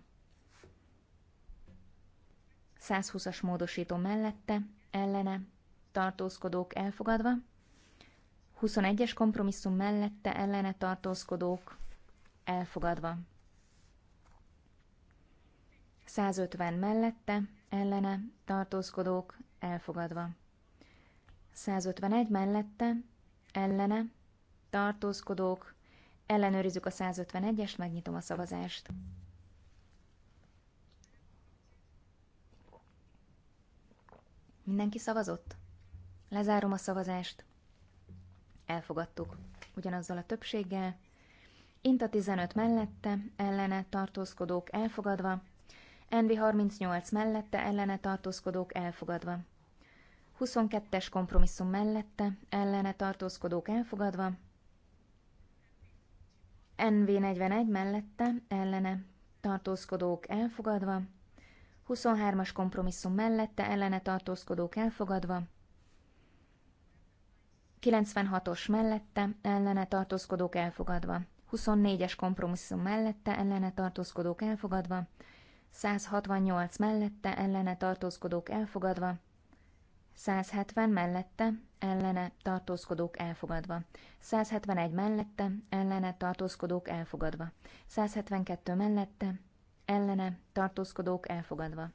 120-as módosító mellette, ellene, tartózkodók elfogadva, 21-es kompromisszum mellette ellene tartózkodók elfogadva, 150 mellette ellene tartózkodók elfogadva, 151 mellette ellene tartózkodók ellenőrizzük a 151-est, megnyitom a szavazást. Mindenki szavazott? Lezárom a szavazást. Elfogadtuk. Ugyanazzal a többséggel. Inta 15 mellette, ellene tartózkodók elfogadva. Envi 38 mellette, ellene tartózkodók elfogadva. 22-es kompromisszum mellette, ellene tartózkodók elfogadva. NV41 mellette, ellene tartózkodók elfogadva. 23-as kompromisszum mellette, ellene tartózkodók elfogadva. 96-os mellette ellene tartózkodók elfogadva, 24-es kompromisszum mellette ellene tartózkodók elfogadva, 168 mellette ellene tartózkodók elfogadva, 170 mellette ellene tartózkodók elfogadva, 171 mellette ellene tartózkodók elfogadva, 172 mellette ellene tartózkodók elfogadva,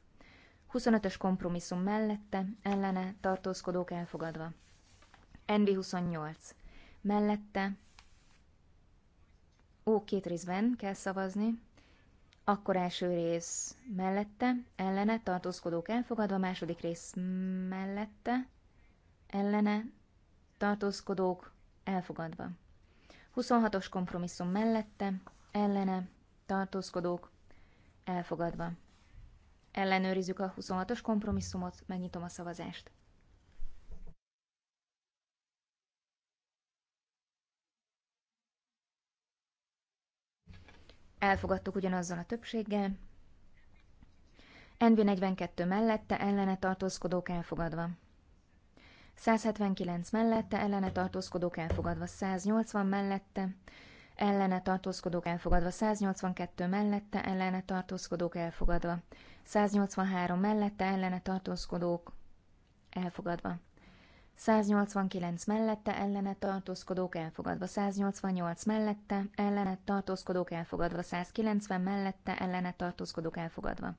25-ös kompromisszum mellette ellene tartózkodók elfogadva. NV28. Mellette ó, két részben kell szavazni, akkor első rész mellette, ellene, tartózkodók elfogadva, második rész mellette, ellene, tartózkodók elfogadva. 26-os kompromisszum mellette, ellene, tartózkodók elfogadva. Ellenőrizzük a 26-os kompromisszumot, megnyitom a szavazást. Elfogadtuk ugyanazzal a többséggel. NV42 mellette ellene tartózkodók elfogadva. 179 mellette ellene tartózkodók elfogadva. 180 mellette ellene tartózkodók elfogadva. 182 mellette ellene tartózkodók elfogadva. 183 mellette ellene tartózkodók elfogadva. 189 mellette ellene tartózkodók elfogadva, 188 mellette ellene tartózkodók elfogadva, 190 mellette ellene tartózkodók elfogadva.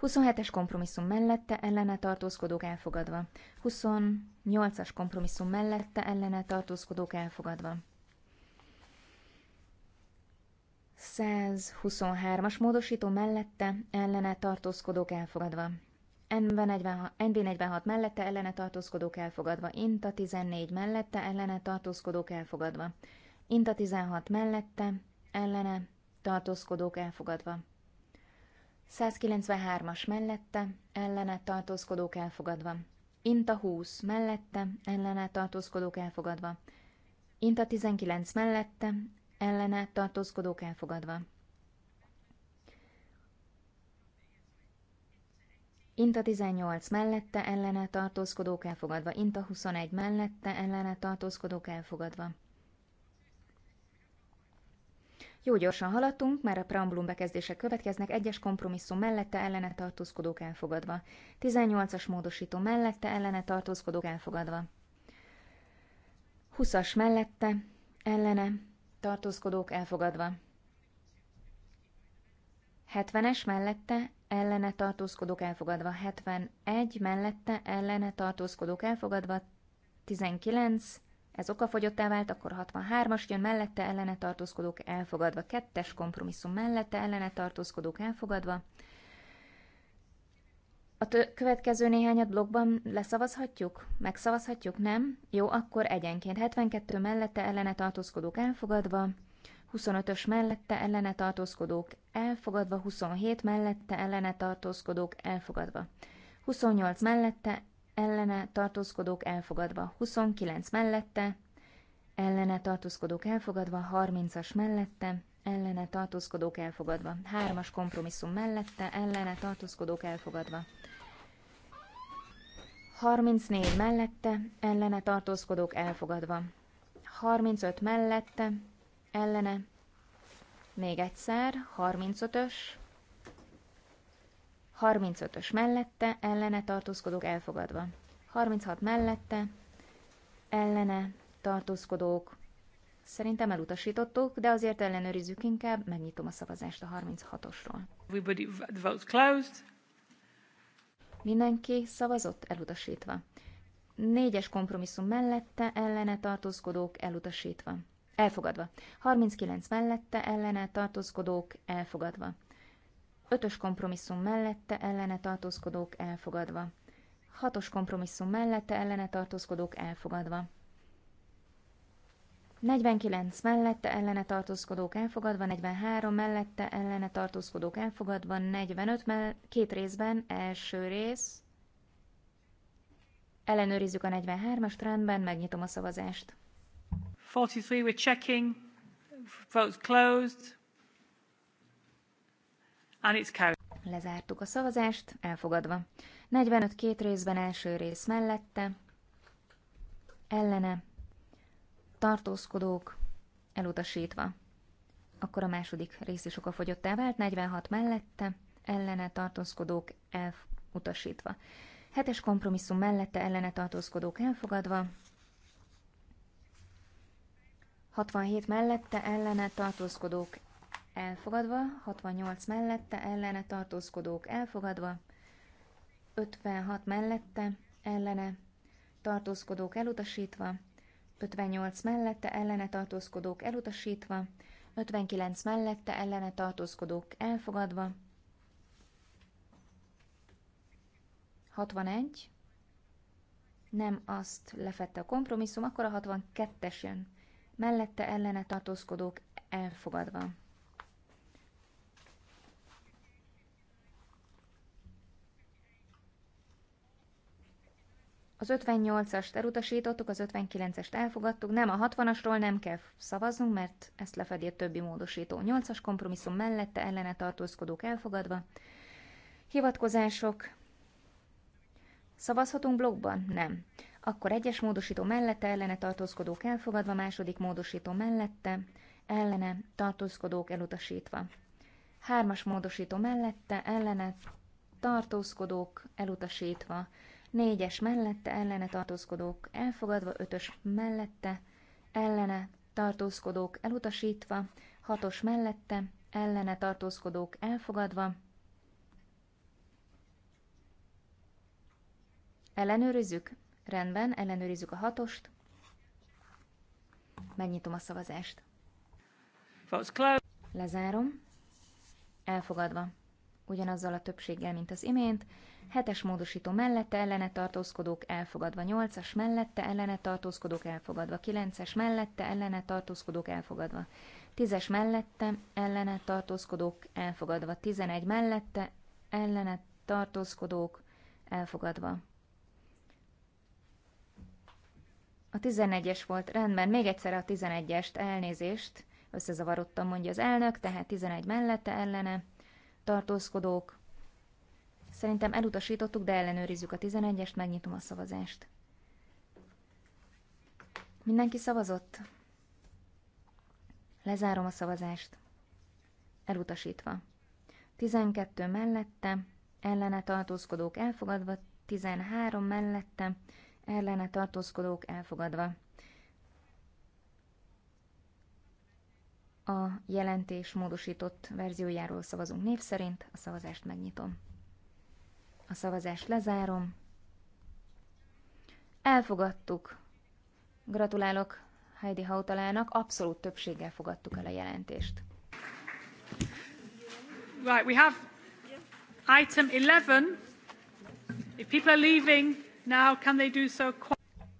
27-es kompromisszum mellette ellene tartózkodók elfogadva. 28-as kompromisszum mellette ellene tartózkodók elfogadva. 123-as módosító mellette ellene tartózkodók elfogadva. NB46 mellette ellene tartózkodók elfogadva, Inta 14 mellette ellene tartózkodók elfogadva, Inta 16 mellette ellene tartózkodók elfogadva. 193-as mellette ellene tartózkodók elfogadva, Inta 20 mellette ellene tartózkodók elfogadva, Inta 19 mellette ellene tartózkodók elfogadva. Inta 18 mellette ellene tartózkodók elfogadva, Inta 21 mellette ellene tartózkodók elfogadva. Jó gyorsan haladtunk, mert a preambulum bekezdések következnek, egyes kompromisszum mellette ellene tartózkodók elfogadva, 18-as módosító mellette ellene tartózkodók elfogadva, 20-as mellette ellene tartózkodók elfogadva, 70-es mellette ellene tartózkodók elfogadva, 71 mellette ellene tartózkodók elfogadva, 19, ez okafogyottá vált, akkor 63-as jön mellette ellene tartózkodók elfogadva, kettes kompromisszum mellette ellene tartózkodók elfogadva. A tő- következő néhányat blogban leszavazhatjuk? Megszavazhatjuk, nem? Jó, akkor egyenként 72 mellette ellene tartózkodók elfogadva, 25-ös mellette ellene tartózkodók elfogadva, 27 mellette ellene tartózkodók elfogadva, 28 mellette ellene tartózkodók elfogadva, 29 mellette ellene tartózkodók elfogadva, 30-as mellette ellene tartózkodók elfogadva, 3-as kompromisszum mellette ellene tartózkodók elfogadva. 34 mellette, ellene tartózkodók elfogadva. 35 mellette, ellene, még egyszer, 35-ös, 35-ös mellette, ellene tartózkodók elfogadva. 36 mellette, ellene tartózkodók. Szerintem elutasítottuk, de azért ellenőrizzük inkább, megnyitom a szavazást a 36-osról. Mindenki szavazott elutasítva. Négyes kompromisszum mellette, ellene tartózkodók elutasítva. Elfogadva. 39 mellette ellene tartózkodók elfogadva. 5-ös kompromisszum mellette ellene tartózkodók elfogadva. 6-os kompromisszum mellette ellene tartózkodók elfogadva. 49 mellette ellene tartózkodók elfogadva, 43 mellette ellene tartózkodók elfogadva, 45 mell- két részben, első rész. Ellenőrizzük a 43-as trendben, megnyitom a szavazást. 43, we're checking. Votes closed. And it's carried. Lezártuk a szavazást, elfogadva. 45 két részben első rész mellette, ellene, tartózkodók, elutasítva. Akkor a második rész is okafogyottá vált, 46 mellette, ellene tartózkodók elutasítva. Hetes kompromisszum mellette ellene tartózkodók elfogadva, 67 mellette ellene tartózkodók elfogadva, 68 mellette ellene tartózkodók elfogadva, 56 mellette ellene tartózkodók elutasítva, 58 mellette ellene tartózkodók elutasítva, 59 mellette ellene tartózkodók elfogadva, 61, nem azt lefette a kompromisszum, akkor a 62 jön mellette ellene tartózkodók elfogadva. Az 58-ast elutasítottuk, az 59-est elfogadtuk, nem a 60-asról nem kell szavaznunk, mert ezt lefedi a többi módosító. 8-as kompromisszum mellette ellene tartózkodók elfogadva. Hivatkozások. Szavazhatunk blogban? Nem akkor egyes módosító mellette ellene tartózkodók elfogadva, második módosító mellette ellene tartózkodók elutasítva. Hármas módosító mellette ellene tartózkodók elutasítva. Négyes mellette ellene tartózkodók elfogadva, ötös mellette ellene tartózkodók elutasítva, hatos mellette ellene tartózkodók elfogadva, Ellenőrizzük? Rendben, ellenőrizzük a hatost. Megnyitom a szavazást. Lezárom. Elfogadva. Ugyanazzal a többséggel, mint az imént. Hetes módosító mellette ellene tartózkodók elfogadva, Nyolcas mellette ellene tartózkodók elfogadva, Kilences mellette ellene tartózkodók elfogadva, Tízes mellette ellene tartózkodók elfogadva, Tizenegy mellette ellene tartózkodók elfogadva. A 11-es volt, rendben, még egyszer a 11-est, elnézést, összezavarodtam, mondja az elnök, tehát 11 mellette ellene, tartózkodók. Szerintem elutasítottuk, de ellenőrizzük a 11-est, megnyitom a szavazást. Mindenki szavazott? Lezárom a szavazást. Elutasítva. 12 mellette, ellene tartózkodók elfogadva, 13 mellette, ellene tartózkodók elfogadva. A jelentés módosított verziójáról szavazunk név szerint, a szavazást megnyitom. A szavazást lezárom. Elfogadtuk. Gratulálok Heidi Hautalának, abszolút többséggel fogadtuk el a jelentést. Right, we have item 11. If people are leaving, Now, can they do so...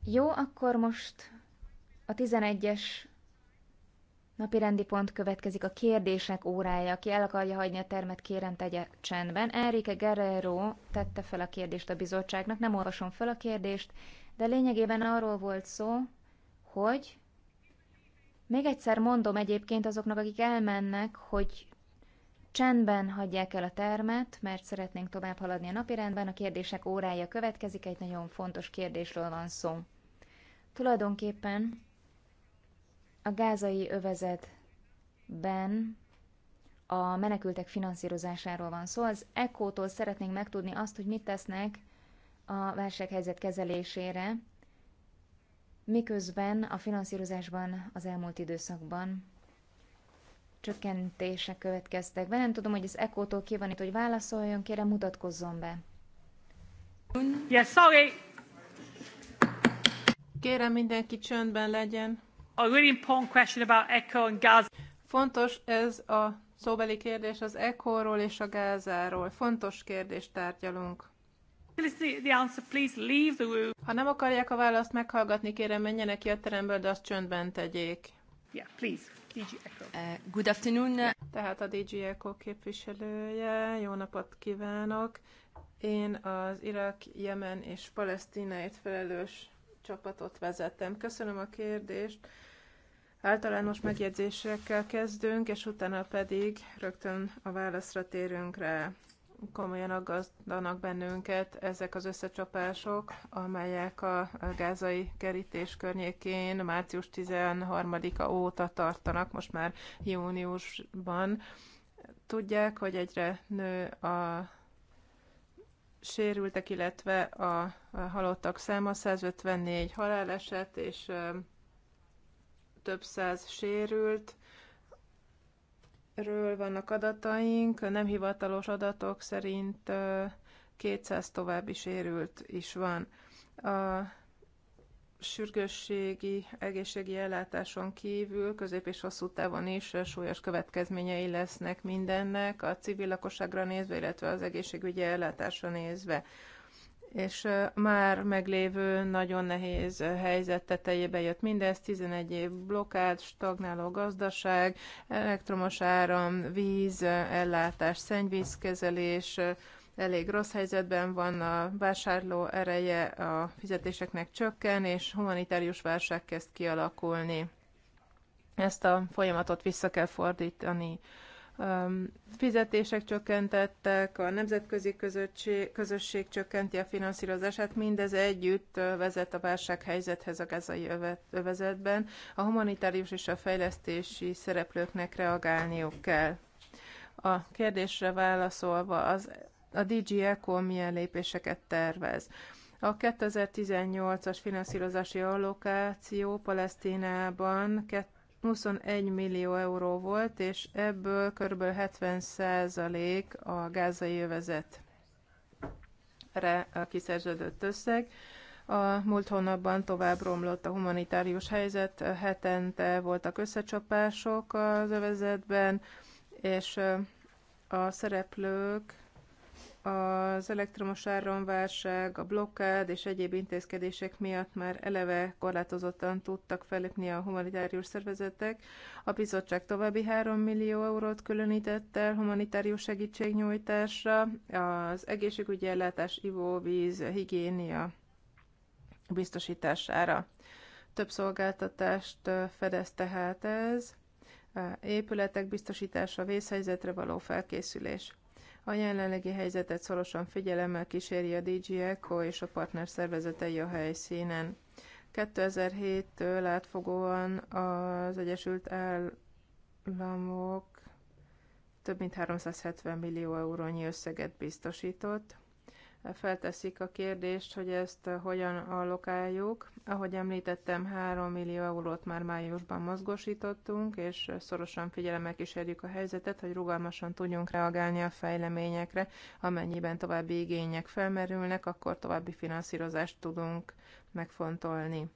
Jó, akkor most a 11-es napi rendi pont következik a kérdések órája. Aki el akarja hagyni a termet, kérem tegye csendben. Enrique Guerrero tette fel a kérdést a bizottságnak, nem olvasom fel a kérdést, de lényegében arról volt szó, hogy még egyszer mondom egyébként azoknak, akik elmennek, hogy Csendben hagyják el a termet, mert szeretnénk tovább haladni a napirendben. A kérdések órája következik, egy nagyon fontos kérdésről van szó. Tulajdonképpen a gázai övezetben a menekültek finanszírozásáról van szó. Az ECO-tól szeretnénk megtudni azt, hogy mit tesznek a válsághelyzet kezelésére, miközben a finanszírozásban az elmúlt időszakban csökkentések következtek be. Nem tudom, hogy az ECO-tól ki van itt, hogy válaszoljon, kérem mutatkozzon be. Yes, sorry. Kérem mindenki csöndben legyen. A really important question about ECO and gas. Fontos ez a szóbeli kérdés az ECO-ról és a gázáról. Fontos kérdést tárgyalunk. Ha nem akarják a választ meghallgatni, kérem menjenek ki a teremből, de azt csöndben tegyék. Yeah, please. DG eh, Good afternoon. Tehát a DG Eco képviselője, jó napot kívánok. Én az Irak, Jemen és Palesztináért felelős csapatot vezetem. Köszönöm a kérdést. Általános megjegyzésekkel kezdünk, és utána pedig rögtön a válaszra térünk rá komolyan aggasztanak bennünket ezek az összecsapások, amelyek a gázai kerítés környékén március 13-a óta tartanak, most már júniusban. Tudják, hogy egyre nő a sérültek, illetve a halottak száma 154 haláleset és több száz sérült, ről vannak adataink, nem hivatalos adatok szerint 200 további sérült is van. A sürgősségi egészségi ellátáson kívül közép és hosszú távon is súlyos következményei lesznek mindennek, a civil lakosságra nézve, illetve az egészségügyi ellátásra nézve és már meglévő nagyon nehéz helyzet tetejébe jött mindez, 11 év blokkád, stagnáló gazdaság, elektromos áram, víz, ellátás, szennyvízkezelés, elég rossz helyzetben van, a vásárló ereje a fizetéseknek csökken, és humanitárius válság kezd kialakulni. Ezt a folyamatot vissza kell fordítani fizetések csökkentettek, a nemzetközi közösség, közösség csökkenti a finanszírozását, mindez együtt vezet a válsághelyzethez a gazai övezetben. A humanitárius és a fejlesztési szereplőknek reagálniuk kell. A kérdésre válaszolva, az, a DG Eco milyen lépéseket tervez? A 2018-as finanszírozási allokáció Palesztinában 21 millió euró volt, és ebből kb. 70% a gázai övezetre kiszerződött összeg. A múlt hónapban tovább romlott a humanitárius helyzet, hetente voltak összecsapások az övezetben, és a szereplők az elektromos áramválság, a blokkád és egyéb intézkedések miatt már eleve korlátozottan tudtak felépni a humanitárius szervezetek. A bizottság további 3 millió eurót különített el humanitárius segítségnyújtásra, az egészségügyi ellátás, ivóvíz, higiénia biztosítására. Több szolgáltatást fedez tehát ez, épületek biztosítása, vészhelyzetre való felkészülés. A jelenlegi helyzetet szorosan figyelemmel kíséri a DG ECO és a partner szervezetei a helyszínen. 2007-től átfogóan az Egyesült Államok több mint 370 millió eurónyi összeget biztosított, felteszik a kérdést, hogy ezt eh, hogyan allokáljuk. Ahogy említettem, 3 millió eurót már májusban mozgósítottunk, és eh, szorosan figyelemmel kísérjük a helyzetet, hogy rugalmasan tudjunk reagálni a fejleményekre. Amennyiben további igények felmerülnek, akkor további finanszírozást tudunk megfontolni.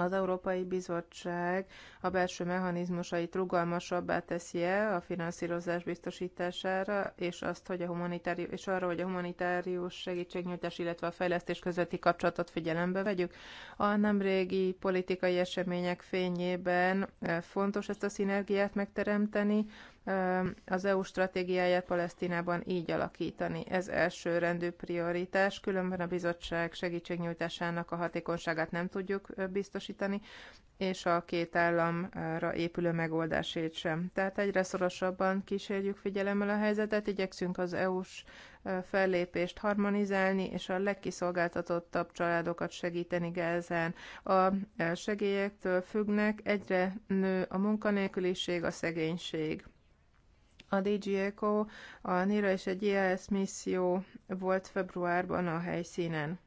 Az Európai Bizottság a belső mechanizmusait rugalmasabbá teszi-e a finanszírozás biztosítására, és, azt, hogy a humanitárius, és arra, hogy a humanitárius segítségnyújtás, illetve a fejlesztés közötti kapcsolatot figyelembe vegyük. A nemrégi politikai események fényében eh, fontos ezt a szinergiát megteremteni, az EU stratégiáját Palesztinában így alakítani. Ez elsőrendű prioritás, különben a bizottság segítségnyújtásának a hatékonyságát nem tudjuk biztosítani, és a két államra épülő megoldásét sem. Tehát egyre szorosabban kísérjük figyelemmel a helyzetet, igyekszünk az EU-s fellépést harmonizálni, és a legkiszolgáltatottabb családokat segíteni Gázán. A segélyektől függnek, egyre nő a munkanélküliség, a szegénység. A DG Eco, a NIRA és egy IAS e misszió volt februárban a helyszínen.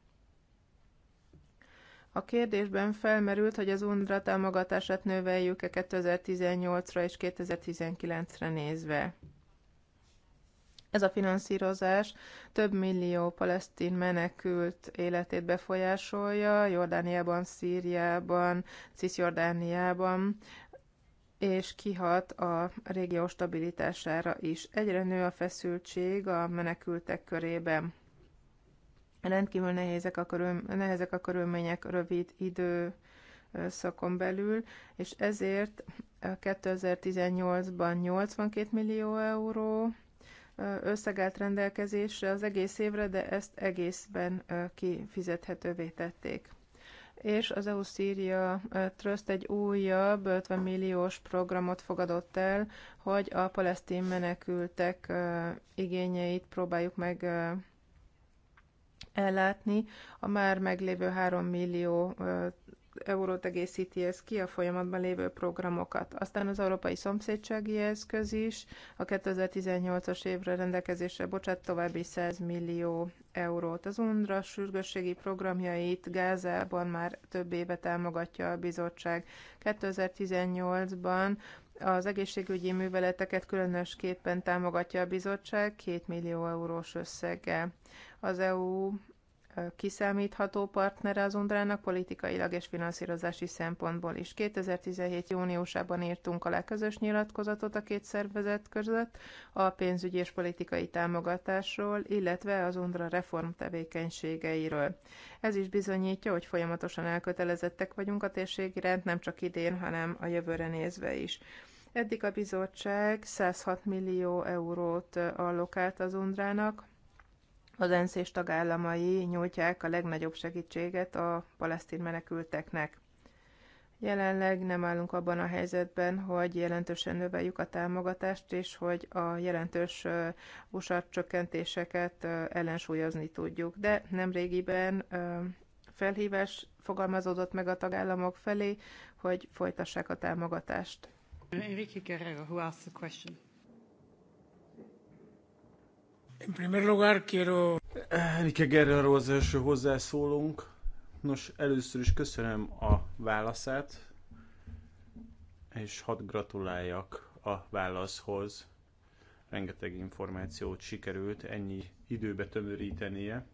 A kérdésben felmerült, hogy az UNDRA támogatását növeljük-e 2018-ra és 2019-re nézve. Ez a finanszírozás több millió palesztin menekült életét befolyásolja Jordániában, Szíriában, Cisjordániában, és kihat a régió stabilitására is. Egyre nő a feszültség a menekültek körében. Rendkívül nehézek a, körül, nehezek a körülmények rövid idő szakon belül, és ezért 2018-ban 82 millió euró összeg állt rendelkezésre az egész évre, de ezt egészben kifizethetővé tették és az EU-Szíria Trust egy újabb 50 milliós programot fogadott el, hogy a palesztin menekültek igényeit próbáljuk meg ellátni. A már meglévő 3 millió eurót egészíti ez ki a folyamatban lévő programokat. Aztán az Európai Szomszédsági Eszköz is a 2018-as évre rendelkezésre bocsát további 100 millió eurót. Az UNDRA sürgősségi programjait Gázában már több éve támogatja a bizottság. 2018-ban az egészségügyi műveleteket különösképpen támogatja a bizottság 2 millió eurós összeggel. Az EU kiszámítható partnere az Undrának politikailag és finanszírozási szempontból is. 2017. júniusában írtunk alá közös nyilatkozatot a két szervezet között a pénzügyi és politikai támogatásról, illetve az Undra reform tevékenységeiről. Ez is bizonyítja, hogy folyamatosan elkötelezettek vagyunk a térség iránt, nem csak idén, hanem a jövőre nézve is. Eddig a bizottság 106 millió eurót allokált az Undrának, az ENSZ és tagállamai nyújtják a legnagyobb segítséget a palesztin menekülteknek. Jelenleg nem állunk abban a helyzetben, hogy jelentősen növeljük a támogatást, és hogy a jelentős USA csökkentéseket ellensúlyozni tudjuk. De nemrégiben felhívás fogalmazódott meg a tagállamok felé, hogy folytassák a támogatást. Enrique Guerrero, who asked the question. En primer lugar quiero... Enrique Guerrero az első hozzászólunk. Nos, először is köszönöm a válaszát, és hadd gratuláljak a válaszhoz. Rengeteg információt sikerült ennyi időbe tömörítenie.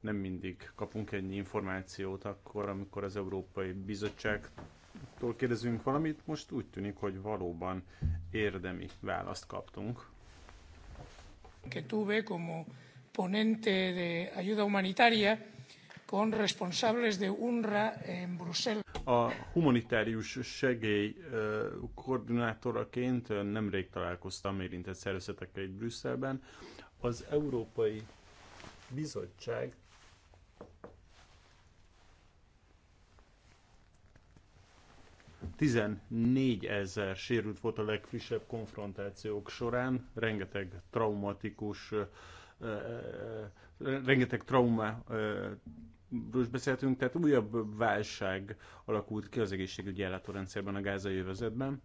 Nem mindig kapunk ennyi információt akkor, amikor az Európai Bizottságtól kérdezünk valamit. Most úgy tűnik, hogy valóban érdemi választ kaptunk que tuve como ponente de ayuda humanitaria con responsables de UNRWA en Bruselas. A humanitárius segély koordinátoraként nemrég találkoztam érintett szervezetekkel itt Brüsszelben. Az Európai Bizottság 14 ezer sérült volt a legfrissebb konfrontációk során, rengeteg traumatikus, rengeteg trauma ről beszéltünk, tehát újabb válság alakult ki az egészségügyi ellátórendszerben a gázai övezetben.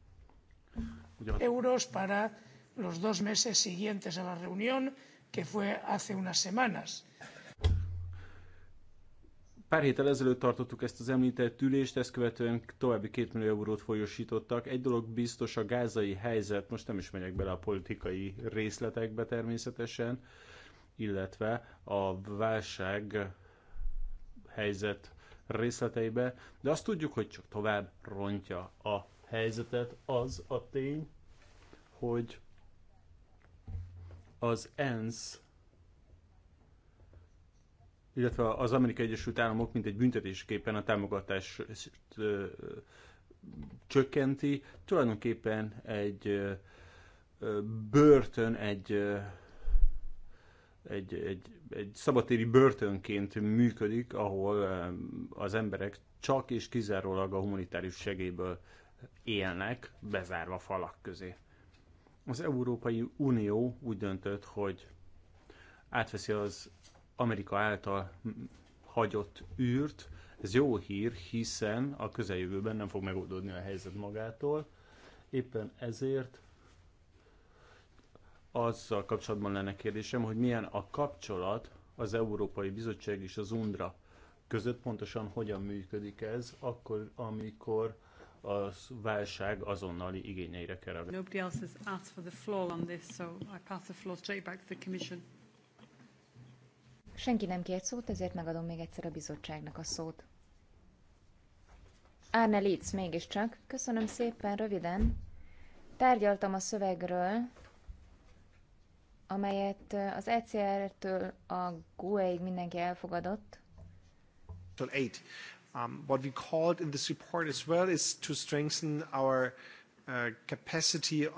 Ugyan... Euros para los dos meses siguientes a la reunión, que fue hace unas semanas Pár héttel ezelőtt tartottuk ezt az említett ülést, ezt követően további 2 millió eurót folyosítottak. Egy dolog biztos, a gázai helyzet, most nem is megyek bele a politikai részletekbe természetesen, illetve a válság helyzet részleteibe, de azt tudjuk, hogy csak tovább rontja a helyzetet az a tény, hogy az ENSZ illetve az Amerikai Egyesült Államok mint egy büntetésképpen a támogatást ö, csökkenti, tulajdonképpen egy ö, börtön, egy, ö, egy, egy, egy szabatéri börtönként működik, ahol ö, az emberek csak és kizárólag a humanitárius segélyből élnek, bezárva falak közé. Az Európai Unió úgy döntött, hogy átveszi az Amerika által hagyott űrt. Ez jó hír, hiszen a közeljövőben nem fog megoldódni a helyzet magától. Éppen ezért azzal kapcsolatban lenne kérdésem, hogy milyen a kapcsolat az Európai Bizottság és az UNDRA között, pontosan hogyan működik ez, akkor, amikor a válság azonnali igényeire kell. Nobody else has asked for the floor on this, so I pass the floor straight back to the Commission. Senki nem kért szót, ezért megadom még egyszer a bizottságnak a szót. Árne Litz, mégiscsak. Köszönöm szépen, röviden. Tárgyaltam a szövegről, amelyet eh, az ECR-től a GUE-ig mindenki elfogadott. Um, what we called in this report as well is to strengthen our uh, capacity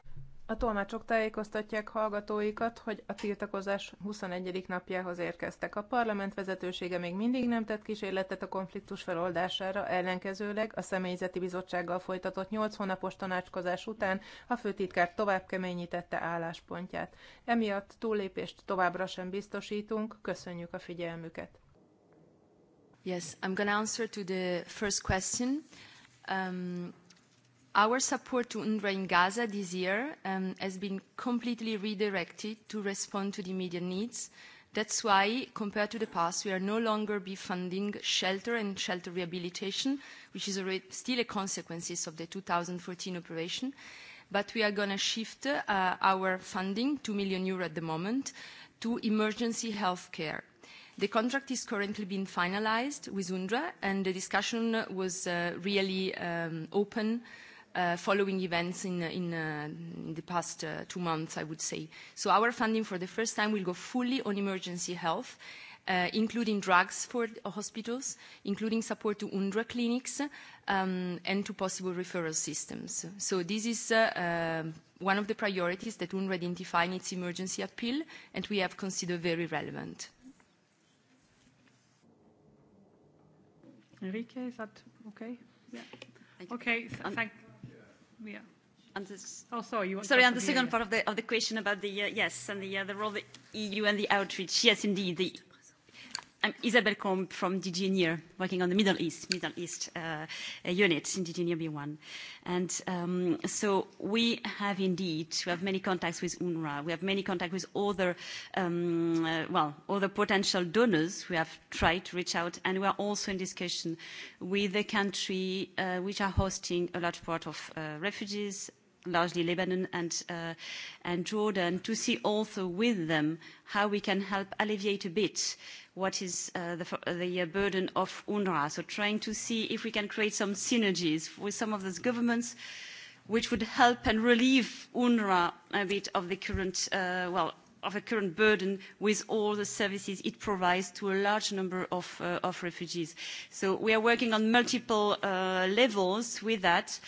a tolmácsok tájékoztatják hallgatóikat, hogy a tiltakozás 21. napjához érkeztek. A parlament vezetősége még mindig nem tett kísérletet a konfliktus feloldására, ellenkezőleg a személyzeti bizottsággal folytatott 8 hónapos tanácskozás után a főtitkár tovább keményítette álláspontját. Emiatt túllépést továbbra sem biztosítunk, köszönjük a figyelmüket. Yes, I'm going to answer to the first question. Um, Our support to UNRWA in Gaza this year um, has been completely redirected to respond to the immediate needs. That's why, compared to the past, we are no longer be funding shelter and shelter rehabilitation, which is already still a consequence of the 2014 operation. But we are going to shift uh, our funding, 2 million euro at the moment, to emergency health care. The contract is currently being finalized with UNRWA, and the discussion was uh, really um, open Uh, following events in, uh, uh, the past two months, I would say. So our funding for the first time will go fully on emergency health, including drugs for hospitals, including support to UNRWA clinics, um, and to possible referral systems. So this is um, one of the priorities that UNRWA identified in its emergency appeal, and we have considered very relevant. Enrique, is that okay? Yeah. Okay, um, thank, And this, oh, sorry. You want sorry, and the second part of the, of the question about the, uh, yes, and the, uh, the role of the EU and the outreach. Yes, indeed. The I'm Isabel Combe from DG Near, working on the Middle East, Middle East uh, unit in DG Near B1. And um, so we have indeed, we have many contacts with UNRWA. We have many contacts with other, um, uh, well, other potential donors. We have tried to reach out, and we are also in discussion with the country uh, which are hosting a large part of uh, refugees largely Lebanon and, uh, and Jordan, to see also with them how we can help alleviate a bit what is uh, the, the uh, burden of UNRWA. So trying to see if we can create some synergies with some of those governments which would help and relieve UNRWA a bit of the current, uh, well, of the current burden with all the services it provides to a large number of, uh, of refugees. So we are working on multiple uh, levels with that. Uh,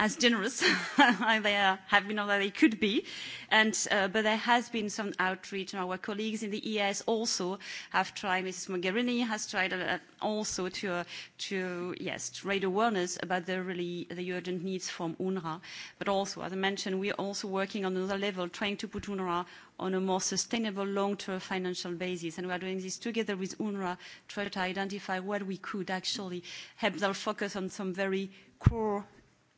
as generous [laughs] as they uh, have been or they could be. And, uh, but there has been some outreach, and our colleagues in the ES also have tried, Mrs. Mogherini has tried uh, also to, uh, to, yes, to raise awareness about the really the urgent needs from UNRWA. But also, as I mentioned, we are also working on another level, trying to put UNRWA on a more sustainable long-term financial basis. And we are doing this together with UNRWA, trying to identify what we could actually help them focus on some very core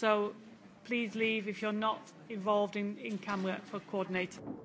So please leave if you're not involved in, in camera for coordinating.